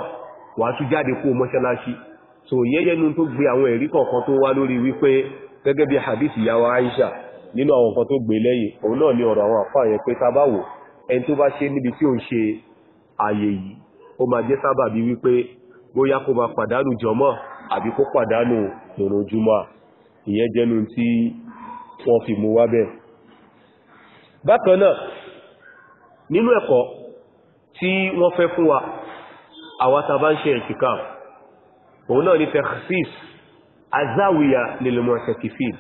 [SPEAKER 1] wà tún jáde kó mọ́ṣáláṣí so yẹ́yẹ́nu tó gbé àwọn ẹ̀rí kọ̀ọ̀kan tó wá lórí wípé gẹ́gẹ́ bí hadith ìyàwó Aisha nínú àwọn nǹkan tó gbé lẹ́yìn òun náà ní ọ̀rọ̀ àwọn àfáà yẹn pé tá bá wò ẹni tó bá ṣe níbi tí ó ń ṣe àyè yìí ó nínú ẹ̀kọ́ tí wọ́n fẹ́ fún wa àwa bá ń ṣe ìtìkáf òun náà ni takhsis azáwìyà lil mu'takifin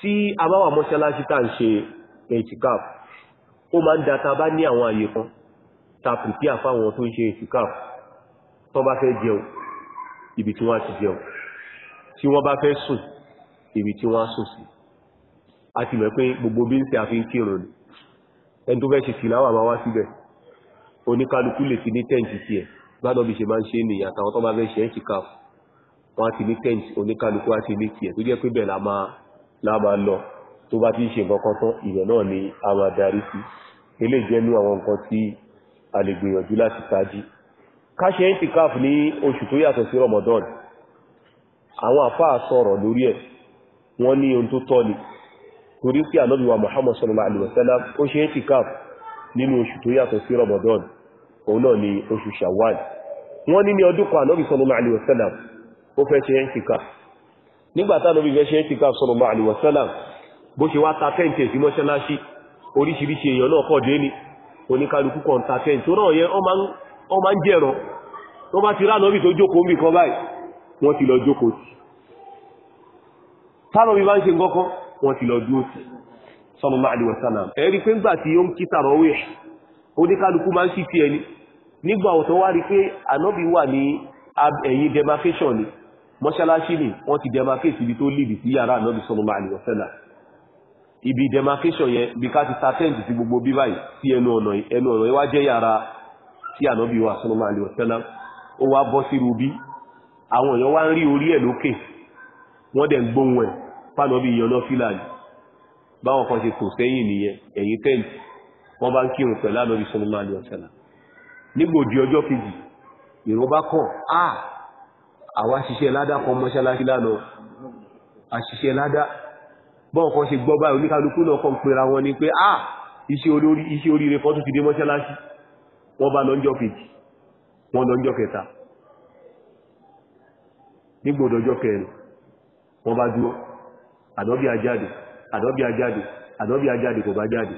[SPEAKER 1] tí a bá wà mọ́ṣáláṣí tá ń ṣe ìtìkáf ó máa ń da tá bá ní àwọn àyè kan tá pìpì àfáwọn tó ń ṣe ìtìkáf tó bá fẹ́ jẹun ibi tí wọ́n ti jẹun tí wọ́n bá fẹ́ sùn ibi tí wọ́n sùn sí a ti mọ̀ pé gbogbo bí ń ṣe àfi kírun ẹni tó fẹ́ ṣe tìláwà máa wá síbẹ̀ oníkálukú lè ti ní tẹ́ǹtì tí ẹ̀ gbádọ́ bí ṣe máa ń ṣe ní àtàwọn tó bá fẹ́ ṣe ẹ̀kì káf wọ́n ti ní tẹ́ǹtì oníkálukú àti ní tí ẹ̀ tó jẹ́ pé bẹ̀ la lọ tó bá ti ṣe nǹkan tán ìwẹ̀ náà ni a máa darí sí ilé ìjẹ́nú àwọn nǹkan tí a lè gbìyànjú láti tají ká ṣe ẹ̀kì káf ní oṣù tó yàtọ̀ sí Ramadan àwọn àfáà sọ̀rọ̀ lórí ẹ̀ wọ́n ní ohun tó tọ́ ni torí pé ànábì wa Muhammad sallallahu ó ṣe ẹ̀kì káf nínú oṣù tó yàtọ̀ sí Ramadan òun náà ni oṣù shawwal wọ́n ní ní ọdún kan ànábì sallallahu alaihi wasallam ó fẹ́ ṣe ẹ̀ǹtìkà nígbà tá ànábì fẹ́ ṣe ẹ̀ǹtìkà sallallahu alaihi wasallam bó ṣe wá ta tẹ́ǹtì sí mọ́ṣáláṣí oríṣiríṣi èèyàn náà kọ̀ dé ní oníkálukú kan ta tẹ́ǹtì tó náà yẹn ọ máa ń jẹ̀rọ tó bá ti rá ànábì tó jókòó sí ti ẹni nígbà tó wá rí pé ànábì wà ní ẹ̀yìn demarcation ni mọ́ṣáláṣí ni wọ́n ti demarcate ibi tó lìdì sí yàrá ànábì sallallahu alaihi wasallam ibi demarcation yẹn bí ká ti ta tẹ́ǹtì sí gbogbo bí báyìí sí ẹnu ọ̀nà ẹnu ọ̀nà wá jẹ́ yàrá tí ànábì wà sallallahu alaihi wasallam ó wá bọ́ sí rubí àwọn èèyàn wá ń rí orí ẹ̀ lókè wọ́n nígbòdì ọjọ́ kejì ìrọ̀bá kọ̀ à àwa ṣiṣẹ́ ládá kan mọ́ṣáláṣí lánàá àṣiṣẹ́ ládá bọ́n kan ṣe gbọ́bá oníkálukú náà kan pera wọn ni pé à iṣẹ́ oríire kan tún ti dé mọ́ṣáláṣí wọ́n bá lọ́njọ́ kejì wọ́n lọ́njọ́ kẹta nígbòdọjọ́ kẹrin wọ́n bá dúró àdọ́bí ajáde àdọ́bí ajáde àdọ́bí ajáde kò bá jáde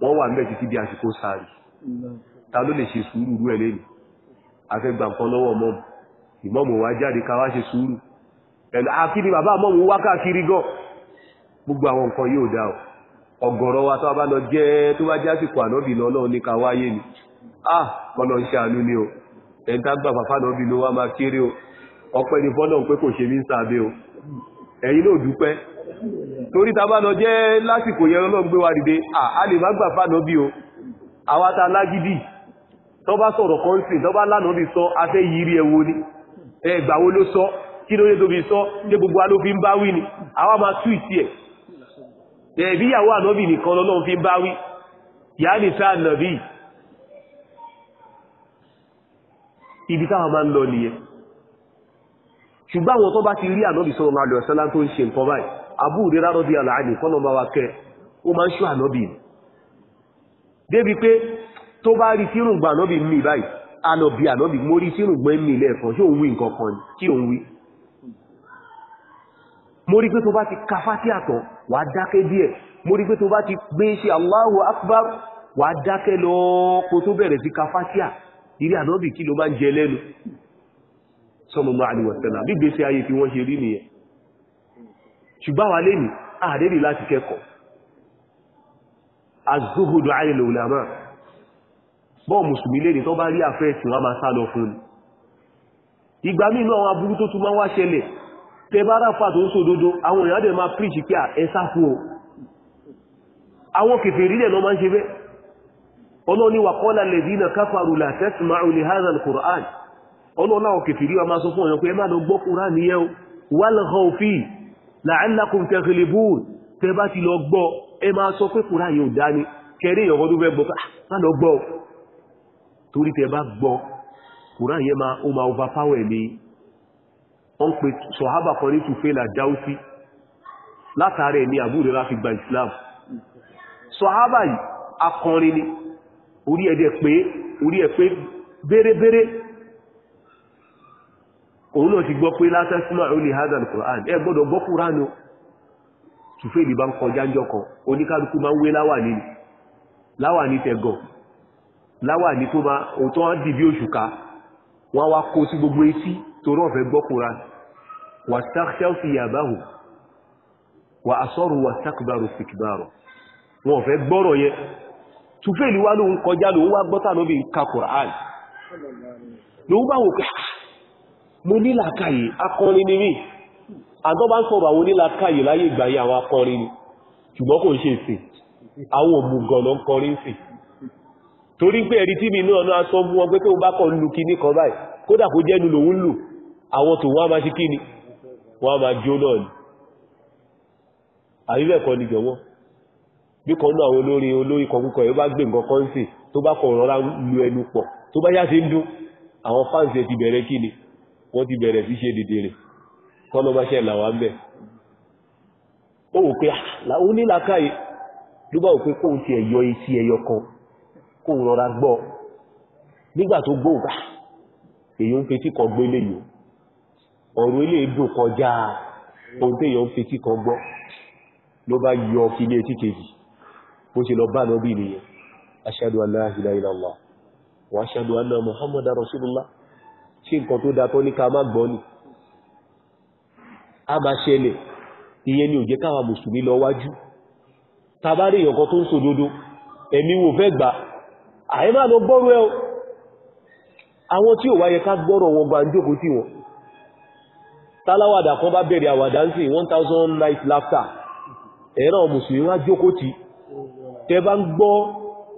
[SPEAKER 1] wọ́n wà mẹ́ títí bí àsìkò sáàrì ta ló lè ṣe sùúrù rú ẹ̀ lẹ́nu afẹ́gbà nǹkan lọ́wọ́ mọ́mù ìmọ́mù wá jáde ká wá ṣe sùúrù ẹ̀nà àkíní bàbá mọ́mù wá káàkiri gan gbogbo àwọn nǹkan yóò dá ọ ọ̀gọ̀rọ̀ wa tó bá lọ jẹ́ tó bá jásìkò ànábì lọ lọ́wọ́ ní ká wáyé ni ah kọ́lọ̀ ń ṣàánú ni o ẹ̀ńtà gbà bàbá ànábì ló wá máa kéré o ọpẹ́ ni fọ́nà pé kò ṣe mí ń sàbẹ̀ o ẹ̀yin náà dúpẹ́ torí ta bá lọ jẹ́ lásìkò yẹn lọ́gbé wa dìde ah a lè má gbà fáànà bí o àwa ta lágídì tó bá sọ̀rọ̀ kan sí tó bá lánàá bí sọ afẹ́ yìírí ni ẹgbà wo ló sọ kí ló yẹ tó sọ ṣé gbogbo wa bá ni àwa máa tú ẹ̀ ẹ̀bí ìyàwó ànábì nìkan lọ́lọ́run fi bá wí yàá ibi táwọn máa ń lọ nìyẹn ṣùgbọ́n àwọn tó bá ti rí ànábì tó ń ṣe nǹkan báyìí kọ́nà kẹ́ ó máa ń ànábì débi pé tó bá rí sírùngbà ànábì mi báyìí ànábì ànábì mo rí sírùngbà mi lẹ́ẹ̀kan ṣé òun wí nǹkan kan kí òun wí mo rí pé tó bá ti ka fátíà tán wà á dákẹ́ díẹ̀ mo rí pé tó bá ti gbé ṣe Allahu Akbar wà á dákẹ́ lọ kó tó bẹ̀rẹ̀ sí ka fátíà ilé ànábì kí ló máa ń jẹ lẹ́nu sọmọmọ àdìwọ̀sẹ̀lá bí gbèsè ayé tí wọ́n ṣe rí nìyẹn ṣùgbọ́n wà lè ní àdébì láti kẹ́kọ̀ọ́ az-zuhudu 'ala al bọ́ mùsùlùmí léde tó bá rí àfẹ́ tí wọ́n máa sá lọ fún ni ìgbà mínú àwọn aburú tó tún máa wá ṣẹlẹ̀ tẹ bá ráfà tó ń sòdodo àwọn èèyàn dẹ̀ máa píríṣì pé ẹ sá fún o àwọn kèfèrí dẹ̀ náà máa ń ṣe bẹ́ẹ̀ ọlọ́ni wà kọ́lá lẹ́dínà káfàrù torí tẹ bá gbọ́ kùrán yẹ máa ó máa overpower ẹ̀mí wọ́n pe sọ̀hábà kan ní tùfẹ́là jáúsí látàrí ẹ̀mí àbúrò láfi gba Islam sọ̀hábà akọrin ni orí ẹ̀dẹ̀ pé orí ẹ̀ pé bérébéré òun náà ti gbọ́ pé látẹ́símà ó lè hádàn kùrán ẹ gbọ́dọ̀ gbọ́ kùrán o tùfẹ́lì bá ń kọjá ń jọkọ̀ oníkálukú láwà ní tó máa òtọ́ wọ́n dìbí òṣùká wọ́n wá kó sí gbogbo etí tó rọ̀ fẹ́ gbọ́kùnra wà sáṣẹ́ọ̀sì yàbáhù wà asọ́rù wà sákùbárò sìkìbárò wọ́n fẹ́ gbọ́rọ̀ yẹ tùfẹ́lì wá lóun kọjá lóun wá gbọ́tà lóbi ka Qur'an lóun bá wò pé ah, mo nílàkàyè akọrin ni mí àtọ́ bá ń sọ̀rọ̀ àwọn nílàkàyè láyé ìgbà yìí àwọn akọrin ṣùgbọ́n kò ń ṣe ìsìn àwọn òmùgọ̀ kọrin sìn torí pé ẹ̀rí tí mi náà náà sọ mú wọn pé tó bá kọ̀ lù kí ní kan báyìí kódà kó jẹ́nu lòun lù àwọn tó wọ́n a máa ṣe kí ni wọ́n a máa jó náà ni àríwẹ̀ kan ni jọ̀wọ́ bí kan náà àwọn olórin olórin kọkúkọ yóò bá gbé nǹkan kan sí tó bá kọ̀ rọra lu ẹnu pọ̀ tó bá yá sí ń dún àwọn fáǹsì ti bẹ̀rẹ̀ kí ni wọ́n ti bẹ̀rẹ̀ sí ṣe dìde rẹ̀ kọ́nà bá ah, bá wò kó rọra gbọ́ nígbà tó gbóògbà èyí ń fetí kan gbé léyò ọ̀rọ̀ ilé dùn kọjá ohun tí èyàn ń fetí kan gbọ́ ló bá yọ kí ilé etí kejì bó ṣe lọ bá lọ bí nìyẹn ashadu an la ilaha illallah wa ashadu anna nǹkan tó da tó ní ká má gbọ́ ni a máa ṣẹlẹ̀ ìyẹn ni ò jẹ́ káwa mùsùlùmí lọ wájú tó ń ẹ̀mí wo fẹ́ gbà àìmá lọ gbọ́rù ẹ àwọn tí ò wáyé ká gbọ́rọ̀ wọn gbà ń jókòó tí wọn tálàwàdà kan bá bẹ̀rẹ̀ àwàdà ń sí 1000 night laughter ẹ̀rọ mùsùlùmí wá jókòó tí tẹ bá ń gbọ́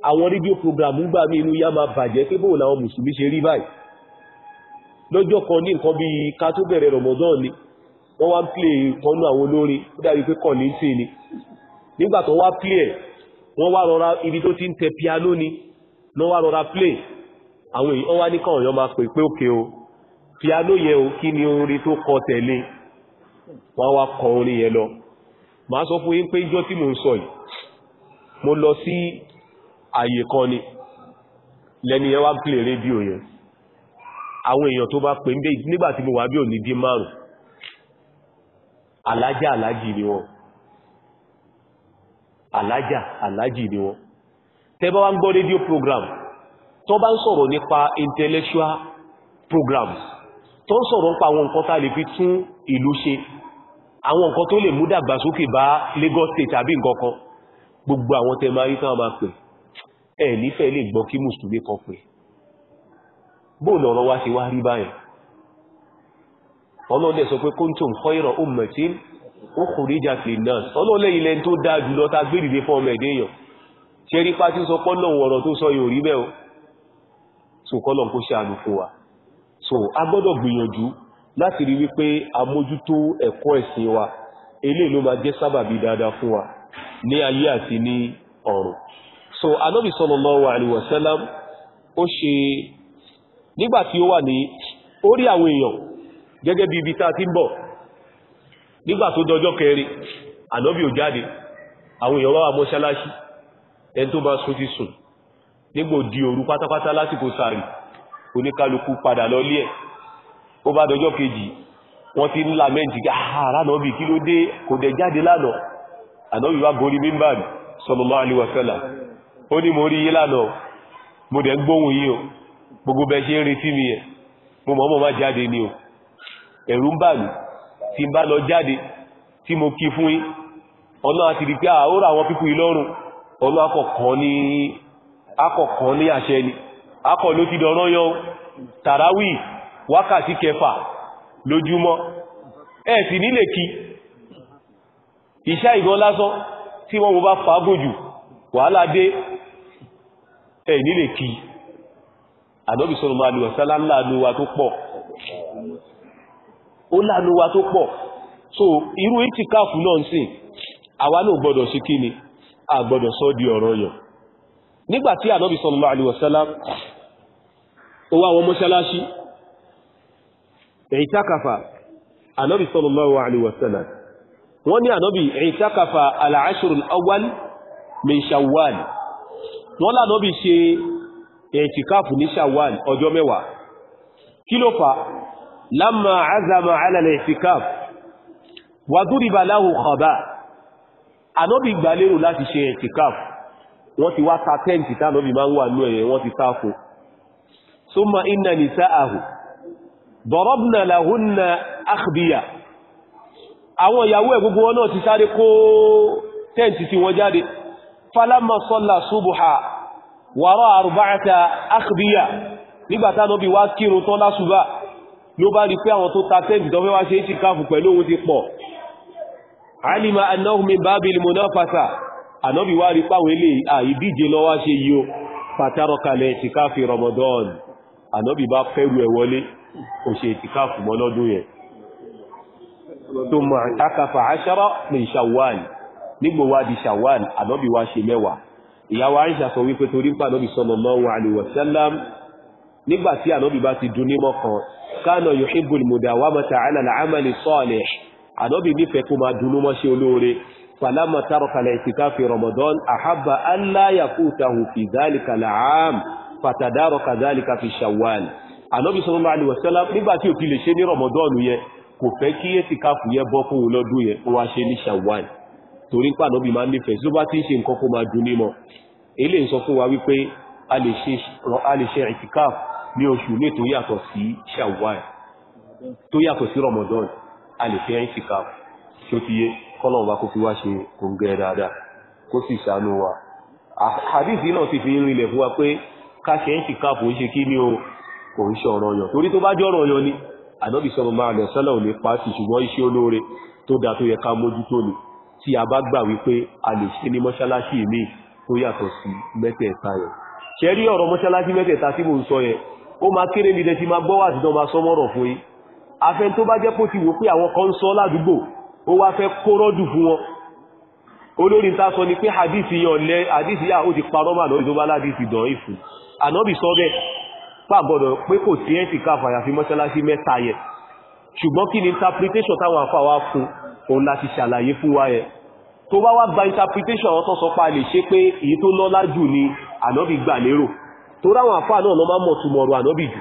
[SPEAKER 1] àwọn rédíò program ń gbà mí inú yá máa bàjẹ́ pé bóò làwọn mùsùlùmí ṣe rí báyìí lọ́jọ́ kan ní nǹkan bí ká tó bẹ̀rẹ̀ Ramadan ni wọ́n wá ń plé ìkọ́nú àwọn olórin ó dàbí pé kọ̀ ní sí ni nígbà tó wá plé ẹ̀ wọ́n wá rọra ibi tó ti ń tẹ piano ni lọ wá rọra play àwọn èèyàn wá ní káwọn èèyàn máa pè pé òkè o piano yẹn o kí ni orin tó kọ tẹ̀lé wọ́n wá kọ orin yẹn lọ màá sọ fún yín pé ìjọ́ tí mo ń sọ yìí mo lọ sí àyè kan ni lẹ́ni yẹn wá ń play rédíò yẹn àwọn èèyàn tó bá pè nígbà tí mo wà bí òní dín márùn alájà alájì ni wọn alájà alájì ni wọn tẹ́bá wá ń gbọ́ rédíò program tó bá ń sọ̀rọ̀ nípa intellectual programs tó ń sọ̀rọ̀ nípa àwọn nǹkan tá lè fi tún ìlú ṣe àwọn nǹkan tó lè mú dàgbàsókè bá Lagos State àbí nǹkan kan gbogbo àwọn tẹ́ máa rí tán máa pè ẹ̀ nífẹ̀ẹ́ lè gbọ́ kí mùsùlùmí kan pè bóòlù ọ̀rọ̀ wá ṣe wá rí báyìí ọlọ́dẹ̀ sọ pé kuntum khayra ummatin ukhrijat lin nas ọlọ́lẹ́yìn lẹ́ni tó dáa jùlọ ta gbé dìde fún ọmọ ẹ̀dẹ́yàn ṣe rí pá tí sọ pọ́lọ̀ ọ̀rọ̀ tó sọ yóò rí o so kọ́lọ̀ kó ṣe wa so a gbọ́dọ̀ gbìyànjú láti rí wípé amójútó ẹ̀kọ́ ẹ̀sìn wa eléyìí ló máa jẹ́ sábàbí dada fún wa ní ayé àti ní ọ̀run so anábì ó ṣe nígbà tí ó wà ní orí àwọn èèyàn gẹ́gẹ́ bí ibi a ti ń bọ̀ nígbà tó dọjọ́ kẹrin ò ẹni tó bá sún ti sùn nígbò di òru pátápátá lásìkò sàrì oníkálukú padà lọ lé ẹ̀ ó bá dọjọ́ kejì wọ́n ti ń lamẹ́ntì ààrá ah, náà bí kí ló dé kò dẹ̀ jáde lánàá ànábì wá gorí mímbàbì sallallahu alaihi wasallam ó ní mo rí yí lánàá mo dẹ̀ ń gbóhùn yí o gbogbo bẹ́ àti rí pé àórà ah, àwọn pípù ìlọ́run ọlọ́ akọ̀kan ní akọ̀kan ní àṣẹ ni akọ̀ ló ti dọ̀rọ̀ yọ tàráwì wákàtí kẹfà lójúmọ́ ẹ̀ sì nílè kí ìṣá ìgan lásán tí wọ́n mú bá fagún jù wàhálà dé ẹ̀ nílè kí àdọ́bì sọ́rọ̀ máa lù ọ̀sálá so irú ìtìkáàfù náà ń sìn àwa náà gbọ́dọ̀ sí kí ni àgbọ́dọ̀ sọ di ọ̀rọ̀ yọ̀ nígbàtí ànábì sallallahu alaihi wasallam ó wá wọn mọ́ṣálásí ìtàkàfà ànábì sallallahu alaihi wasallam wọ́n ní ànábì ìtàkàfà al-ashrul awwal min shawwal wọ́n lànábì ṣe ìtìkáfù ní shawwal ọjọ́ mẹ́wàá kí ló fà lamma azama ala al-i'tikaf wa duriba lahu khaba' ànọ́bì gbàlérò láti ṣe ẹ̀tìkáf wọ́n ti wá ta tẹ́ǹtì tánọ́bì máa ń wà ní ẹ̀yẹ wọ́n ti sáfò summa inna nisa'ahu darabna lahunna akhbiya àwọn ìyàwó ẹ̀ gbogbo wọn náà ti sáré kó tẹ́ǹtì tí wọ́n jáde falamma salla subuha wara arba'ata akhbiya nígbàtá nọ́bì wá kírun tán lásùbà ló bá rí pé àwọn tó ta tẹ́ǹtì tó fẹ́ wá ṣe é ti pẹ̀lú òun ti pọ̀ alima annahu min babil munafasa ànábì wá rí páwọn ilé àìdíje lọ wá ṣe yíó fàtàrọ kalẹ̀ ìtìkáfì ramadan ànábì bá fẹ́rù ẹ̀ wọlé kò ṣe ìtìkáfù mọ́ lọ́dún yẹn tó mọ̀ àtàkàfà àṣárá ní shawwal nígbò wá di shawwal ànábì wá ṣe mẹ́wàá ìyàwó àìṣà sọ wípé torí ń pa ànábì sallallahu alaihi wasallam nígbà tí ànábì bá ti dun nímọ̀ kan kana yuhibbul mudawamata ala al-amali salih ànọ́bì nífẹ̀ẹ́ kó máa dunú mọ́ ṣe olóore fàlámà tárọ̀kàlẹ̀ ìtìká fi ramadan àhábà aláyàkútàhù fi dálìkà làám fàtàdárọ̀kà dálìkà fi ṣàwàl ànọ́bì sallallahu alaihi wasallam nígbà tí òfin lè ṣe ní ramadan yẹn kò fẹ́ kí ètìká fù yẹ bọ́ fún òun lọ́dún yẹn kó wá ṣe ní ṣàwàl torí pé ànọ́bì máa nífẹ̀ẹ́ tó bá ti ń ṣe nǹkan kó máa dunú mọ́ èlé ń sọ fún wa wípé a lè ṣe ìtìká ní a lè fi ẹ̀yìn síkà tó ti yé kọ́lọ̀n wa fi wá ṣe kòǹgẹ́ dáadáa kó sì ṣàánú wa àdìsí náà ti fi ń rinlẹ̀ fún wa pé ká ṣe ẹ̀yìn síkà kò ń ṣe kí ni o kò ń ṣe ọ̀rọ̀ yàn torí tó bá jẹ́ ọ̀rọ̀ yàn ni ànábì sọ̀rọ̀ máa ṣùgbọ́n iṣẹ́ olóore tó tó yẹ ká tí a bá gbà wípé a lè ṣe ní mọ́ṣáláṣí mi tó yàtọ̀ sí mẹ́tẹ̀ẹ̀ta yẹn ṣẹ́rí ọ̀rọ̀ mọ́ṣáláṣí afẹ́ tó bá jẹ́ pó ti wò pé àwọn kan sọ ládùúgbò ó wá fẹ́ kórọ́dù fún wọn olórí ta sọ ni pé hadisi yàn lẹ hadisi yà ó ti parọ́ mà lórí tó bá ládìsí dàn ìfù ànábì sọ bẹ́ẹ̀ pàgbọ́dọ̀ pé kò sí ẹ̀sì káfà àyàfi mọ́ṣáláṣí mẹ́ta yẹn ṣùgbọ́n kí ni interpretation táwọn afáwá fún òun láti ṣàlàyé fún wa yẹn tó bá wá gba interpretation àwọn tó sọ pa lè ṣe pé èyí tó lọ́lá jù ni ànábì gbà lérò tó ráwọn àfáà náà lọ máa mọ̀ túmọ̀ ọ̀rọ̀ ànábì jù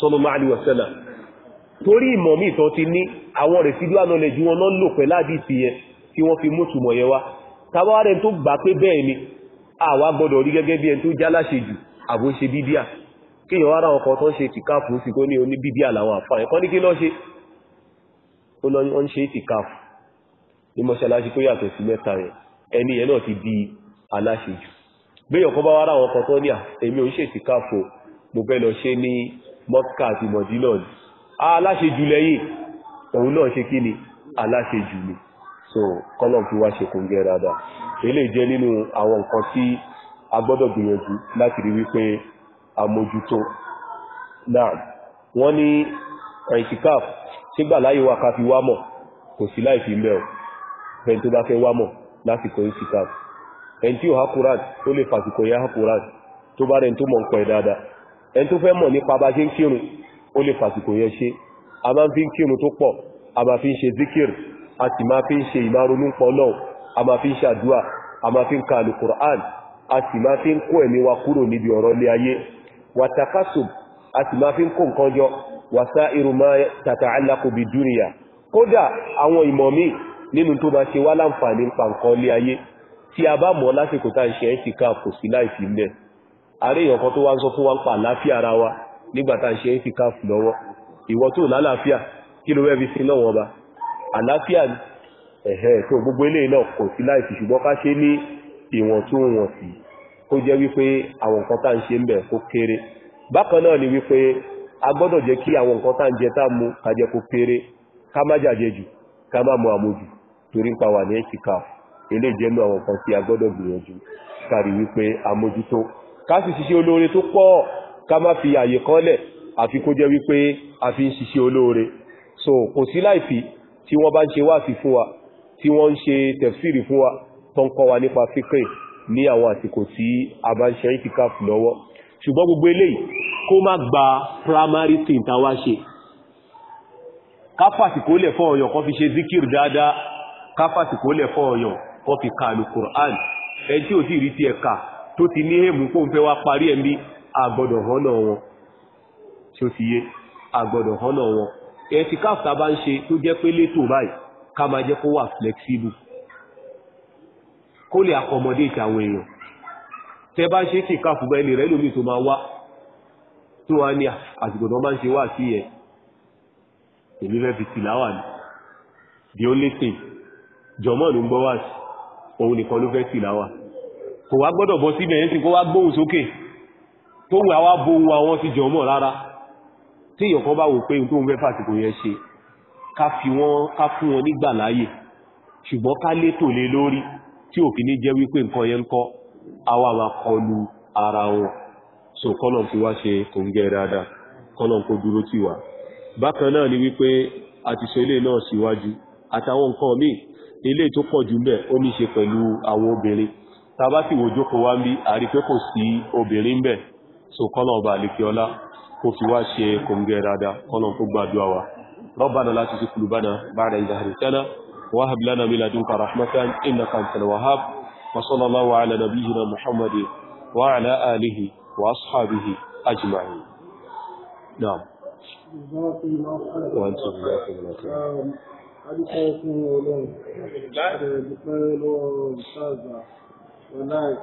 [SPEAKER 1] sallallahu alaihi wasallam torí ìmọ̀ míì tán ti ní àwọn residual knowledge wọn náà lò pẹ̀lú àdìsí yẹn tí wọ́n fi mú túmọ̀ yẹn wá táwa rẹ̀ tó gbà pé bẹ́ẹ̀ ni àwa gbọ́dọ̀ rí gẹ́gẹ́ bí ẹni tó já láṣejù àbó ń ṣe bídíà kéèyàn ara ọkọ̀ tó ń ṣe tìkáàfù sí kó ní oní bídíà làwọn àfà ẹ̀kọ́ ní kí lọ́ ṣe ó lọ ń ṣe tìkáàfù ní mọ́ṣáláṣí tó yàtọ̀ sí mẹ́ta rẹ̀ ẹni yẹn náà ti di aláṣejù gbéyàn kan bá wá ra àwọn ọkọ̀ tó ní à èmi ò ń ṣe tìkáàfù mo fẹ́ lọ ṣe ní mọ́kà àti mọ̀dínà ni aláṣejù lẹ́yìn òun náà ṣe kí ni aláṣejù ni so kọ́lọ̀m fi wá ṣe kún gẹ́ rádà ilé jẹ́ nínú àwọn nǹkan tí a gbọ́dọ̀ gbìyànjú láti rí wípé àmójútó náà wọ́n ní ẹ̀ǹtìkáf sígbà láyé wa ká fi wá mọ̀ kò sí láì fi mẹ́ ẹni tó bá fẹ́ wá mọ̀ lásìkò ẹ̀ǹtìkáf ẹni tí ò hákùrán tó lè fàsìkò yá hákùrán tó bá rẹ̀ tó mọ̀ ń pẹ̀ dáadáa ẹni tó fẹ́ mọ̀ nípa bá ṣe ń kírun ó lè fàsìkò yẹn ṣe a máa fi ń kírun tó pọ̀ a máa fi ń ṣe zikir a sì máa fi ń ṣe ìmárunú pọ̀ náà a máa fi ń ṣàdúà a máa fi ń ka alukur'an a sì máa fi ń kó ẹ̀mí wa kúrò níbi ọ̀rọ̀ ilé ayé wàtàkásùb a sì máa fi ń kó nǹkan jọ wàsá irúmọ́ tàtà alákòbí dúnìyà kódà àwọn ìmọ̀ míì nínú tó bá ṣe wá láǹfààní pa nǹkan lé ayé tí a bá mọ̀ lásìkò tá ń ṣe ẹ́ ti kò sí láìsí ilẹ̀ àríyànkan tó wá ń sọ fún wa ń pa àláfíà ara wa nígbàtà ṣe ń fi káf lọ́wọ́ ìwọ tó lálàáfíà kí ló rẹ́bí sí náà wọn bá àlàáfíà ẹ̀hẹ́ tó gbogbo ilé náà kò sí láìsí ṣùgbọ́n ká ṣe ní ìwọ̀ntúnwọ̀nsì kó jẹ́ wípé àwọn nǹkan tá ń ṣe ń bẹ̀ kó kéré bákan náà ni wípé a gbọ́dọ̀ jẹ́ kí àwọn nǹkan tá ń jẹ tá mú ká jẹ́ kó kéré ká má jàjẹ jù ká má mu àmujù torí ń pa wà ní ẹ̀ṣìkà ilé ìjẹ́nu àwọn nǹkan tí a gbọ́dọ̀ gbìyànjú kárí wípé àmójútó ká sì ṣiṣẹ́ olóore tó pọ̀ ká má fi àyè kọ́lẹ̀ àfi kó jẹ́ wípé a fi ń ṣiṣẹ́ olóore so kò sí láìfi tí wọ́n bá ń ṣe wáàsí fún wa tí wọ́n ń ṣe tẹ̀fsìrì fún wa tó ń kọ́ wa nípa fíkẹ́ ní àwọn àsìkò tí a bá ń ṣe ìtìkáfù lọ́wọ́ ṣùgbọ́n gbogbo eléyìí kó má gba primary thing tá wá ṣe káfàsì kó lẹ̀ fọ́ ọ̀yàn kan fi ṣe zikir dáadáa káfàsì kó lẹ̀ fọ́ ọ̀yàn kan fi kààlù Qur'an ẹ tí ò sí rí ti ẹ̀ka tó ti ní èmú pòun fẹ́ wá parí ẹ̀mí àgbọ̀dọ̀ hánà wọn tí ó ti yé àgbọ̀dọ̀ hánà wọn ẹ̀tìkáf tá bá ń ṣe tó jẹ́ pé létò báyìí ká máa jẹ́ kó wà flexible kó lè accommodate àwọn èèyàn tẹ bá ṣe ẹ̀tìkáf bá ẹni rẹ̀ lómi tó máa wá tó wá ní àsìkò máa ń ṣe the only thing jọmọ́ ló ń gbọ́ wá sí òun nìkan ló fẹ́ tìláwà kò wá gbọ́dọ̀ bọ́ síbẹ̀ yẹn sì kó wá gbóhùn sókè tó wù àwá bo ohun àwọn ti jọ mọ̀ rárá tí èèyàn kan bá wò pé tó ń fẹ́ fàsìkò yẹn ṣe ká fi wọ́n ká fún wọn nígbà láàyè ṣùgbọ́n ká létò lé lórí tí òfin ní jẹ́ wípé nǹkan yẹn ń kọ́ àwa máa kọlu ara wọn so kọ́lọ̀n fi wá ṣe kò ń gẹ́ dáadáa kọ́lọ̀n kó dúró tì wá bákan náà ni wípé àti sọ ilé náà síwájú àtàwọn nǹkan míì ilé tó pọ̀ jù bẹ́ẹ̀ ó ní ṣe pẹ̀lú àwọn obìnrin tá a bá sì wòjókòó wá ń bí àrí kò sí obìnrin bẹ́ẹ̀ so kọ́lọ̀ ọba àlèkè ọlá kó fi wá ṣe kòǹgẹ́ dáadáa ọlọ́n kó gbàdúwà wa rọ́bàdà láti sí kùlùbánà bára ìdáhàrìtánà wahab lana min ladunka rahmatan innaka antal wahhab wa sallallahu ala nabiyyina muhammadin wa ala alihi wa ashabihi ajma'in na'am
[SPEAKER 2] wa antum la tunakum adúgbò fún ọlọ́run láti ẹ̀dùpẹ́ lọ́wọ́ sáàzà wọ́n láì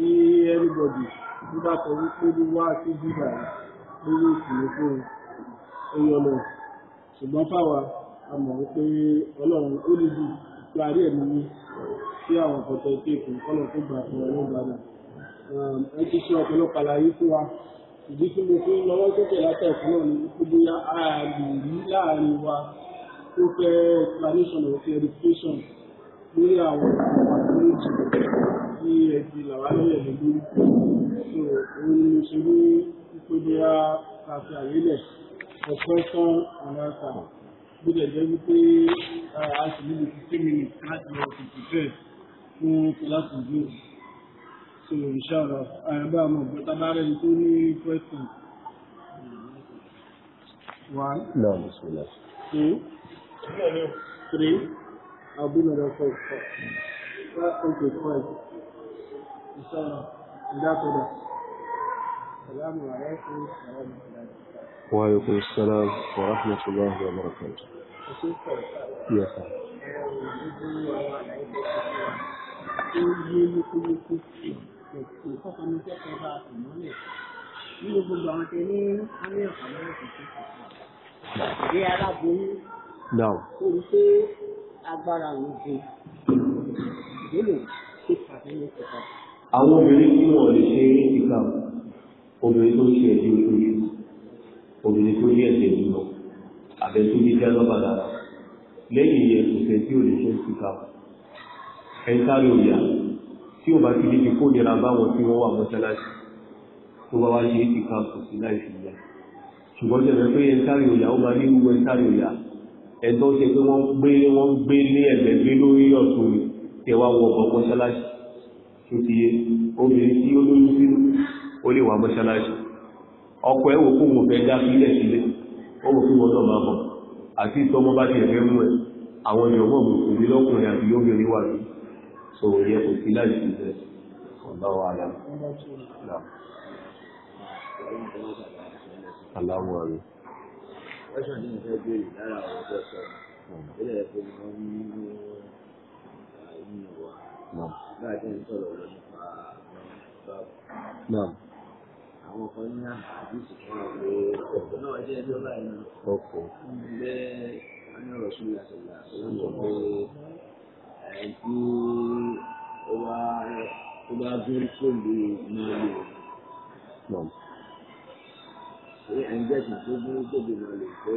[SPEAKER 2] tí everybody tó bá sọ wípé ló wá sí bíbà lórí ìkìlọ̀ fún oyè ọlọ́run ṣùgbọ́n fáwa a mọ̀ wípé ọlọ́run ó lè di ìparí ẹ̀mí ní sí àwọn ọ̀pọ̀tọ̀ kéèkì kọ́lọ̀ tó gbà fún ọlọ́run gbàdà ẹ ti ṣe ọ̀pọ̀lọpọ̀ àlàyé fún wa ìdí tí mo fi ń lọ́wọ́ sókè látẹ̀kọ́ náà ni wípé bóyá a lè rí láàrin wa tó fẹ́ explanation of education lórí àwọn àwọn àti tí ẹ ti là wá lọ́lẹ̀ lórí so òun ni mo ṣe ní ìpínlẹ̀ àti àlélẹ̀ ọ̀pọ̀ tán àwọn àṣà bó lè jẹ́ wípé a sì nílò fifteen minutes láti lọ sí prepare fún kíláàsì yìí so inshallah àyàbá àmọ́ ìgbọ́ta bá rẹ̀ tó ní question. One. No, Bismillah. Two. Three. I'll be number four. Mm. Okay, five inshallah ìdá tó dà salamu alaykum salamu alaykum. wa alaykum salaam wa rahmatullahi wa barakatuh. yes sir. ó yé yékéyéké ìfọkànlẹ́sẹ̀ kan bá a sì mọ́lẹ̀ nínú gbogbo àwọn tẹ ní alẹ́ ọ̀kan lọ́wọ́ tuntun ìdí aláboyún kò rí pé agbára òun ju ìdílé ṣe pàtó ní ìfọkànlẹ́sẹ̀ àwọn obìnrin tí wọ́n lè ṣe ìkà obìnrin tó ṣe ẹ̀jẹ̀ ojúju
[SPEAKER 1] obìnrin tó ní ẹ̀jẹ̀ ìlú àbẹ̀ tó ní jẹ́lọ́bà lára lẹ́yìn ìyẹn ìfẹ́ tí ò lè ṣe ìkà ẹ̀ńtárì òyà tí ò bá ti di ti kó nira báwọn tí wọ́n wà mọ́ṣáláṣí tó bá wá ṣe ìkà kò sí láì fi yá ṣùgbọ́n jẹ́ pé ẹ̀ńtárì òyà ó máa ní gbogbo ẹ̀ńtárì òyà ẹ̀tọ́ ṣe pé wọ́n gbé wọ́n gbé ní ẹ̀gbẹ́ gbé lórí ọ̀tún tẹ̀wá wọ ọ̀pọ̀ mọ́ṣáláṣí tutu ti yé obìnrin tí ó lóyún sínú ó lè wà mọ́ṣáláṣí ọkọ ẹ̀ wò fún òun fẹ́ dá sílẹ̀ sílẹ̀ ó fún wọn máa bọ̀ àti ìtọ́mọ́ bá mú àwọn mọ̀ lọ́kùnrin
[SPEAKER 2] Naam. Láti ń sọ̀rọ̀ lọ nípa Naam. Àwọn kan ní àdìsí kan pé ọ̀pọ̀ náà jẹ́ ẹjọ́ báyìí náà. Ọ̀pọ̀. Ilé onírọ̀ sí ìyàsọ̀lá sọ pé ẹni tí ó wá tó bá dúró pẹ̀lú náà lè. Naam. Ṣé ẹni jẹ́ kí n tó dúró pẹ̀lú náà lè pé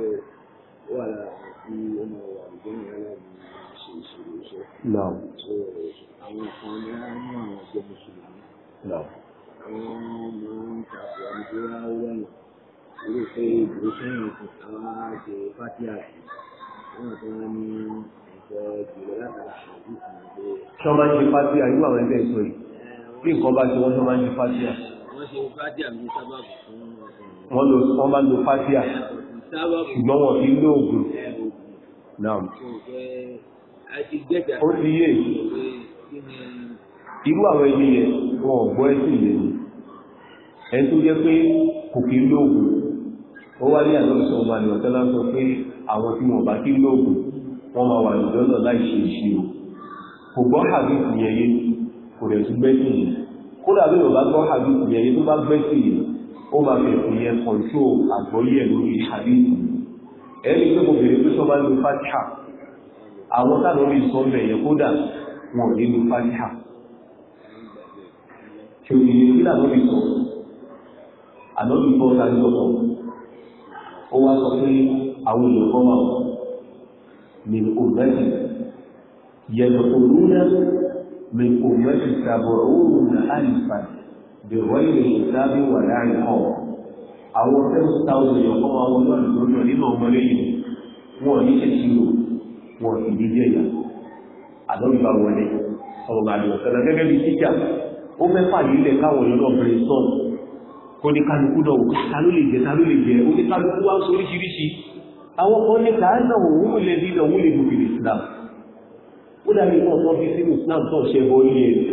[SPEAKER 2] ó wà lára àwọn tí ó máa wà lùdó nìyẹn láàbù sí ìṣòro iṣẹ́. so àwọn kan ní yìí bí nǹkan bá ṣe wọ́n tó máa ń ṣe pátí à. wọ́n ṣe wọ́n máa ń lo pátí à ṣùgbọ́n wọn fi lóògùn. Naam ó ti yé irú àwọn
[SPEAKER 1] ẹni yẹn wọn ò gbọ́ ẹsìn yẹn ni ẹni tó jẹ́ pé kò kí ń lóògùn ó wá ní àlọ́sọ̀ ọba ní ọ̀tẹ́lá sọ pé àwọn tí wọn bá kí ń lóògùn wọn máa wà lọ́dọ̀ láì ṣe ìṣirò kò gbọ́ hadith yẹn yé kò rẹ̀ tún gbẹ́sìn yẹn kódà bí yorùbá gbọ́ hadith yẹn yé tó bá gbẹ́sìn yẹn ó máa fi ẹ̀kùn yẹn kọ̀ńtró àgbọ́yé ẹ̀ lórí hadith yẹn ẹni pé mo bèrè pé sọ àwọn tàbí sọ bẹ̀yẹ kódà wọn nínú fàtíhà
[SPEAKER 2] ṣòdìdì kí làbí sọ àlọ́bí bọ́ tàbí sọ ó wá sọ pé àwọn èèyàn kọ́ wà ní òmẹ́sì yẹ̀dọ̀ òmúnà mi òmẹ́sì tàbọ̀rọ̀ òmùnà àìfà bẹ̀rọ̀ ìrìn ìsábí wà láàrin kọ̀ àwọn
[SPEAKER 1] 10,000 èèyàn kọ́ wà wọn lọ́nà lórí ọ̀nà ọmọ wọn ní ṣe ṣírò wọn sì ní jẹ́ ìyá àdọ́bí bá wọlé ọ̀rọ̀ bá lè ọ̀sẹ̀ gẹ́gẹ́ bí tíjà ó fẹ́ fàyè ilẹ̀ káwọn èèyàn náà bẹ̀rẹ̀ sọ́ọ̀ kó ní kálukú náà wò ah, ta ló lè jẹ ta ló lè jẹ ó ní kálukú wá sóríṣiríṣi àwọn kan ní ká náà òun lè bí náà òun lè bùkì lè Islam ó dàbí náà tó fi sínú Islam tó ṣe bọ ilé rẹ̀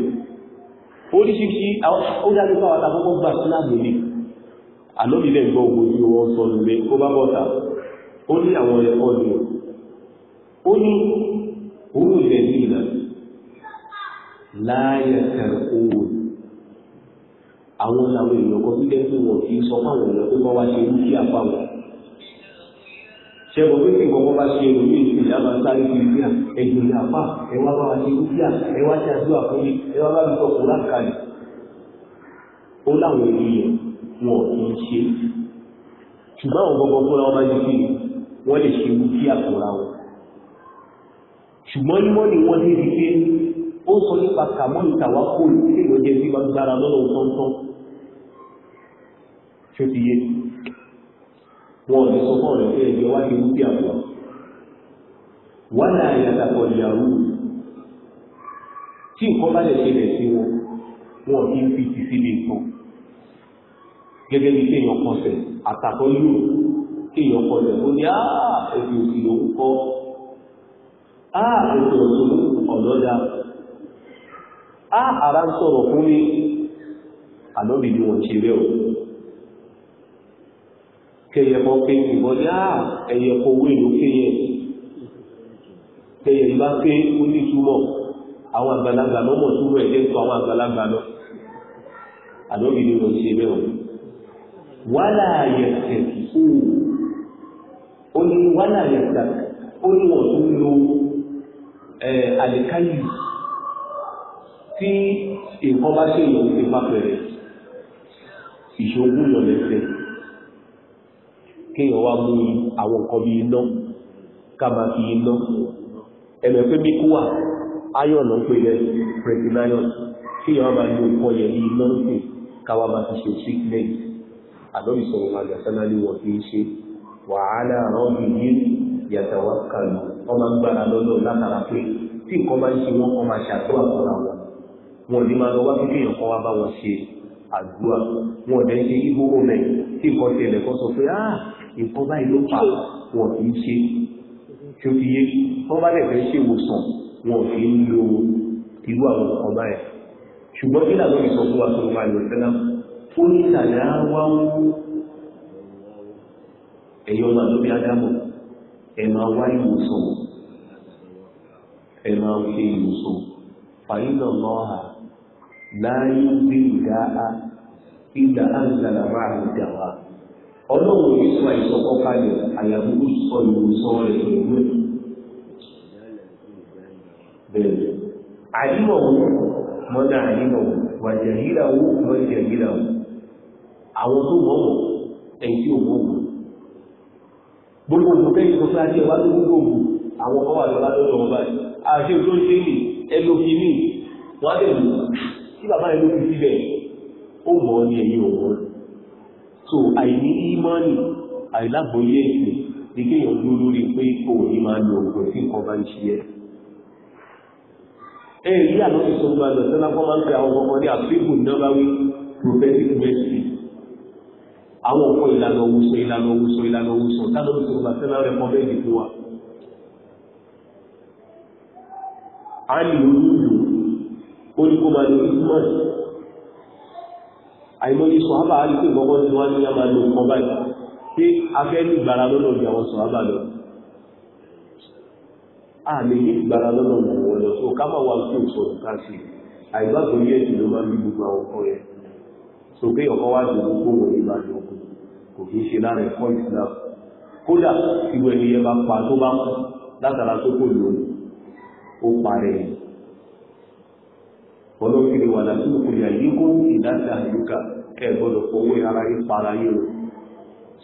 [SPEAKER 1] oríṣiríṣi ó dàbí báwa ta kọ́kọ́ gba Islam ni àlọ́ ilẹ̀ gbọ́ òun ni wọ́n sọ lulẹ̀ ó bá bọ́ta ó ní àwọn ẹ̀kọ́ ni ò ó ní owó ilẹ̀ nílà láàyè kan owó àwọn làwọn èèyàn kan tó jẹ́ pé wọ́n ti sọ fáwọn èèyàn pé wọ́n wá ṣe dúkìá fáwọn ṣẹ́gun pé kí nǹkan bá ṣe ìròyìn ìlú ìyá máa sáré kiri bí ẹ̀jọ̀ ní apá ẹ wá bá wa ṣe dúkìá ẹ wá ṣe àdúrà fún mi ẹ wá bá mi sọ̀kùn láǹkalẹ̀. ó láwọn ènìyàn wọn ò ní ṣe ṣùgbọ́n àwọn gbogbo fúnra wọn máa ń ṣe wọ́n lè ṣe dúkìá fúnra wọn ṣùgbọ́n ní mọ́ni wọ́n ní wípé ó sọ nípa kàmọ́ ìtàwá kó ìdílé ìwọ́n jẹ́ fífa dára lọ́nà tọ́ntọ́n ṣó ti yé wọn ní sọ fún ọ̀rẹ́ ẹ̀jẹ̀ wá ní wípé àbọ̀ wọn náà yàtàkọ̀ ìyàwó tí nǹkan bá lè ṣẹlẹ̀ sí wọn wọn kì í fi ti síbi nǹkan gẹ́gẹ́ bí kéèyàn kọsẹ̀ àtàkọ́ yóò kéèyàn kọsẹ̀ ó ní àá èyí òsì lòún kọ́ Aa ètò ọ̀tún ọ̀dọ́ a ara nsọrọ sọ̀rọ̀ fún mi àlọ́bì ni wọ́n ti rẹ̀ ọ̀ kẹyẹ̀kọ́ pé ìbọn ní àà ẹ̀yẹ̀kọ́ owó ìlú kéyẹ̀ kẹyẹ̀ ìbá pé ó ní túmọ̀ àwọn àgbàlagbà lọ́mọ̀ túmọ̀ ẹ̀jẹ̀
[SPEAKER 2] àlèkáyì tí
[SPEAKER 1] nǹkan bá ṣe èèyàn ti má bẹ̀rẹ̀ ìṣògùn yàn lẹ́sẹ̀ kéèyàn wá mú àwọn nǹkan bí iná ká máa fi iná ẹ̀mẹ̀ pé bí kú wà iron ń pè lẹ́ pregnanion kéèyàn wá máa lo nǹkan yẹn ní iná sí káwa máa fi ṣe sickness àlọ́bìsọ̀rọ̀ àgbàsánálé wọ̀ kì í ṣe wàhálà rọ́ọ̀bì yàtọ̀ wá kàlù ọmọ gbára lọ́lọ́ látara pé tí nǹkan bá ń ṣe wọ́n ọmọ ṣàdúrà fúnra wọn wọn ò ní máa lọ wá fífi nǹkan wá bá wọn ṣe àdúrà wọn ò dẹ́ ṣe igbó omi tí nǹkan ti ẹ̀lẹ́kọ́ sọ pé ah nǹkan báyìí ló pa wọn kì í ṣe tí ó fi yé wọn bá dẹ̀ fẹ́ ṣe ìwòsàn wọn ò fi ń lo irú àwọn nǹkan báyìí ṣùgbọ́n
[SPEAKER 2] kí làwọn ìsọ fún wa tó wà ní ọ̀sẹ̀ náà ó ní àwọn ẹ̀yọ́ màlúbí ádámù ẹ máa wá ìwòsàn ẹ máa ṣe lọ́ha láyé bí ìdáa ìdá àgbàlá máa ń dàwà ọlọ́run yìí sọ kalẹ̀ àyàbùkù sọ ìwòsàn rẹ̀ pẹ̀lú bẹ́ẹ̀ àdìmọ̀ wo mọ́dà
[SPEAKER 1] wàjẹ̀ híra wo mọ́jẹ̀ àwọn tó mọ̀ ẹ̀yìn gbogbo ògùn kẹ́yìn tó fẹ́ àti ẹ̀wá tó gbogbo ògùn àwọn ọmọ wà
[SPEAKER 2] lọ́la lọ́dọ̀ wọn báyìí àṣẹ tó ń ṣe mí ẹnu fi mí wọn lè lù tí bàbá ẹnu fi síbẹ̀ ó mọ̀ ọ́ ní ẹ̀yìn òun so àìní
[SPEAKER 1] ímánì àìlágbóyè ẹ̀sìn ní kéèyàn dúró lórí pé kò ní máa lo ògùn tí nǹkan bá
[SPEAKER 2] ń ṣe ẹ́ àlọ́ ìṣòro àlọ́ sẹ́lá fọ́ máa ń pe àwọn
[SPEAKER 1] ọmọ ní àfíìbù náà wí prophetic medicine àwọn òkú ìlànà owóso ìlànà owóso ìlànà owóso tálọ́ bí sọ́kùnrin àti ẹ̀rọ ẹ̀kọ́ bẹ́ẹ̀ dìbò wa. a lè lóyún ó ní kó máa ní christmas àìmọye sọ̀hábà á rí pé gbọ́gbọ́ tí wọ́n á ní yá máa lo nǹkan báyìí pé afẹ́ ní ìgbàra lọ́nà ìgbà àwọn sọ̀hábà lọ. a lè ní ìgbàra lọ́nà ìgbà wọn lọ sọ ká máa wá sí òṣòro káàkiri àìgbàgbọ́ yẹ́ ìlú máa ń bí gbogbo àwọn ọkọ yẹn sókè ọkọ̀ wá jù ú kó wọ̀nyí máa yọ ọkọ̀ kò kí ń ṣe lára ẹ̀kọ́ ìsìlá kódà tí wọ́n ẹni yẹn bá pa tó bá kú látara tó kò lò ó parẹ́ ọlọ́kiri wà láti òkúlẹ̀ àyíkó ìdájà àyíká kẹ́ ẹ̀ gbọ́dọ̀ fọwọ́ ara yín para yín o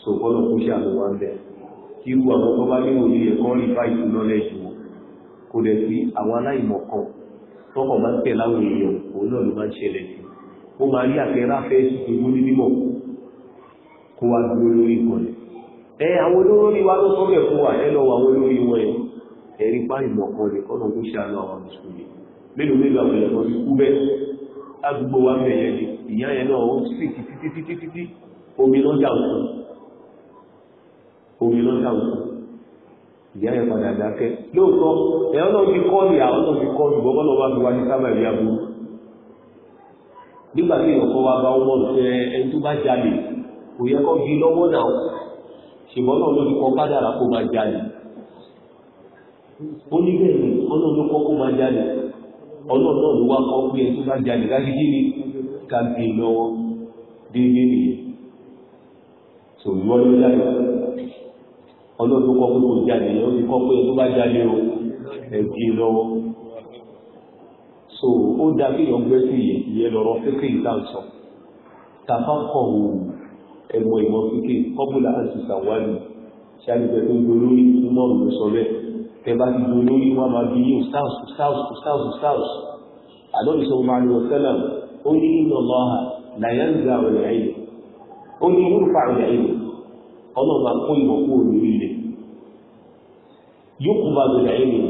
[SPEAKER 1] sọ̀kọ́lọ̀ kó ṣe àlọ́ wa ń bẹ̀ kí irú àwọn tó bá nínú òye ẹ̀kọ́ rí báyìí tó lọ́lẹ̀ jù kò dẹ̀ sí àwọn aláìmọ̀ kan tọkọ̀ bá tẹ̀ láwọn èèyàn òun náà ló máa ń ṣẹlẹ̀ jù ó máa rí àpẹẹrẹ fẹ́ ṣùgbọ́n ní mímọ̀ kó wá dúró lórí ìkọlẹ̀ ẹ àwọn olórí wa ló sọ́bẹ̀ fún wa ẹ lọ́wọ́ àwọn olórí wọn ẹ ẹ̀rí pa ìmọ̀ kan lè kọ́nà tó ṣe àlọ́ àwọn mùsùlùmí mélòó mélòó àwọn ẹ̀kọ́ ti kú bẹ́ẹ̀ ládùúgbò wa bẹ̀yẹ ni ìyá yẹn náà ó sì ti títí títí títí omi lọ́jà òkú omi lọ́jà òkú ìyá yẹn padà dákẹ́ lóòótọ́ ẹ̀yọ́ náà ti kọ́ ni àwọn náà ti kọ́ ṣùgbọ́n bọ́lọ́ bá fi wá ní sábà ìyá burú nígbà tí ìyọ̀kọ́ wa bá wọ́n fẹ́ ẹni tó bá jalè kò yẹ kó bí lọ́wọ́ náà ṣùgbọ́n náà ló ti kọ́ kádàrà kó máa jalè ó ní bẹ́ẹ̀ ni ọlọ́run ló kọ́ kó máa jalè ọlọ́run náà ló wá kọ́ pé ẹni tó bá jalè láti ni ká gbé e lọ́wọ́ déédéé nìyẹn tò wọ́n ló jalè ọlọ́run ló kọ́ pé kò jalè kọ́ pé ẹni tó bá jalè o gbé e lọ́wọ́ so ó dá kéèyàn gbẹ́sìn yẹn ìyẹn lọ́rọ́ fíkì ìtànsọ tàfákọ̀ wò ẹ̀mọ̀ ìmọ̀ fíkì kọ́bùlà àṣìṣà wáyé ṣáàlùfẹ́ tó ń dolórí nínú ọ̀rùn ló sọ bẹ́ẹ̀ tẹ bá ti
[SPEAKER 2] dolórí wọn máa bí yóò stars stars stars stars àdọ́bí sọ wọn àlùwọ̀ sẹ́lẹ̀ ó ní ìlọ lọ́ha làyà ń ga ọ̀rẹ́ ẹ̀yẹ ó ní wúrúfà ọ̀rẹ́ ẹ̀yẹ
[SPEAKER 1] ọlọ́ọ̀bà kó ìmọ̀ kó òmìnirí ilẹ̀ yóò kú bá ọ̀rẹ́ ẹ̀yẹ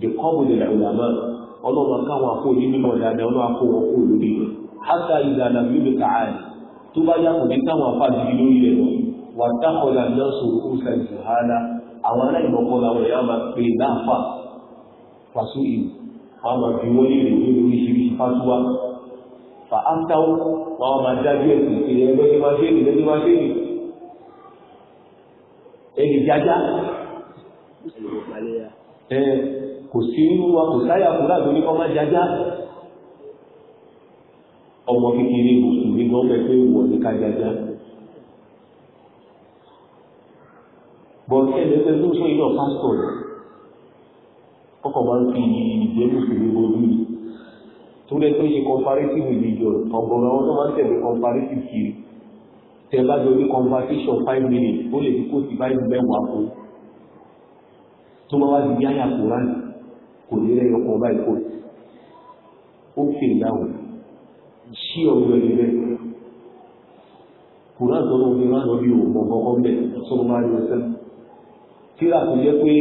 [SPEAKER 1] the couple ọlọ́run káwọn àpò ní mímọ́ dáadáa ọlọ́run àpò wọn kó lórí rẹ̀ hátà ìdáná mímú káàdì tó bá yàtọ̀ ní káwọn àpàdé lórí rẹ̀ lọ wà tákọ̀lá náà sọ̀rọ̀ kó sa ìsòhánà àwọn aláìmọ̀kọ́ làwọn èèyàn máa pè láàfà fàṣú ìlú wọn máa fi wọ́n léèrè lórí oríṣiríṣi fásúwá fà á táwọn wọn máa dájú ẹ̀sìn ìpìlẹ̀ ẹgbẹ́ máa ṣe èdè máa ṣe èdè ẹ̀yìn jájá ẹ̀ kò sí nínú wa kò sáyà kúrò àti oníkọ́má jájá ọmọ kékeré mùsùlùmí gan bẹ pé ìwọ ní ká jájá bọ́ọ̀kì ẹ̀dẹ́gbẹ́ tó sọ iná pásítọ̀ rẹ̀ ọkọ̀ máa ń fi ìgbé mùsùlùmí bojú ni tó lẹ́ tó ṣe comparative religion ọ̀gbọ̀n àwọn tó máa ń tẹ̀lé comparative kiri tẹ bá jọ ní conversation five minutes ó lè fi kó ti báyìí mẹ́wàá fún tó bá wá di yáyà kúránì kò ní rẹ ọkàn báyìí kò sí ó fi ìdáhùn sí ọgbẹ ìrẹ kùrá sọ̀rọ̀ omi máa lọ bí òògùn ọkàn bẹ sọ̀rọ̀ máa lọ sẹ́nu tíra kò jẹ́ pé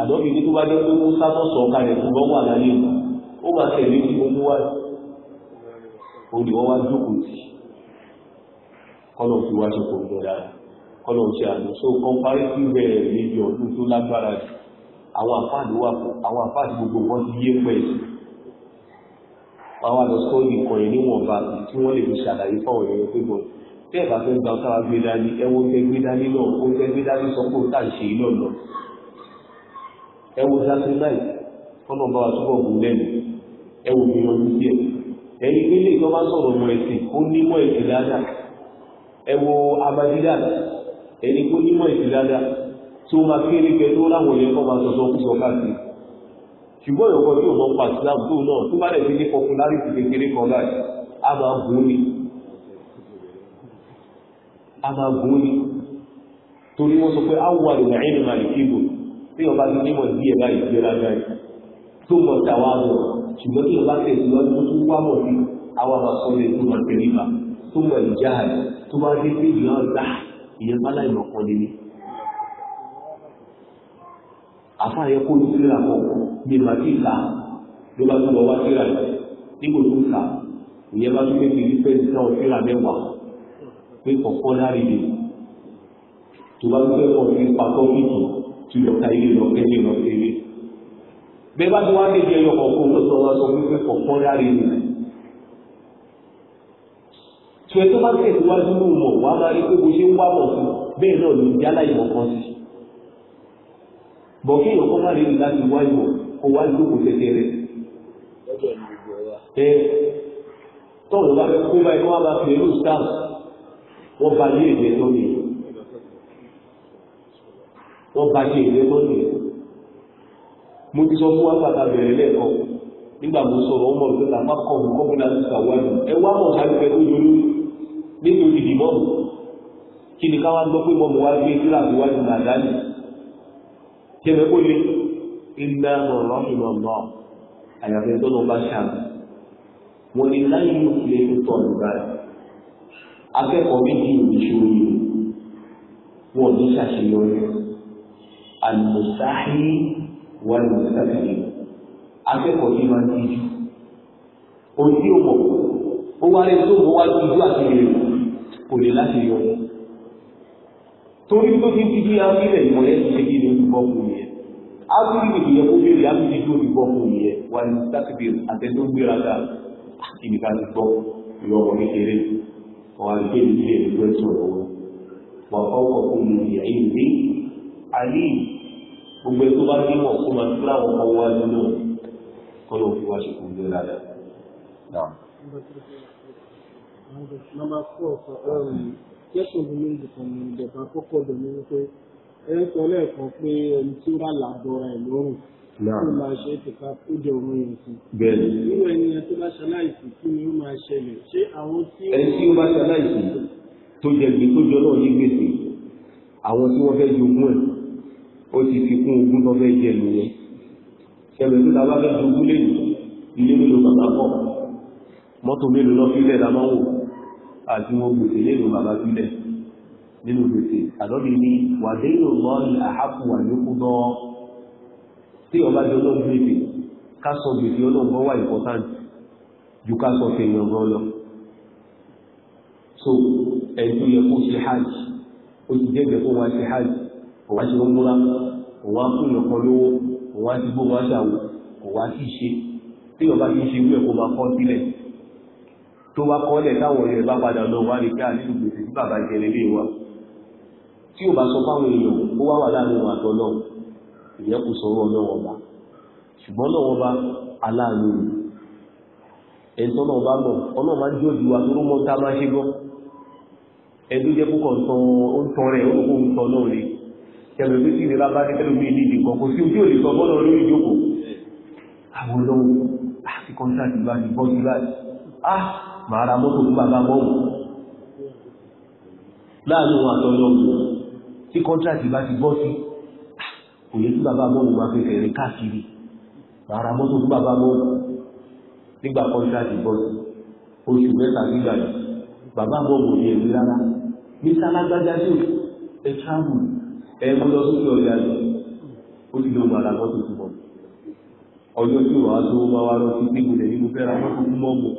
[SPEAKER 1] àdọ́bí ní tó bá jẹ́ pé musa tó sọ kalẹ̀ fún bọ́ wà láyé ìgbà ó máa tẹ̀lé ní gbogbo wa olùwọ́ wá jókòó tì kọ́lọ̀ fi wá ṣe kò ń bẹ̀rẹ̀ kọ́lọ̀ ṣe àdúgbò kọ́mpárí sí bẹ̀rẹ̀ níbi ọdún tó lágbára jù àwọn àfáàdì wà fún àwọn àfáàdì gbogbo wọn ti yé pẹ̀ sí àwọn àlọ́sọ́ nìkan yìí níwọ̀nba tí wọ́n lè fi ṣàlàyé fáwọn èèyàn pé bọ̀ tí ẹ̀bà fẹ́ gba ọ̀tá gbé dání ẹwọ́ fẹ́ gbé dání náà ó fẹ́ gbé dání sọ pé ó tà ń ṣe iná lọ ẹwọ́ sáfẹ́ náà kọ́nà bá wa túbọ̀ gùn lẹ́nu ẹwọ́ mi wọn ti díẹ̀ ẹ̀yin pé lè tó bá sọ̀rọ̀ ọmọ ẹ̀sìn ó nímọ̀ ẹ̀sìn dáadáa ẹwọ́ abadídà ẹni tó nímọ̀ ẹ̀sìn dáadáa tó máa kéré pẹ̀lú láwọn ilẹ̀ kan máa sọ̀sọ̀ kú sọ káàkiri ṣùgbọ́n ìyọ̀kan tí òun pa islam tó náà tó bá dẹ̀ ti ní popularity kékeré kan báyìí a máa gùn ni a máa gùn ni torí wọ́n sọ pé awọ àdùnnà ẹni máa lè kébò tí ọba ti nímọ̀ díẹ̀ báyìí gbéra báyìí tó mọ̀ tàwa lọ ṣùgbọ́n tí ọba tẹ̀síwájú tó wá mọ̀ sí àwọn àwọn akọ́lẹ̀ tó mọ̀ tẹ̀lé bá tó mọ̀ ìjáàlì tó bá dé pé ìyá ọ̀dà ìyẹn bá láì mọ̀ kan lé àfa yẹ kó síra pọ̀ bí ma ti ta ló bá tún lọ wá síra yìí nígbò tó ta ìyẹn bá tún kékeré ní pẹ́ẹ́sì náà síra mẹ́wàá pé kọ̀ọ̀kan láre lè tó bá tún fẹ́ pọ̀ sí pàtó fìtì tí lọ ka ilé lọ kẹ́lé lọ kẹ́lé bẹ́ẹ̀ bá tún wá débi ẹyọ kọ̀ọ̀kan ló sọ wá sọ pé kọ̀ọ̀kan láre lè tí ẹ tó bá tẹ̀síwájú lóun mọ̀ wá máa rí pé bó ṣe ń wá mọ̀ sí bẹ́ẹ̀ náà ló ń jálá ìmọ̀ kan sí bọ̀ kí èèyàn kọ́ má rí láti wá ìwọ̀ kó wá lóko kékeré. ẹ tọ́wọ́n ló bá fẹ́ kó báyìí kó wá bá pẹ̀lú staff wọ́n ba ní èdè tó ní wọ́n ba ní èdè tó ní. mo ti sọ fún wa gbàgbà bẹ̀rẹ̀ lẹ́ẹ̀kan nígbà mo sọ̀rọ̀ ọmọ ìlú làpá kọ̀ mí kọ́ bọ́lá ti sàwádìí ẹ wá mọ̀ sáré pẹ̀lú ìlú nítorí ìdìbò kí ni ká wá gbọ́ pé mọ̀ mọ̀ wá gbé kíláàsì wájú nàdánì tí ẹ mẹ́kó lé iná
[SPEAKER 2] ọ̀rọ̀ ìmọ̀ náà àyàfẹ́ tó lọ bá ṣáàbù wọn ni láyé yóò fi ètò tọ̀ lùgbà rẹ̀ akẹ́kọ̀ọ́ méjì ìṣòro yìí
[SPEAKER 1] wọn ní ṣàṣeyọrí àlùmọ̀sáhí wà lùmọ̀sáhí akẹ́kọ̀ọ́ yìí máa ń díjú òun tí ó mọ̀ ó wá rí tó mọ̀ wá díjú àti ìrìn kò lè láti yọrí torí tó ti fi abílẹ̀ ìmọ̀lẹ́ ti ṣe kí ni olùgbọ́ fún yẹn abílẹ̀ ìyẹn kó béèrè abílẹ̀ tó olùgbọ́ fún yẹn wà ní sákìbì àtẹ́tọ́ gbéraga àti ìgbà ní gbọ́ ìrọ̀wọ̀ kékeré ọ̀hà ìgbé ìdílé ìgbẹ́ sọ̀rọ̀ wọn wà ọkọ̀ fún mi ìyá yìí ní alẹ́ gbogbo ẹni tó bá ní wọn fún wa tí láwọn kan wá nínú
[SPEAKER 2] kọ́ ló fi wá ṣe kó gbé rárá. Number four for kẹ́kọ̀ọ́ mi méjì kan ní ìjọba kọ́kọ́ bẹ̀ ní wípé ẹ ń sọ lẹ́ẹ̀kan pé ẹni tí ó rà làbọ̀ra ẹ̀ lọ́rùn tó máa ṣe tìka ó jẹ òun yẹn sí. bẹ́ẹ̀ni nínú ẹni yẹn tó bá ṣaláìsí kí ni ó máa ṣẹlẹ̀ ṣé àwọn tí. ẹni tí ó bá ṣaláìsí
[SPEAKER 1] tó jẹ gbé tó jọ náà ní gbèsè àwọn tí wọ́n fẹ́ jogún ẹ̀ ó ti fi kún ogún tó fẹ́ jẹ nìyẹn ṣẹlẹ̀ tó ta bá fẹ́ jogún lẹ́yìn ilé mélòó bàbá pọ̀ mọ́tò mélòó lọ fi lẹ̀ àti wọn gbèsè lérò bàbá sílẹ̀ nínú gbèsè àdọ́bí ni wàdé ìrọ̀lọ́ ni àhápù wà ní kú dán tí ọba jẹ ọlọ́run gbèsè ká sọ gbèsè ọlọ́run wà important ju ká sọ fèèyàn gan lọ so ẹni tó yẹ kó ṣe hajj ó ti jẹ́ ìgbẹ́kọ̀ wá ṣe hajj kò wá ṣe ń kò wá fún ìyọ̀kan lówó kò wá ti gbó wá ṣàwò kò wá sì ṣe tí ọba ti ṣe wí ẹ̀kọ́ máa kọ́ sílẹ̀ tó wá kọ́lẹ̀ táwọn èèyàn bá padà lọ wá rí pé àníṣù gbèsè tí bàbá jẹ lélẹ̀ wa tí ò bá sọ fáwọn èèyàn ó wá wà láàrin wọn àtọ náà ìyẹn kò sọ ọ̀rọ̀ náà wọn bá ṣùgbọ́n náà wọn bá aláàánú ẹ̀ńtọ́ náà bá mọ̀ ọlọ́run máa ń jó ìwà tó rú mọ́ tá a máa ṣe gbọ́ ẹ̀dú jẹ́ púpọ̀ ń rẹ̀ orúkú ń tọ́ náà rí tẹ̀lẹ̀ tó sì nílá bá ní tẹ́lẹ̀ mí ní ìdìkan kò sí ojú ò sọ bọ́ọ̀lọ́ lórí ìjókòó àwọn olóhùn àti kọ́ńtà ti bá ti bọ́ sí láti Ah, màá ra mọ́tò fún bàbá bọ́ọ̀mù láàrin òun àti ọlọ́run tí kọ́ńtrákì bá ti bọ́ sí kò yẹ kí bàbá bọ́ọ̀mù máa fẹ́ fẹ́rẹ̀ káàkiri màá ra mọ́tò fún bàbá bọ́ọ̀mù nígbà kọ́ńtrákì bọ́ sí oṣù mẹ́ta nígbà yìí bàbá bọ́ọ̀mù yẹ mi rárá ní sálágbájá sí ẹ ṣáàbù ẹ mú lọ sókè ọ̀yà yìí ó ti lóun ara mọ́tò fún bọ́ọ̀mù ọjọ́ tí wàá tó máa wá lọ sí pípọ̀ lẹ́yìn mo fẹ́ ra mọ́tò fún bọ́ọ̀mù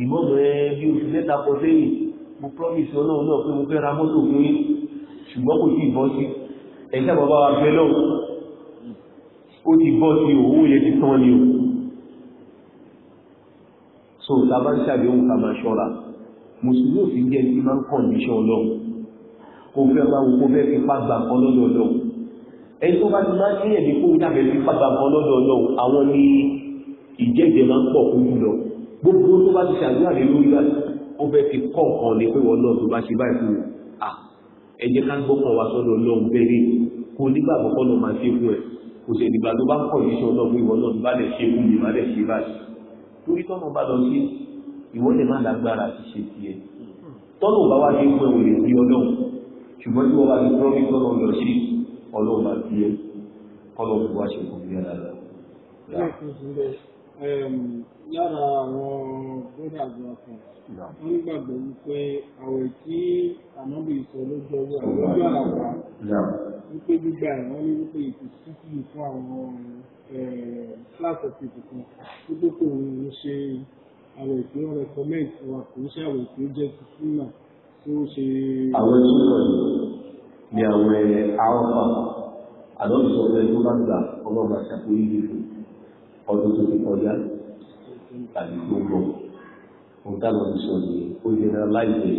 [SPEAKER 1] ìmọ̀nà ẹ bí oṣù mẹ́ta kọ sẹ́yìn mo promise ọlọ́run náà pé mo fẹ́ ra mọ́tò fún yín ṣùgbọ́n kò tí ì bọ́ sí ẹ̀jẹ̀ bàbá wa fẹ́ lọ́wọ́ ó ti bọ́ sí owó yẹn ti tán ni o so ta bá ń ṣàdéhùn ká máa ṣọ́ra mùsùlùmí ò fi jẹ́ ti máa ń kọ̀ǹdíṣọ́ ọlọ́run kò fẹ́ máa wò kó fẹ́ fi pa gbà kan lọ́dọ̀ ọlọ́run ẹni tó bá ti máa ń ní kó ń dàbẹ̀ fi pa gbà kan lọ́dọ̀ ọlọ́run àwọn ni ìjẹ́jẹ́ máa ń pọ̀ fún jùlọ gbogbo tó bá ti ṣàdúrà lé lórí rà ó fẹ́ fi kọ́ nǹkan ni pé wọ́n náà tó bá ṣe báyìí fún mi à ẹ jẹ́ ká gbọ́kàn wa sọ́dọ̀ ọlọ́run bẹ́ẹ̀ kó nígbà àkọ́kọ́ ló máa ṣe fún ẹ kò sì nígbà tó bá ń kọ̀ yìí ṣe ọlọ́run ìwọ náà bá lè ṣe fún mi má lè ṣe báyìí torí tọ́nà bá lọ sí ìwọ lè má lágbára àti ṣe tiẹ̀ tọ́nà bá wá dé fún ẹ òye rí ọlọ́run ṣùgbọ́n
[SPEAKER 2] tí wọ́n bá ti lára àwọn bọ́dà gan kan wọ́n gbàgbọ́ wípé àwẹ̀ tí ànábì sọ lójú ọjọ́ lójú àlàpà wípé gbígbà ẹ̀ wọ́n ní wípé ìtòsíkì fún àwọn kíláàsì eh, ọ̀sẹ̀ kan wípé kò ń ṣe àwẹ̀ tí wọ́n recommend wa kò ń ṣe àwẹ̀ tí ó jẹ́ tuntun náà tí ó ṣe. àwẹ̀ tí ó sọ yìí ni àwẹ̀ àwọn àlọ́ ìsọ̀rọ̀ ẹni tó bá gbà ọgbọ́n bàtà kò yí ọdún tó ti kọjá tàbí tó bọ̀
[SPEAKER 1] fún táwọn ìṣọ̀ ni ó yẹra láìpẹ́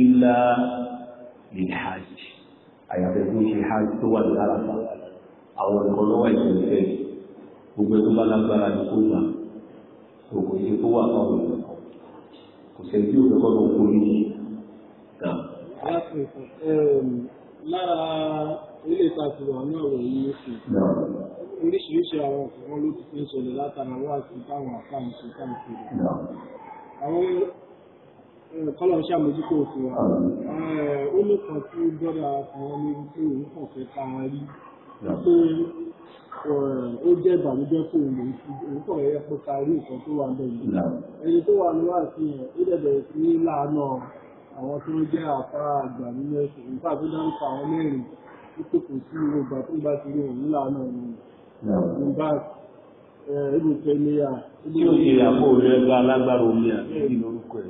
[SPEAKER 1] ilá ìhàj àyàfẹ́ tó ṣe hajj tó wà ní àràfà àwọn ẹ̀kọ́ lọ́wọ́ ìṣẹ̀lẹ̀ fẹ́ gbogbo ẹ̀ tó bá lágbára ní kó gbà kò kò ṣe tó wà fáwọn ẹ̀kọ́ kò sẹ́ tí òun kọ́ ló ń kórè yìí
[SPEAKER 2] gà. lára ilé ìtajà náà rẹ̀ yìí sí oríṣiríṣi àwọn nǹkan ló ti fi ń ṣẹlẹ̀ látara wá sí táwọn àfáàní ṣe káàkiri. Àwọn eh, kọ́lọ̀ ṣe àmójútó òfin wa. Eh, ó ní kan tí ó dọ́ra àwọn ọmọ ibi tí òun kàn fẹ́ ká wọn rí. Pé eh, ó jẹ́ ìbànújẹ́ fún òun lòun fi òun kàn yẹ kó ta rí nǹkan tó wà bẹ́ẹ̀. Ẹni tó wà níwájú sí yẹn, ó dẹ̀ sí láàánú àwọn tó jẹ́ àfa àgbà nínú ẹ̀sìn. Nípa tó dárúkọ àwọn mẹ́rin, ó kò sí gbogbo àtúgbà tí ó ń láàánú ọ̀nà. Ibn Baz, Ibn Taymiya. Tí ó ṣe ìyàpò rẹ̀ gba alágbára omi àti ìdí lórúkọ Kò ń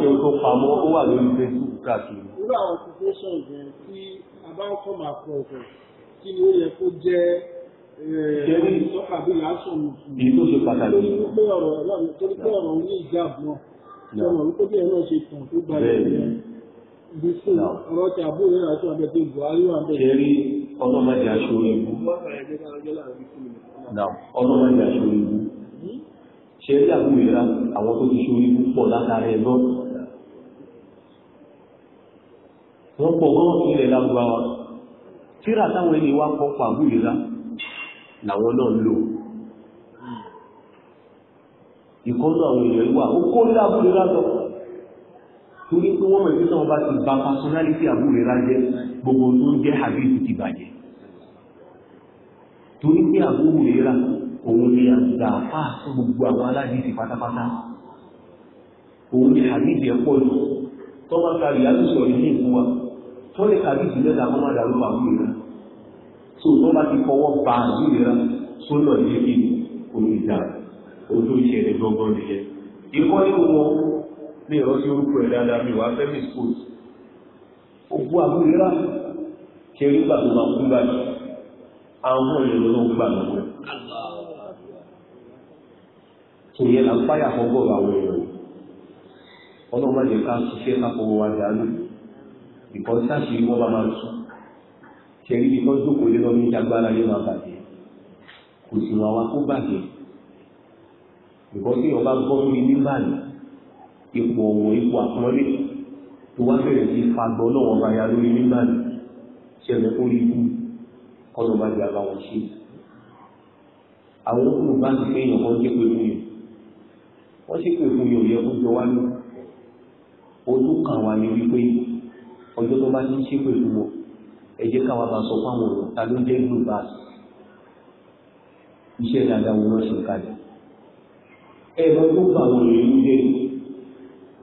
[SPEAKER 2] ṣe tó pamọ́, ó wà lórí Facebook a bá kọ́ máa ọ̀fẹ́, kí ni ó yẹ kó jẹ́ lásán Èyí tó ṣe pàtàkì. pé ọ̀rọ̀ ọlọ́run pé ọ̀rọ̀ náà. ọlọ́mọdé aṣọ ìlú ọlọ́mọdé aṣọ ìlú ṣe rí àbúrẹ́ra àwọn
[SPEAKER 1] tó ti ṣorí púpọ̀ látara ẹ̀lọ́ wọ́n pọ̀ gọ́ ilẹ̀ lágbàwá tíra táwọn ẹni wá kọ́ pa àbúrẹ́ra làwọn náà lò ìkọ́nà àwọn èèyàn wà ó kó lábúrẹ́ra lọ torí pé wọ́n mọ̀ ní sọ́wọ́n bá ti ba personality àbúrò rà jẹ́ gbogbo tó ń jẹ́ àbíyèsí ti bàjẹ́ torí pé àbúrò rà òun ni àgbà fà fún gbogbo àwọn aládìsí pátápátá òun ni àbíyèsí ẹ̀ pọ̀ jù tọ́wọ́ ká rí àlùsọ̀ ilé ìfún wa tó lè ka àbíyèsí lẹ́ta kọ́ má dàrú àbúrò rà so tó bá ti fọwọ́ ba àbúrò rà sólọ̀ ní kí omi ìjà ojú ìṣẹ̀lẹ̀ gbọ́ngbọ́n nìyẹn ìkọ́ ní ìrọ́sí orúkọ ẹ̀ dáadáa mi wà fẹ́ mi school
[SPEAKER 2] òkú àbúrírà
[SPEAKER 1] kẹrí gbà tó máa kú báyìí àwọn èèyàn ló ń gbà lọ́wọ́
[SPEAKER 2] tòyẹ là ń páyà fọ́gbọ̀ àwọn
[SPEAKER 1] èèyàn ọlọ́run má jẹ́ ká ṣiṣẹ́ káfọwọ́ wa dànù ìkọ́ni sáàṣì wọ́n bá máa sùn kẹrí ìkọ́ jókòó lé lọ́mí agbára yóò máa bàjẹ́ kò sì wà wá kó bàjẹ́ ìkọ́ni ọba gbọ́ mi ní báyìí ipò òun ipò àpọ́nlé tó wá bẹ̀rẹ̀ sí fagbọ́ lọ́wọ́ bá ya lórí nígbà ní ṣẹlẹ̀ ó rí ikú ọ̀nà bá gbé ara wọn ṣe.
[SPEAKER 2] àwọn òkú bá ti pé èèyàn kan jẹ́ pé fún yẹn wọ́n sì fún yẹ kó jọ wá lọ. ojú kan wà ní wípé ọjọ́ tó
[SPEAKER 1] bá ti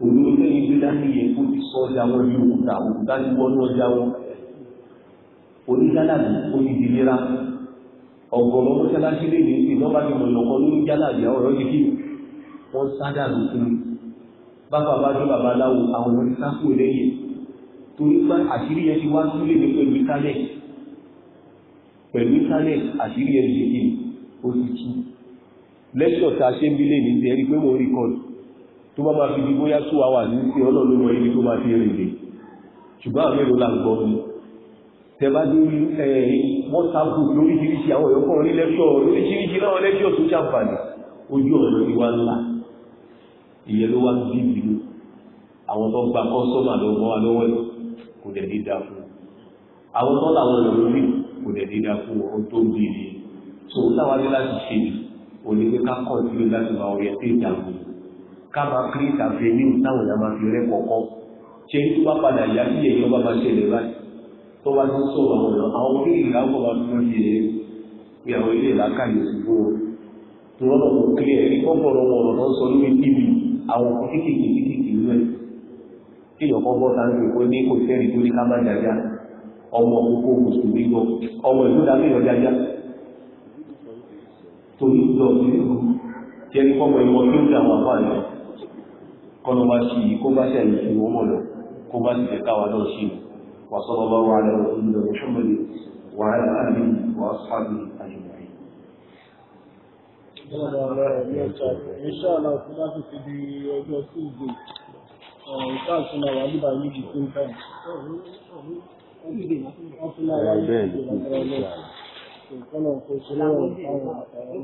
[SPEAKER 1] òdodo tẹ́lẹ̀ gbé dání yẹn kó ti sọ ọjà wọn bí òkúta òkúta ti wọ́nú ọjà wọn onídàlàbí onídìlera ọ̀gọ̀rọ̀ mọ́ṣáláṣí lè ní ìlọ́ba ti mọ̀ lọ́kọ́ lórí jálàbí àwọn ọ̀rọ̀ yìí kí
[SPEAKER 2] wọ́n sádà ló
[SPEAKER 1] fún un bàbá bá dé bàbá aláwo àwọn ọmọ ìta kú lẹ́yìn torí pé àṣírí yẹn ti wá sílé ní pẹ̀lú ìtálẹ̀ pẹ̀lú ìtálẹ̀ àṣírí yẹn ti ṣe kí o ti tú lẹ́tọ̀ tá a ṣe ń bí lè ní ti pé mo rí kọ́ọ̀dù tó bá máa fi di bóyá tó wà wà ní sí ọlọ́run lọ ibi tó máa fi rìn dé ṣùgbọ́n àwọn èrò la gbọ́ mi tẹ́bá dé wọ́sáàpù lóríṣiríṣi àwọn ọ̀yọ́kọ́ orí lẹ́ṣọ́ lóríṣiríṣi náà lẹ́ṣọ́ tó ṣàǹfààní ojú ọ̀nà ìwà ńlá ìyẹn ló wá ń bí ìlú àwọn tó gba kọ́sọ́mà lọ́wọ́ wa lọ́wọ́ kò dẹ̀ ní dáa fún àwọn tó làwọn olórí kò dẹ̀ ní dáa fún ohun tó ń bí ìlú tó táwa ní láti ṣe òní pé ká kọ̀ sílé láti máa ọ̀yẹ́ sí ìdààmú ka kírísì àfẹ́míù táwọn èèyàn ma fi ya kọkọ ṣe tó padà yá sí ọba bá máa ṣẹlẹ̀ báyìí tó bá ti ń sọ̀rọ̀ àwọn ọbụla àwọn orí ìlà ọkọ̀ bá fi lóye pé àwọn ilé ìlàkàyè sí fún wọn tó rọ́nà kò kílẹ̀ ẹ̀rí kọ́kọ̀rọ̀ wọn sọ tv àwọn kí ní kò tó ní ká má kọ́nà wá sí i kó bá sì àyè fi wọ́n mọ̀ lọ kó bá sì fẹ́ káwa náà sí i
[SPEAKER 2] wà sọ́dọ̀ bá wà lẹ́wọ̀ ìlú Muhammad wà á àmì wà á sábì àyè Inshallah tí wọ́n ti fi di ọjọ́ Tuesday, ìkáàtún náà wà nígbà níbi tó ń bẹ̀rẹ̀. Wọ́n fún náà wà nígbà tó ń bẹ̀rẹ̀ lọ́wọ́. Ìkọ́nà kò ṣe lọ́wọ́ ìpáwọn àtàwọn.